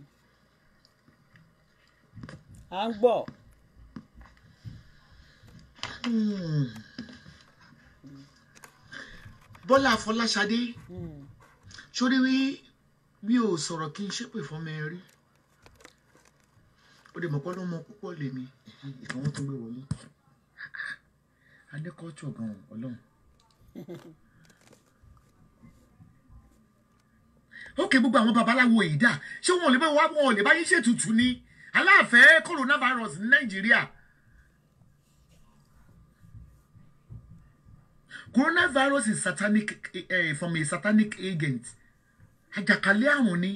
à ń gbọ́. Hmm. Bọ́lá Fọláṣadé sórí hmm. wí mi ò sọ̀rọ̀ kí n ṣépè fún mi rí ó lè mọ̀ pé ọlọ́mọ púpọ̀ lèmi ìkan wọn tún gbé wọlé adékọ́tù gan ọlọ́run. ókè gbogbo àwọn babaláwo yìí dà ṣé wọn ò lè bá wá wọn ò lè bá yín ṣètùtù ni aláàfẹ́ coronavirus ní nàìjíríà. coronavirus is satanic uh, from a satanic agent àjàkálẹ̀ àrùn ni.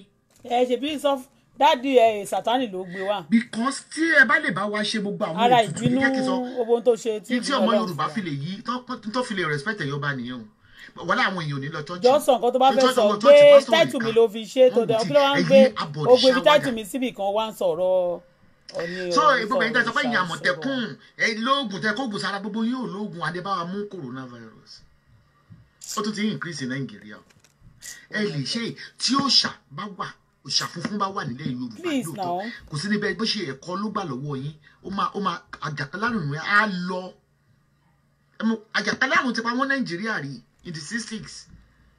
ẹ ṣe bí sọ dádì ẹ sátani ló gbé wá. because tí ẹ bá lè bá wa ṣe gbogbo àwọn ètùtù ní kẹ́kẹ́ sọ owó tó ṣe tí tí ọmọ yorùbá fi lè yí tó fi lè respect ẹ̀yọ́ bá nìyẹn o wọ́n láwọn èèyàn ò ní lọ tọ́jú. jọ́sọ̀ nǹkan tó bá fẹ́ sọ gbé táìtù mi ló fi ṣe tó dẹ̀ ọ́n kí ló wá ń gbé ogun ibi táìtù mi síbì kan wá ń sọ̀rọ̀ so gbogbo ẹni tí a sọ pé ìyá àmọ̀tẹ́kùn ẹ lóògùn tẹ kóògùn sára gbogbo yóò lóògùn adébáwa mú coronavirus ó tún ti increase in nàìjíríà ẹ lè ṣe tí ó ṣà bá wà òṣàfúnfún bá wà nílẹ̀ yorùbá lóòótọ́ kò sí níbẹ̀ bó ṣe ẹ̀kọ́ ló gbà lọ́wọ́ yín ó máa ó máa àjàkálárùn rẹ̀ á lọ àjàkálárùn ti pa wọ́n nàìjíríà rí in the sixties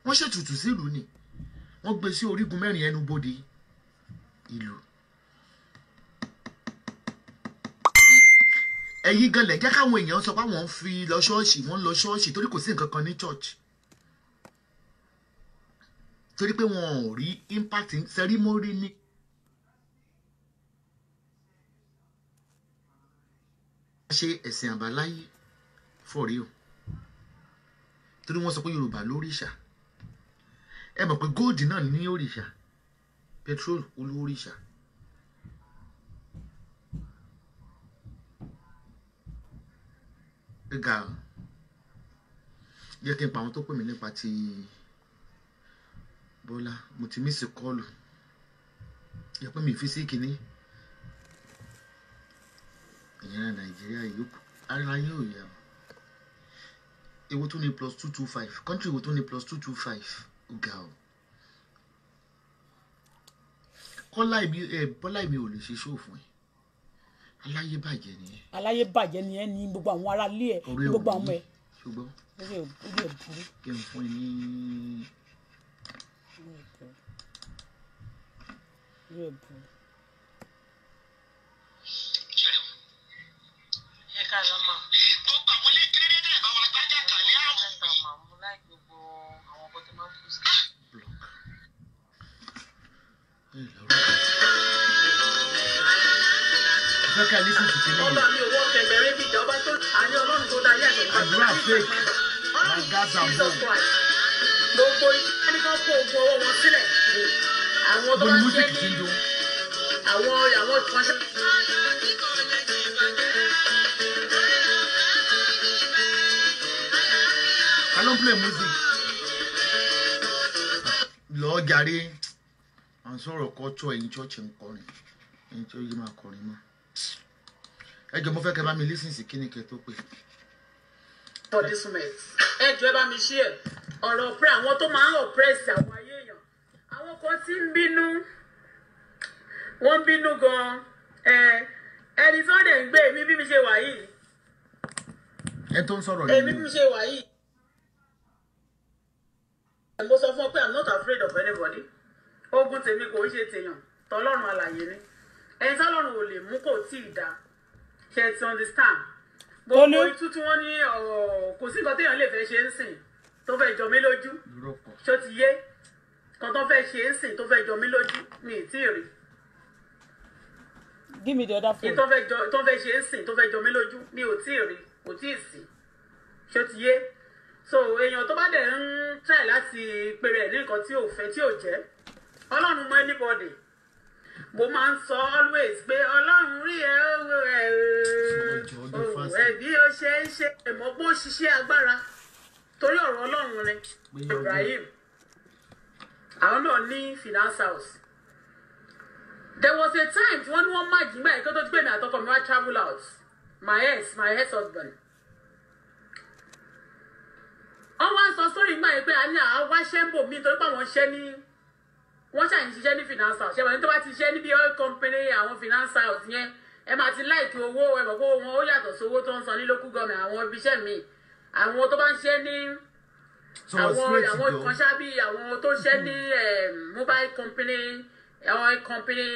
wọ́n ṣètùtù sílùú ni wọ́n gbé sí orígun mẹ́rin ẹnu bodè ìlú. ẹ̀yin gan lẹ̀ jẹ́ káwọn èèyàn sọ pé àwọn ń fi lọ ṣọ́ọ̀ṣì wọ́n ń lọ ṣọ́ọ̀ṣì torí kò sí nǹkan kan ní ṣọ́ọ̀ṣì torí pé wọn ò rí impact sẹrímórì ní. ṣe ẹ̀sìn àbáláyé fọ̀rí o torí wọ́n sọ pé Yorùbá lóríṣà ẹ mọ̀ pé góòdì náà ní òrìṣà petrol olóríṣà. ga jẹ́ kí n pa àwọn tó pè mí nípa ti. Bọ́lá mo ti mísì kọ́ọ̀lù yẹ pé mi fi sí kínní ìyẹn Nàìjíríà yòókù ara yín ò yẹ ewo tó ní plus two two five country ewo tó ní plus two two five ó ga o kọ́lá ìbí ẹ bọ́lá ìbí ò lè ṣe ṣóò fún ẹ aláyé bàjẹ́ ni ẹ. aláyé bàjẹ́ ni ẹ ní gbogbo àwọn aráalé ẹ gbogbo àwọn ẹ. ṣùgbọ́n kí n fún ẹ ní Rebu. Rebu. Ẹ káàárọ̀ mà. Gbogbo àwọn ní kán kó oògùn owó wọn sílẹ̀ àwọn tó bá jẹ́ ní àwọn àwọn kan ṣe. I don't play music. lọ́ọ́ jàre à ń sọ̀rọ̀ kọ́tọ̀ ẹ̀yin chọ́ọ̀chì ń kọrin ẹ̀yin tí ó yí máa kọrin mọ́ ẹ jọ mo fẹ́ kẹ́ bá mi lísìnsì kí ni kẹ́ tó pè. for this moment ẹ jọ ẹ bá mi ṣí ẹ ọ̀rọ̀ pé àwọn tó máa ń oppress àwọn ayé èèyàn àwọn kan ti ń bínú wọ́n bínú gan-an ẹni tó dẹ̀ ń gbé èmi bí mi ṣe wà yìí. ẹ tó ń sọ̀rọ̀ yìí. èmi bí mi ṣe wà yìí. mo sọ fún ọ pé i'm not afraid of anybody ogun tèmi kò ń ṣe tèèyàn tọlọ́run alàyè ni ẹni tọlọ́run ò lè mú kò tí ì dáa ṣe ti understand. gbogbo itú tí wọ́n ní kò sí nǹkan téèyàn lè fẹ́ ṣe ń sìn tó fẹ́ jọ mí lójú ṣó ti yé kan tó fẹ́ ṣe é sìn tó fẹ́ jọ mí lójú mi ì tí ì rí. give me the other phone. tó fẹ́ ṣe é sìn tó jọ mí lójú mi ò tí ì rí kò tí ì sí ṣó ti yé so èèyàn tó bá dẹ̀ ń tẹ̀ láti pèrè ní nǹkan tí ò fẹ́ tí ò jẹ́ ọlọ́run mọ anybody mo máa ń sọ always pé ọlọ́run rí ẹ ẹ ẹ bí o ṣe ń ṣe mọ́ bó ṣiṣẹ́ agbára torí ọ̀rọ̀ ọlọ́run rẹ Ibrahim àwọn náà ní finance house there was a time tí wọ́n ní wọ́n má jí báyìí kó tó gbé mi àtọkọ mi wá travel out my ex my ex husband wọ́n wá ń sọ sórí ìgbà yẹn pé a ní àwọn wáṣẹ́ ń bò mí torí pé àwọn ṣẹ́ ní wọ́n ṣàyìn ṣiṣẹ́ ní finance house ṣẹ́wọ̀n ní tó bá ti ṣiṣẹ́ níbi oil company àwọn finance house yẹn ẹ máa ti láìkí owó ẹ̀rọ kó wọn ó yàtọ̀ sí owó tó ń san ní local government àwọn ibiṣẹ́ míì àwọn tó bá ń ṣe ní àwọn àwọn ìkànṣá bíi àwọn tó ṣe ní mobile company oil company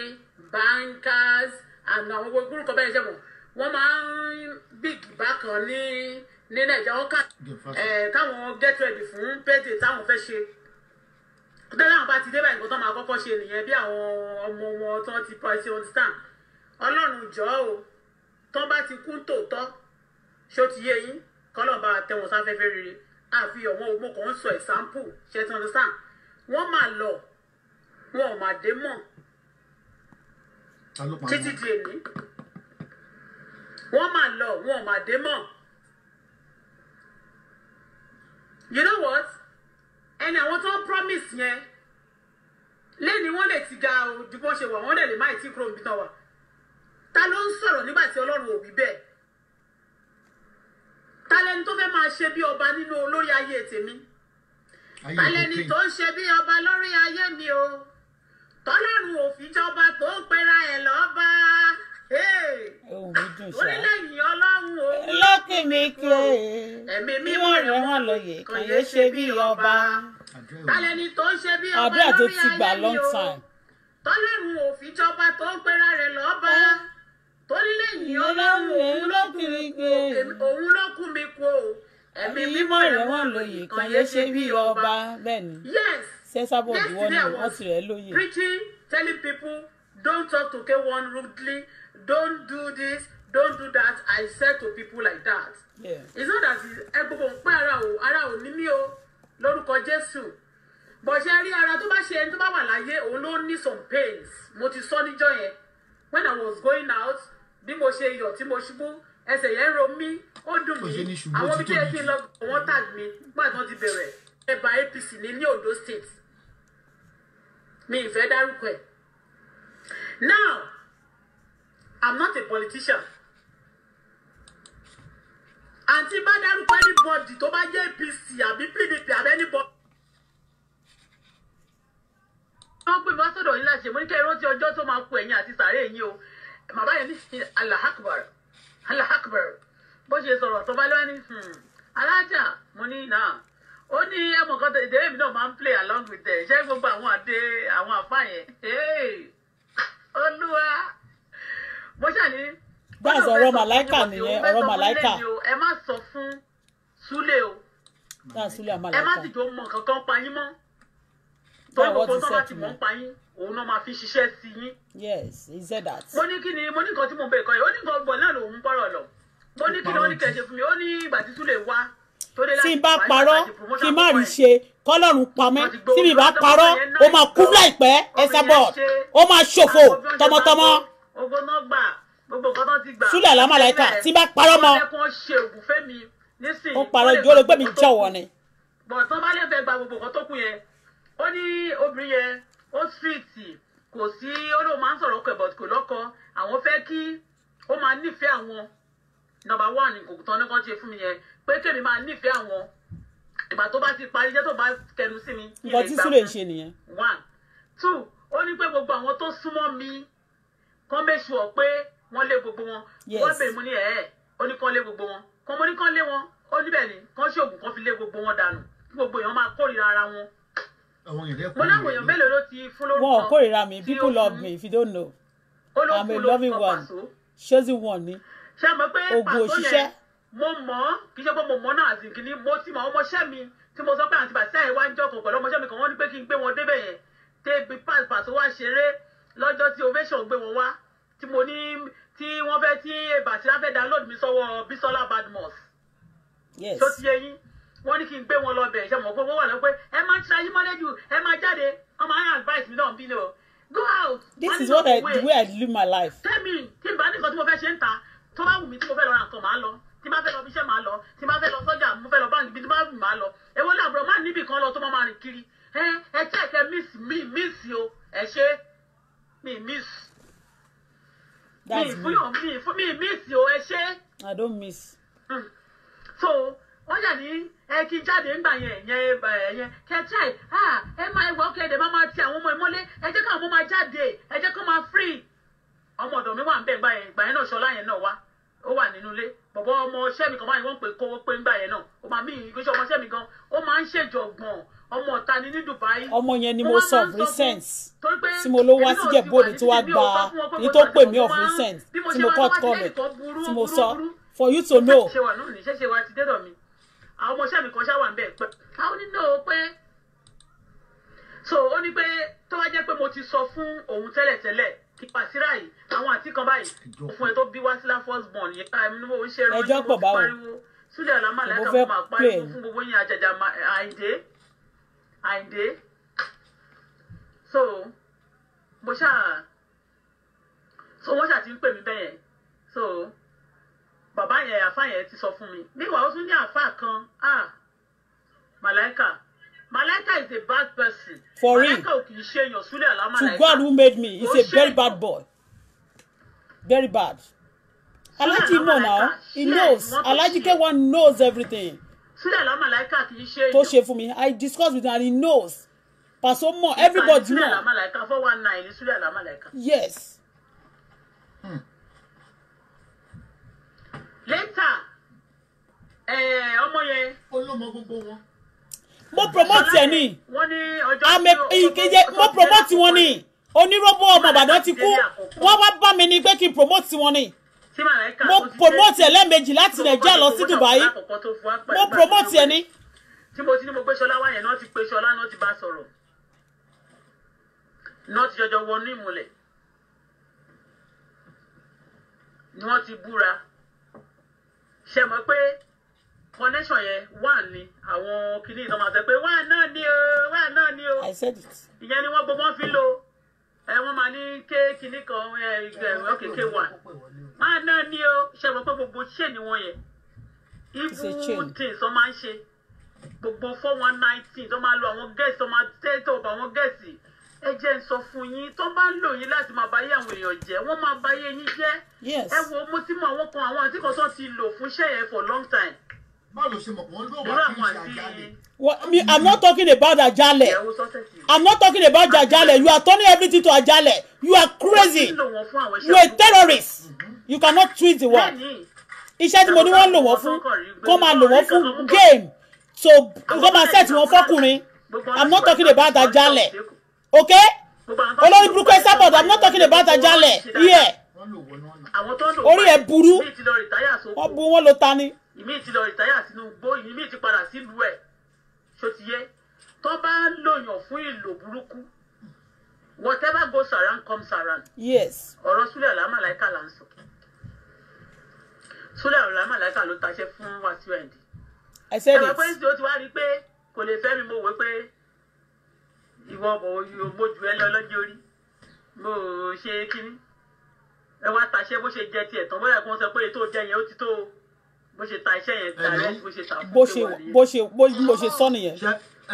bankers àwọn àwọn gbogbo orúkọ bẹ́ẹ̀ ṣe mọ̀ wọ́n máa ń big bákan ní ní nàìjíríà wọ́n kà káwọn get ready fún payday táwọn fẹ́ ṣe tẹ́lẹ̀ àwọn bá ti dé báyìí nǹkan tó máa kọ́kọ́ ṣe nìyẹn bí àwọn ọmọ wọn tó ti pa ṣe on stand ọlọ́run jọ̀ọ́ o tó bá ti kú tòótọ́ ṣó ti yé yín kọ́lọ́ba tẹ̀wọ̀n sáfẹ́fẹ́ rere àfi ọ̀wọ́n ogbó kan ń sọ ẹ̀sáǹpù ṣe tí wọ́n ti sàn wọ́n máa lọ wọn ò máa dé mọ̀ títí di èmi wọ́n máa lọ wọn ò máa dé mọ̀ you know what ẹni àwọn tó ń promise yẹn lẹ́ni wọ́n lè ti ga ju bó ṣe wà wọ́n lè lè má ì tí kúrò níbi tán wà ta ló ń sọ̀rọ̀ nígbà tí ọlọ́run ò wí bẹ́ẹ̀ talẹni tó fẹ́ máa ṣe bí ọba nínú olórí ayé tèmi talẹni tó ń ṣe bí ọba lórí ayé mi o tọ́lọ́run òfin tó ń pera ẹ̀ lọ́ba orílẹ̀-èdè ọlọ́run o. lọ́kì mi ké ẹ̀mí mímọ́ rẹ̀ wọ́n lóye kò ṣe bí ọba talẹni tó ń ṣe bí ọba lórí ayé mi o tọ́lọ́run òfin tó ń pera rẹ̀ lọ́ba tó nílé yìí ọlọ́run òun ló kú mi kú o ẹ̀mí mímọ́ rẹ̀ wọ́n lóye kan yé ṣe bí ọba bẹ́ẹ̀ ni sẹ́sábọ̀ bí wọ́n ní preaching telling people don't talk to k1 rudely don't do this don't do that i said to people like that. Yeah. it's not that ẹ gbogbo ń pẹ́ ara ò ara ò ní mí o lórúkọ jésù bọ̀ṣẹ́ rí ara tó bá ṣe ẹni tó bá wà láyé òun ló ní some pains mo ti sọ níjọ́ yẹn when i was going out bí mo ṣe yọ̀ tí mo ṣubú ẹsẹ̀ yẹn ro mí ó dùn mí àwọn bí díẹ̀ kí n lọ wọ́n tag mi nígbà tí wọ́n ti bẹ̀rẹ̀ ẹ̀bà APC ní ní Ondo state mi ìfẹ́ dárúkọ ẹ̀ now I'm not a politician àǹtí bá dárúkọ anybody tó bá jẹ́ APC àbí PDP àbí anybody. wọ́n pè mọ́ sọ́dọ̀ láṣẹ mo ní kẹ́ ẹ rántí ọjọ́ tó máa kú ẹ̀yìn àti sàárè yín o bàbá yẹn ní Allah akbar Allah bó ṣe sọ̀rọ̀ tó bá hmm. alájà mo ní náà ó ní ẹmọ kan tó ìdèrè náà máa ń play along with ẹ ṣé gbogbo àwọn àdé àwọn àfá yẹn olúwa mo ṣàní. báàsì ọ̀rọ̀ màláìkà nìyẹn ọ̀rọ̀ màláìkà. ẹ má sọ fún súlé o ẹ má sì jọ mọ kankan pa yín mọ́ tó tó bá ti mọ̀ pa yín òun náà máa fi ṣiṣẹ́ sí yín. yes he said that. mo ní kí ni mo ní nǹkan tí mo bẹ̀ kọ́ yẹn ó ní nǹkan bọ̀ náà lòun bọ̀rọ̀ lọ mo ní kí ni wọ́n ní kẹ̀ṣẹ̀ fún mi ó ní ìgbà títún lè wá tí n bá parọ́ kí n má rí ṣe kọ́lọ́run pamẹ́ tí mi bá parọ́ ó máa kú láìpẹ́ Esabod ó máa ṣòfò tọmọtọmọ. súlẹ̀ lámàlàíkà tí n bá parọ́ mọ́ ó parọ́ ìjọ olóògbé mi jọ̀wọ́ ni. bọ̀ tán bá lè fẹ́ gba gbogbo nǹkan tó kù yẹn ó ní obìnrin yẹn ó sírìtì kò sí ó lóun máa ń sọ̀rọ̀ ọkọ̀ but kò lọ́kọ àwọn fẹ́ kí ó máa nífẹ̀ẹ́ àwọn nọ́mbà one kò tán ní kan ṣe fún mi yẹn pé kèmi máa nífẹ̀ẹ́ àwọn ìgbà tó bá ti parí iṣẹ́ tó bá kẹnu sí mi. nǹkan tí sílè ń ṣe nìyẹn. one two ó ní pé gbogbo àwọn tó súnmọ́ mi kán make sure pé wọ́n lé gbogbo wọn. yes wọ́n bèrè mu ní ẹ̀ẹ́ ó ní kán lé gbogbo wọn kán mo ní kán lé wọn ó níbẹ̀ ni kán ṣe oògùn kán fi lé gbogbo wọn dànù gbogbo èèyàn máa kórìíra ara wọn àwọn èèyàn lẹ́kọ̀ọ́. mo wọn ò kórìíra mi people love me if you don't know. I'm a loving one. pàṣọ. ṣéṣì wọn ni. ṣé mo pé pàṣọ yẹn mo mọ̀ ọ́ kì í ṣe pé mo mọ̀ náà àti kìíní mo ti mọ̀ ọmọọṣẹ́ mi tí mo sọ pé àǹtí bàtí àìwá ń jọkọ̀ pẹ̀lú ọmọọṣẹ́ mi kan wọ́n ní pé kí n gbé wọn débẹ̀ yẹn tẹ́bi pàṣọ wá ṣeré lọ́jọ́ tí ovation gbé wọn wá tí mo ní tí wọ́n fẹ́ tí bàtí láfẹ́ download mi sọ́wọ́ Bisola Badmus. yes tó ti yẹ yín wọ́n ní kí n gbé wọn lọ bẹ̀ ṣe mọ̀ pé wọ́n wà lọ́pẹ́ ẹ máa ń ṣayé mọ́lẹ́ jù ẹ máa jáde ọmọ ayé advice mi náà ń bí lọ go out. this is what I the way I live my life. tẹ́mi tí n bá ní nǹkan tí mo fẹ́ ṣe ń ta tó bá wù mí tí mo fẹ́ lọ ra nǹkan màá lọ tí n bá fẹ́ lọ bí iṣẹ́ màá lọ tí n bá fẹ́ lọ sọ́jà mo fẹ́ lọ báńkì bí tí n bá wù mí màá lọ èwo làbúrò má níbì kan lọ tó máa rìn kiri ẹ ẹ check ẹ miss mi miss o ẹ ṣe mi miss mi fún yàn mi fún mi miss o ẹ ṣe. I don't miss. Mm. so ó yẹ ní ẹ kí n jáde ńgbà yẹn yẹn yẹn kẹtíà ah, ẹ máa ẹwà ọkẹ ẹdẹ máa máa ti àwọn ọmọ ìmọ́lé ẹ jẹ́ káwọn ọmọ máa jáde ẹ jẹ́ kó máa free ọmọ ọ̀dọ̀ mi wà ń bẹ̀ gbà yẹn ìgbà yẹn náà ṣọlá yẹn náà wá ó wà nínú ilé bọ̀bọ̀ ọmọ ọṣẹ́ mi kan báyìí wọ́n pè kó pé ń yẹn náà ó máa mí ìgbésẹ̀ ọmọ ọṣẹ́ mi gan ó máa ń ṣèjọ̀gbọ̀n ọmọ ọ̀ta ni ní Dubai. ọmọ yẹn ni mo sọ of recent tí mo ló wá sí Ìjẹ̀bú-Òde tó gba èyí tó pè mí of recent tí mo cut comment tí mo sọ for you to know. ṣé wà náà ní ṣẹ́ṣẹ́ wa ti dẹ́dọ̀ mi àwọn ọmọọṣẹ́ mi kan ṣáwà ń bẹ̀ pẹ́ àwọn oníná o pé so ó ní pé tó wá jẹ́ pé mo ti sọ fún òun tẹ́lẹ̀tẹ́lẹ̀ kí pàṣírà yìí àwọn àti kan báyìí mo fún ẹ tó bí wásílà first born yẹn ká ẹnu mo ń ṣe ẹrú mo ti pariwo sílẹ̀ ọ̀làmà lẹ́ka mo máa pariwo fún gbogbo yín àjàjà àìdé àìdé so mo ṣáà so wọ́n ṣáà ti ń pè mí bẹ́yẹn so bàbá yẹn àfa yẹn ti sọ fún mi níwà ó tún ní àfa kan ah màláìkà màláìkà is a bad person for real màláìkà ò to God who made me he is a very bad boy very bad alhaji know now he knows alhaji kewa knows everything sílẹ̀ lá màláìkà kì í ṣe èèyàn tó ṣe mi I discuss with him and he knows pàṣọ mọ everybody know sílẹ̀ lá one nine yes. Hmm later ọmọ yẹn olómọ gbogbo wọn. mo promote ẹ ní àmì ìkéye mo promote wọn ní onírọ́bù ọmọ Ìbàdàn ti kú wọ́n wá bá mi ní pé kí n promote wọn ní mo promote ẹ lẹ́ẹ̀mejì láti Nàìjíríà lọ sí Dubai mo promote ẹ ní. tí mo ti ní mo gbé Ṣọlá wá náà ti pé Ṣọlá náà ti bá sọ̀rọ̀ náà ti jọjọ wọnú ìmùlẹ̀ ni wọ́n ti búra ṣe mọ̀ pé connection yẹn wà ní àwọn kìnìún ìtàn máa sọ pé wà náà ni o wà náà ni o ìyẹn ni wọ́n gbogbo fi lo ẹ wọ́n máa ní ké kìnìún kan ẹ ok wà wà náà ni o ṣe mọ̀ pé gbogbo ṣe ni wọ́n yẹn even things wọ́n máa ń ṣe gbogbo four one nineteen tó máa lo àwọn gẹ̀ẹ́sì tó máa tẹ́tọ̀ bá àwọn gẹ̀ẹ́sì ẹ jẹ́ ń sọ fún yín tó bá ń lò yín láti máa báyé àwọn èèyàn jẹ́ wọ́n máa báyé yín jẹ́ ẹ wo mo ti mọ àwọn kan àwọn àti tó ti lò fún iṣẹ́ for long time. báwo ṣe mọ̀ wọ́n ló wà kí ṣe àjálẹ̀. I'm not talking about ajale. I'm not talking about ajale. You are turning everything to ajale. You are crazy. You are a terrorist. Mm-hmm. You cannot tweet the word. Iṣẹ́ tí mo ní wọ́n lò wọ́n fún kó máa lò wọ́n fún game. So kó máa set wọn fọkùnrin. I'm not talking about ajale okay olórí burúkú ẹ sábọ̀dọ̀ i'm not talking about ajalẹ̀ here orí ẹ burú wọ́n bu wọ́n lo ta ni. ìmí ti lọ rìtáyà sínú gbó ìmí ti padà sílùú ẹ̀ ṣó ti yẹ tó bá ń lòyàn fún ìlò burúkú whatever goes around comes around. yes. ọ̀rọ̀ súlẹ̀ ọ̀làmàláìkà là ń sọ súlẹ̀ ọ̀làmàláìkà ló taṣẹ́ fún wàsíù ẹ̀ǹdì. I said it. ẹ̀rọ pé ṣé ti wá rí i pé kò lè fẹ́ mi mo wò pé ìwọ ọmọ ògbójú ẹ lọ́jọ́ orí mo ṣe kínní ẹ wá ta iṣẹ́ bó ṣe jẹ tiẹ̀ tán bóyá kó sọ pé ètò jẹ yẹn ó ti tó bó ṣe ta iṣẹ́ yẹn direct bó ṣe ta bó ṣe bó ṣe bó ṣe sọ nìyẹn.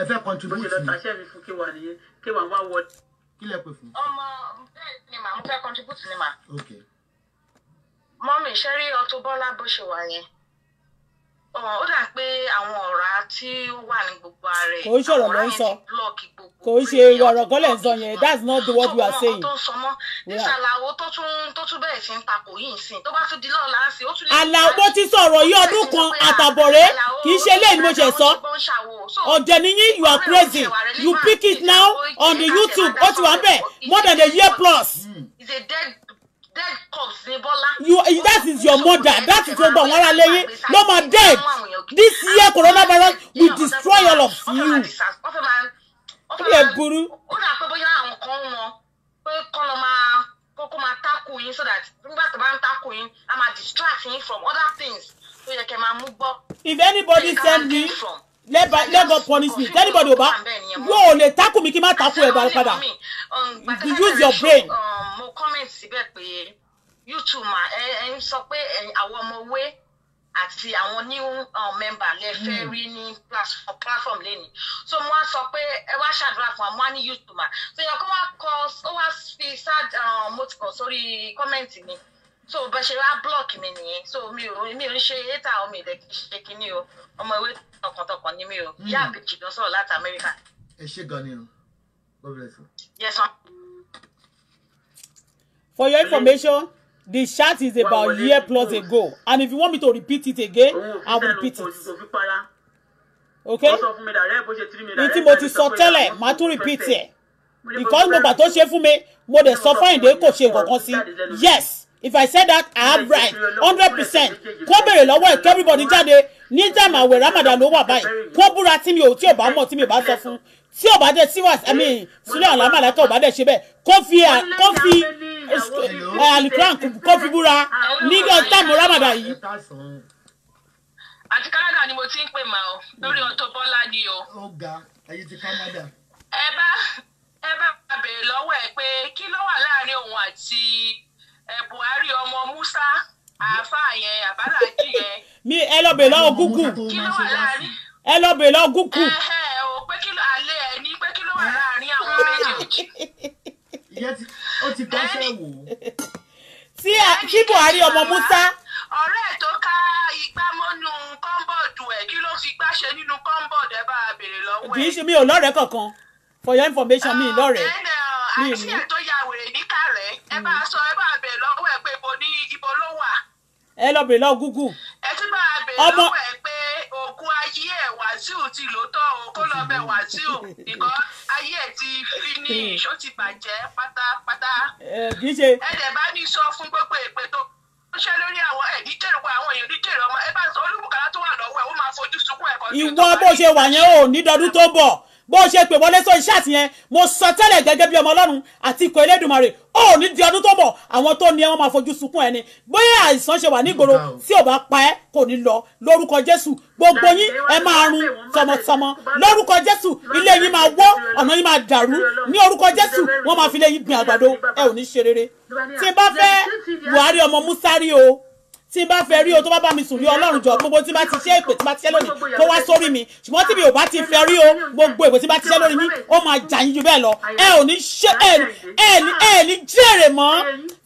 ẹ fẹ́ contribute bó ṣe lọ ta iṣẹ́ mi fún kéwà nìyẹn kéwà wá wọ. kí lẹ pè fún. ọmọ bẹ́ẹ̀ ni màá mo fẹ́ ni màá. mọ́mì ṣẹ́rí Auto bó ṣe wà yẹn ó dà pé àwọn ọ̀rá tí ó wà ní gbogbo ààrẹ kò ń ṣọ̀rọ̀ ló ń sọ kò ń ṣe ọ̀rọ̀ kọ́lẹ̀ ń sọ yẹn that's not the word you are saying. tó sọ mọ́ nísàlàwọ́ tó tún tó tún bẹ̀rẹ̀ sí ń takò yìí ń sìn tó bá tún di lọ́la ń ó tún lè. àlàó ti sọ̀rọ̀ yí ọdún kan àtàbọ̀rẹ́ kì í ṣe eléyìí mo ṣe sọ ọ̀dẹ̀ nìyí you are crazy you pick it now on the YouTube ó ti wà ń bẹ̀ more than a year plus. Mm you that is your mother that is your gbọ̀ngàn ara lẹ́yìn ló máa dead this year coronavirus will destroy all of you. ó lè burú. ó dà pé bóyá àwọn kan wọn pé kọ́ lọ máa kókó máa tákù yín so that nígbà tó bá ń tákù yín from other things tó yẹ kẹ́ máa mú if anybody send me let God punish me anybody ò bá wọ́n ò lè tákù mi kí n má tákù ẹ̀ bá use your brain. mo comment síbẹ̀ pé youtube ma ẹ ń sọ pé àwọn ọmọ owó àti new um, member lè fẹ́ hmm. rí ní platform lẹ́ni so wọ́n á sọ pé ẹ wá ṣàdúrà fún wa youtube ma so yẹ kó wá kọ ó wá fi sad um, motikọ̀ sórí kọ́mẹ́ǹtì mi so bó ṣe wá block mi nìyẹn so mi ò mi ò ń ṣe éta omi ìdẹ kì í ṣe kínní o ọmọ ìwé tọkàntọkàn ni hmm. mi o ìyá àbèjì lọ sọ̀rọ̀ láti Amẹ́ríkà. ẹ ṣe gan ni o God bless you. yes sir. For your information, the chat is about a year plus ago. And if you want me to repeat it again, I will repeat it. Okay? Ní tí mo ti sọ tẹ́lẹ̀, màá tún repeat ẹ̀. Because mo gbà tó ṣe fún mi, mo dẹ̀ sọ fún Àyìndé kò ṣe nǹkan kan sí. Yes! if i said that i have right hundred percent kó béèrè lọ́wọ́ ẹ̀ everybody jáde ní dàmà àwẹ̀ ramadan ló wà báyìí kó búra tí mi ò tí ò bá mọ̀ tí mi ò bá sọ fún tí ò bá dé sí wàsí àmì sílẹ̀ àlámà látọ̀ ò bá dé ṣe bẹ́ẹ̀ kó fi kó fi eh, alikran kó fi búra ní dàmà ramadan yìí. àti Canada ni mo ti ń pè mà ọ lórí Auto Bola ni o. ó ga ayé ti Canada. ẹ bá ẹ bá béèrè lọ́wọ́ ẹ pé kí ló wà láàárín òun àti buhari ọmọ musa àáfàá yẹn àbálàjì yẹn. mi ẹ lọ bèèrè lọ́wọ́ gúgù ẹ lọ bèèrè lọ́wọ́ gúgù. ẹ ẹ o pé kí ló alẹ́ ẹ ní pé kí ló wà láàrin àwọn méjèèjì. ó ti tọ́ sẹ́ wò ó. tí buhari ọmọ musa. ọ̀rẹ́ ẹ̀ tó ká igbá mọ́nú kọ́ńbọ̀dù ẹ̀ kí ló fi gbá nínú kọ́ńbọ̀dù ẹ̀ bá a bèèrè lọ́wọ́ ẹ̀. kì í ṣe mi ò lọ́rẹ̀ẹ́ kankan for your information mi ì lọ́rẹ̀ẹ́ àǹtí ẹ̀ tó ya wèrè ní kàrẹ́ ẹ bá sọ ẹ bá bẹ̀ lọ́wọ́ ẹ pé mo ní ibo ló wà. ẹ lọ bèrè lọ Google. ẹ tún bá bèrè lọ́wọ́ ẹ pé oògùn ayé ẹ̀ Wàsíù ti lò o kó lọ bẹ Wàsíù nǹkan ayé ẹ̀ ti finish ó ti bàjẹ́ pátápátá. ẹ kì í ṣe. ẹ dẹ̀ bá ní sọ fún gbogbo èpè tó ṣe lórí àwọn ẹ̀dí jèrè wa àwọn èèyàn jèrè ọmọ ẹ bá sọ olúbùkálá tó wà lọ́wọ́ ẹ̀ ó máa fojú sunkún ẹ̀kọ́ bó ṣe pè wọlé sọ iṣẹ́ àtìyẹn mo sọ tẹ́lẹ̀ gẹ́gẹ́ bí ọmọ ọlọ́run àti ikọ̀ elédùnmarè ó ní di ọdún tó bọ̀ àwọn tó ní ẹ máa fojú sunkún ẹni bóyá àìsàn ṣe wà nígboro tí ò bá pa ẹ́ kò ní lọ lórúkọ jésù gbogbo yín ẹ máa run tọmọtọmọ lórúkọ jésù ilé yín máa wọ́ ọ̀nà yín máa dàrú ní orúkọ jésù wọ́n máa fi ilé yín gbìn àgbàdo ẹ ò ní ṣe rere tí bá fẹ́ buhari ọmọ musari o tí n bá fẹ́ rí o tó bá bá mi sùn rí ọlọ́run jọ gbogbo tí n bá ti ṣe èpè tí n bá ti ṣe lónìí kó wá sórí mi ṣùgbọ́n tí mi ò bá ti fẹ́ rí o gbogbo èpè tí n bá ti ṣe lórí mi ó máa jà yín ju bẹ́ẹ̀ lọ ẹ ò ní ṣe ẹ ẹ ní ẹ ní jèrè mọ́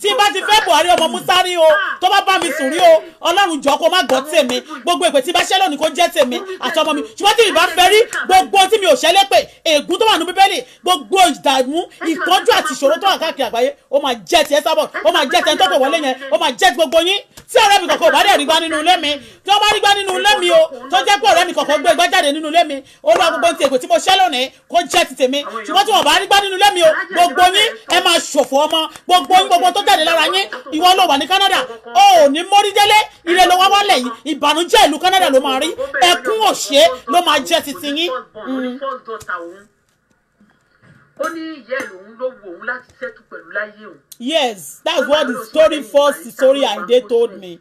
tí n bá ti fẹ́ Buhari ọmọ Musa rí o tó bá bá mi sùn rí o ọlọ́run jọ kó má gbọ́ tèmi gbogbo èpè tí n bá ṣe lónìí kó jẹ́ tèmi àtọmọ mi ṣùgbọ́n tí mi bá fẹ́ rí gbogbo tí mi ò ṣẹlẹ̀ pé ègún tó wà nù bíbélì gbogbo ìdààmú ìpọ́njú àti ìṣòro tó wà káàkiri àgbáyé ó máa jẹ́ tiẹ́ sábọ̀ ó máa jẹ́ tiẹ́ tó pè wọlé yẹn ó máa jẹ́ gbogbo yín tí ọ̀rẹ́ mi kọ̀ọ̀kan ò bá dẹ̀ rí nínú ilé mi tí wọ́n bá rí nínú ilé mi o tó jẹ́ pé ọ̀rẹ́ mi kọ̀ọ̀kan gbé gbá jáde nínú ilé mi olúwa gbogbo ní tèkó tí mo ṣẹ́ lónìí kó jẹ́ ti tèmi ṣùgbọ́n tí wọ́n bá rí nínú ilé mi o gbogbo yín ẹ máa ṣòfò ọmọ gbogbo yín gbogbo tó jáde lára yín ìwọ ló wà ní Canada o ò ní mórí délé ire ló wá wálẹ̀ yìí ìbànújẹ́ ìlú Canada ló máa rí ẹkún òṣè ló máa jẹ́ mm. yes that's what the story first story and they told me.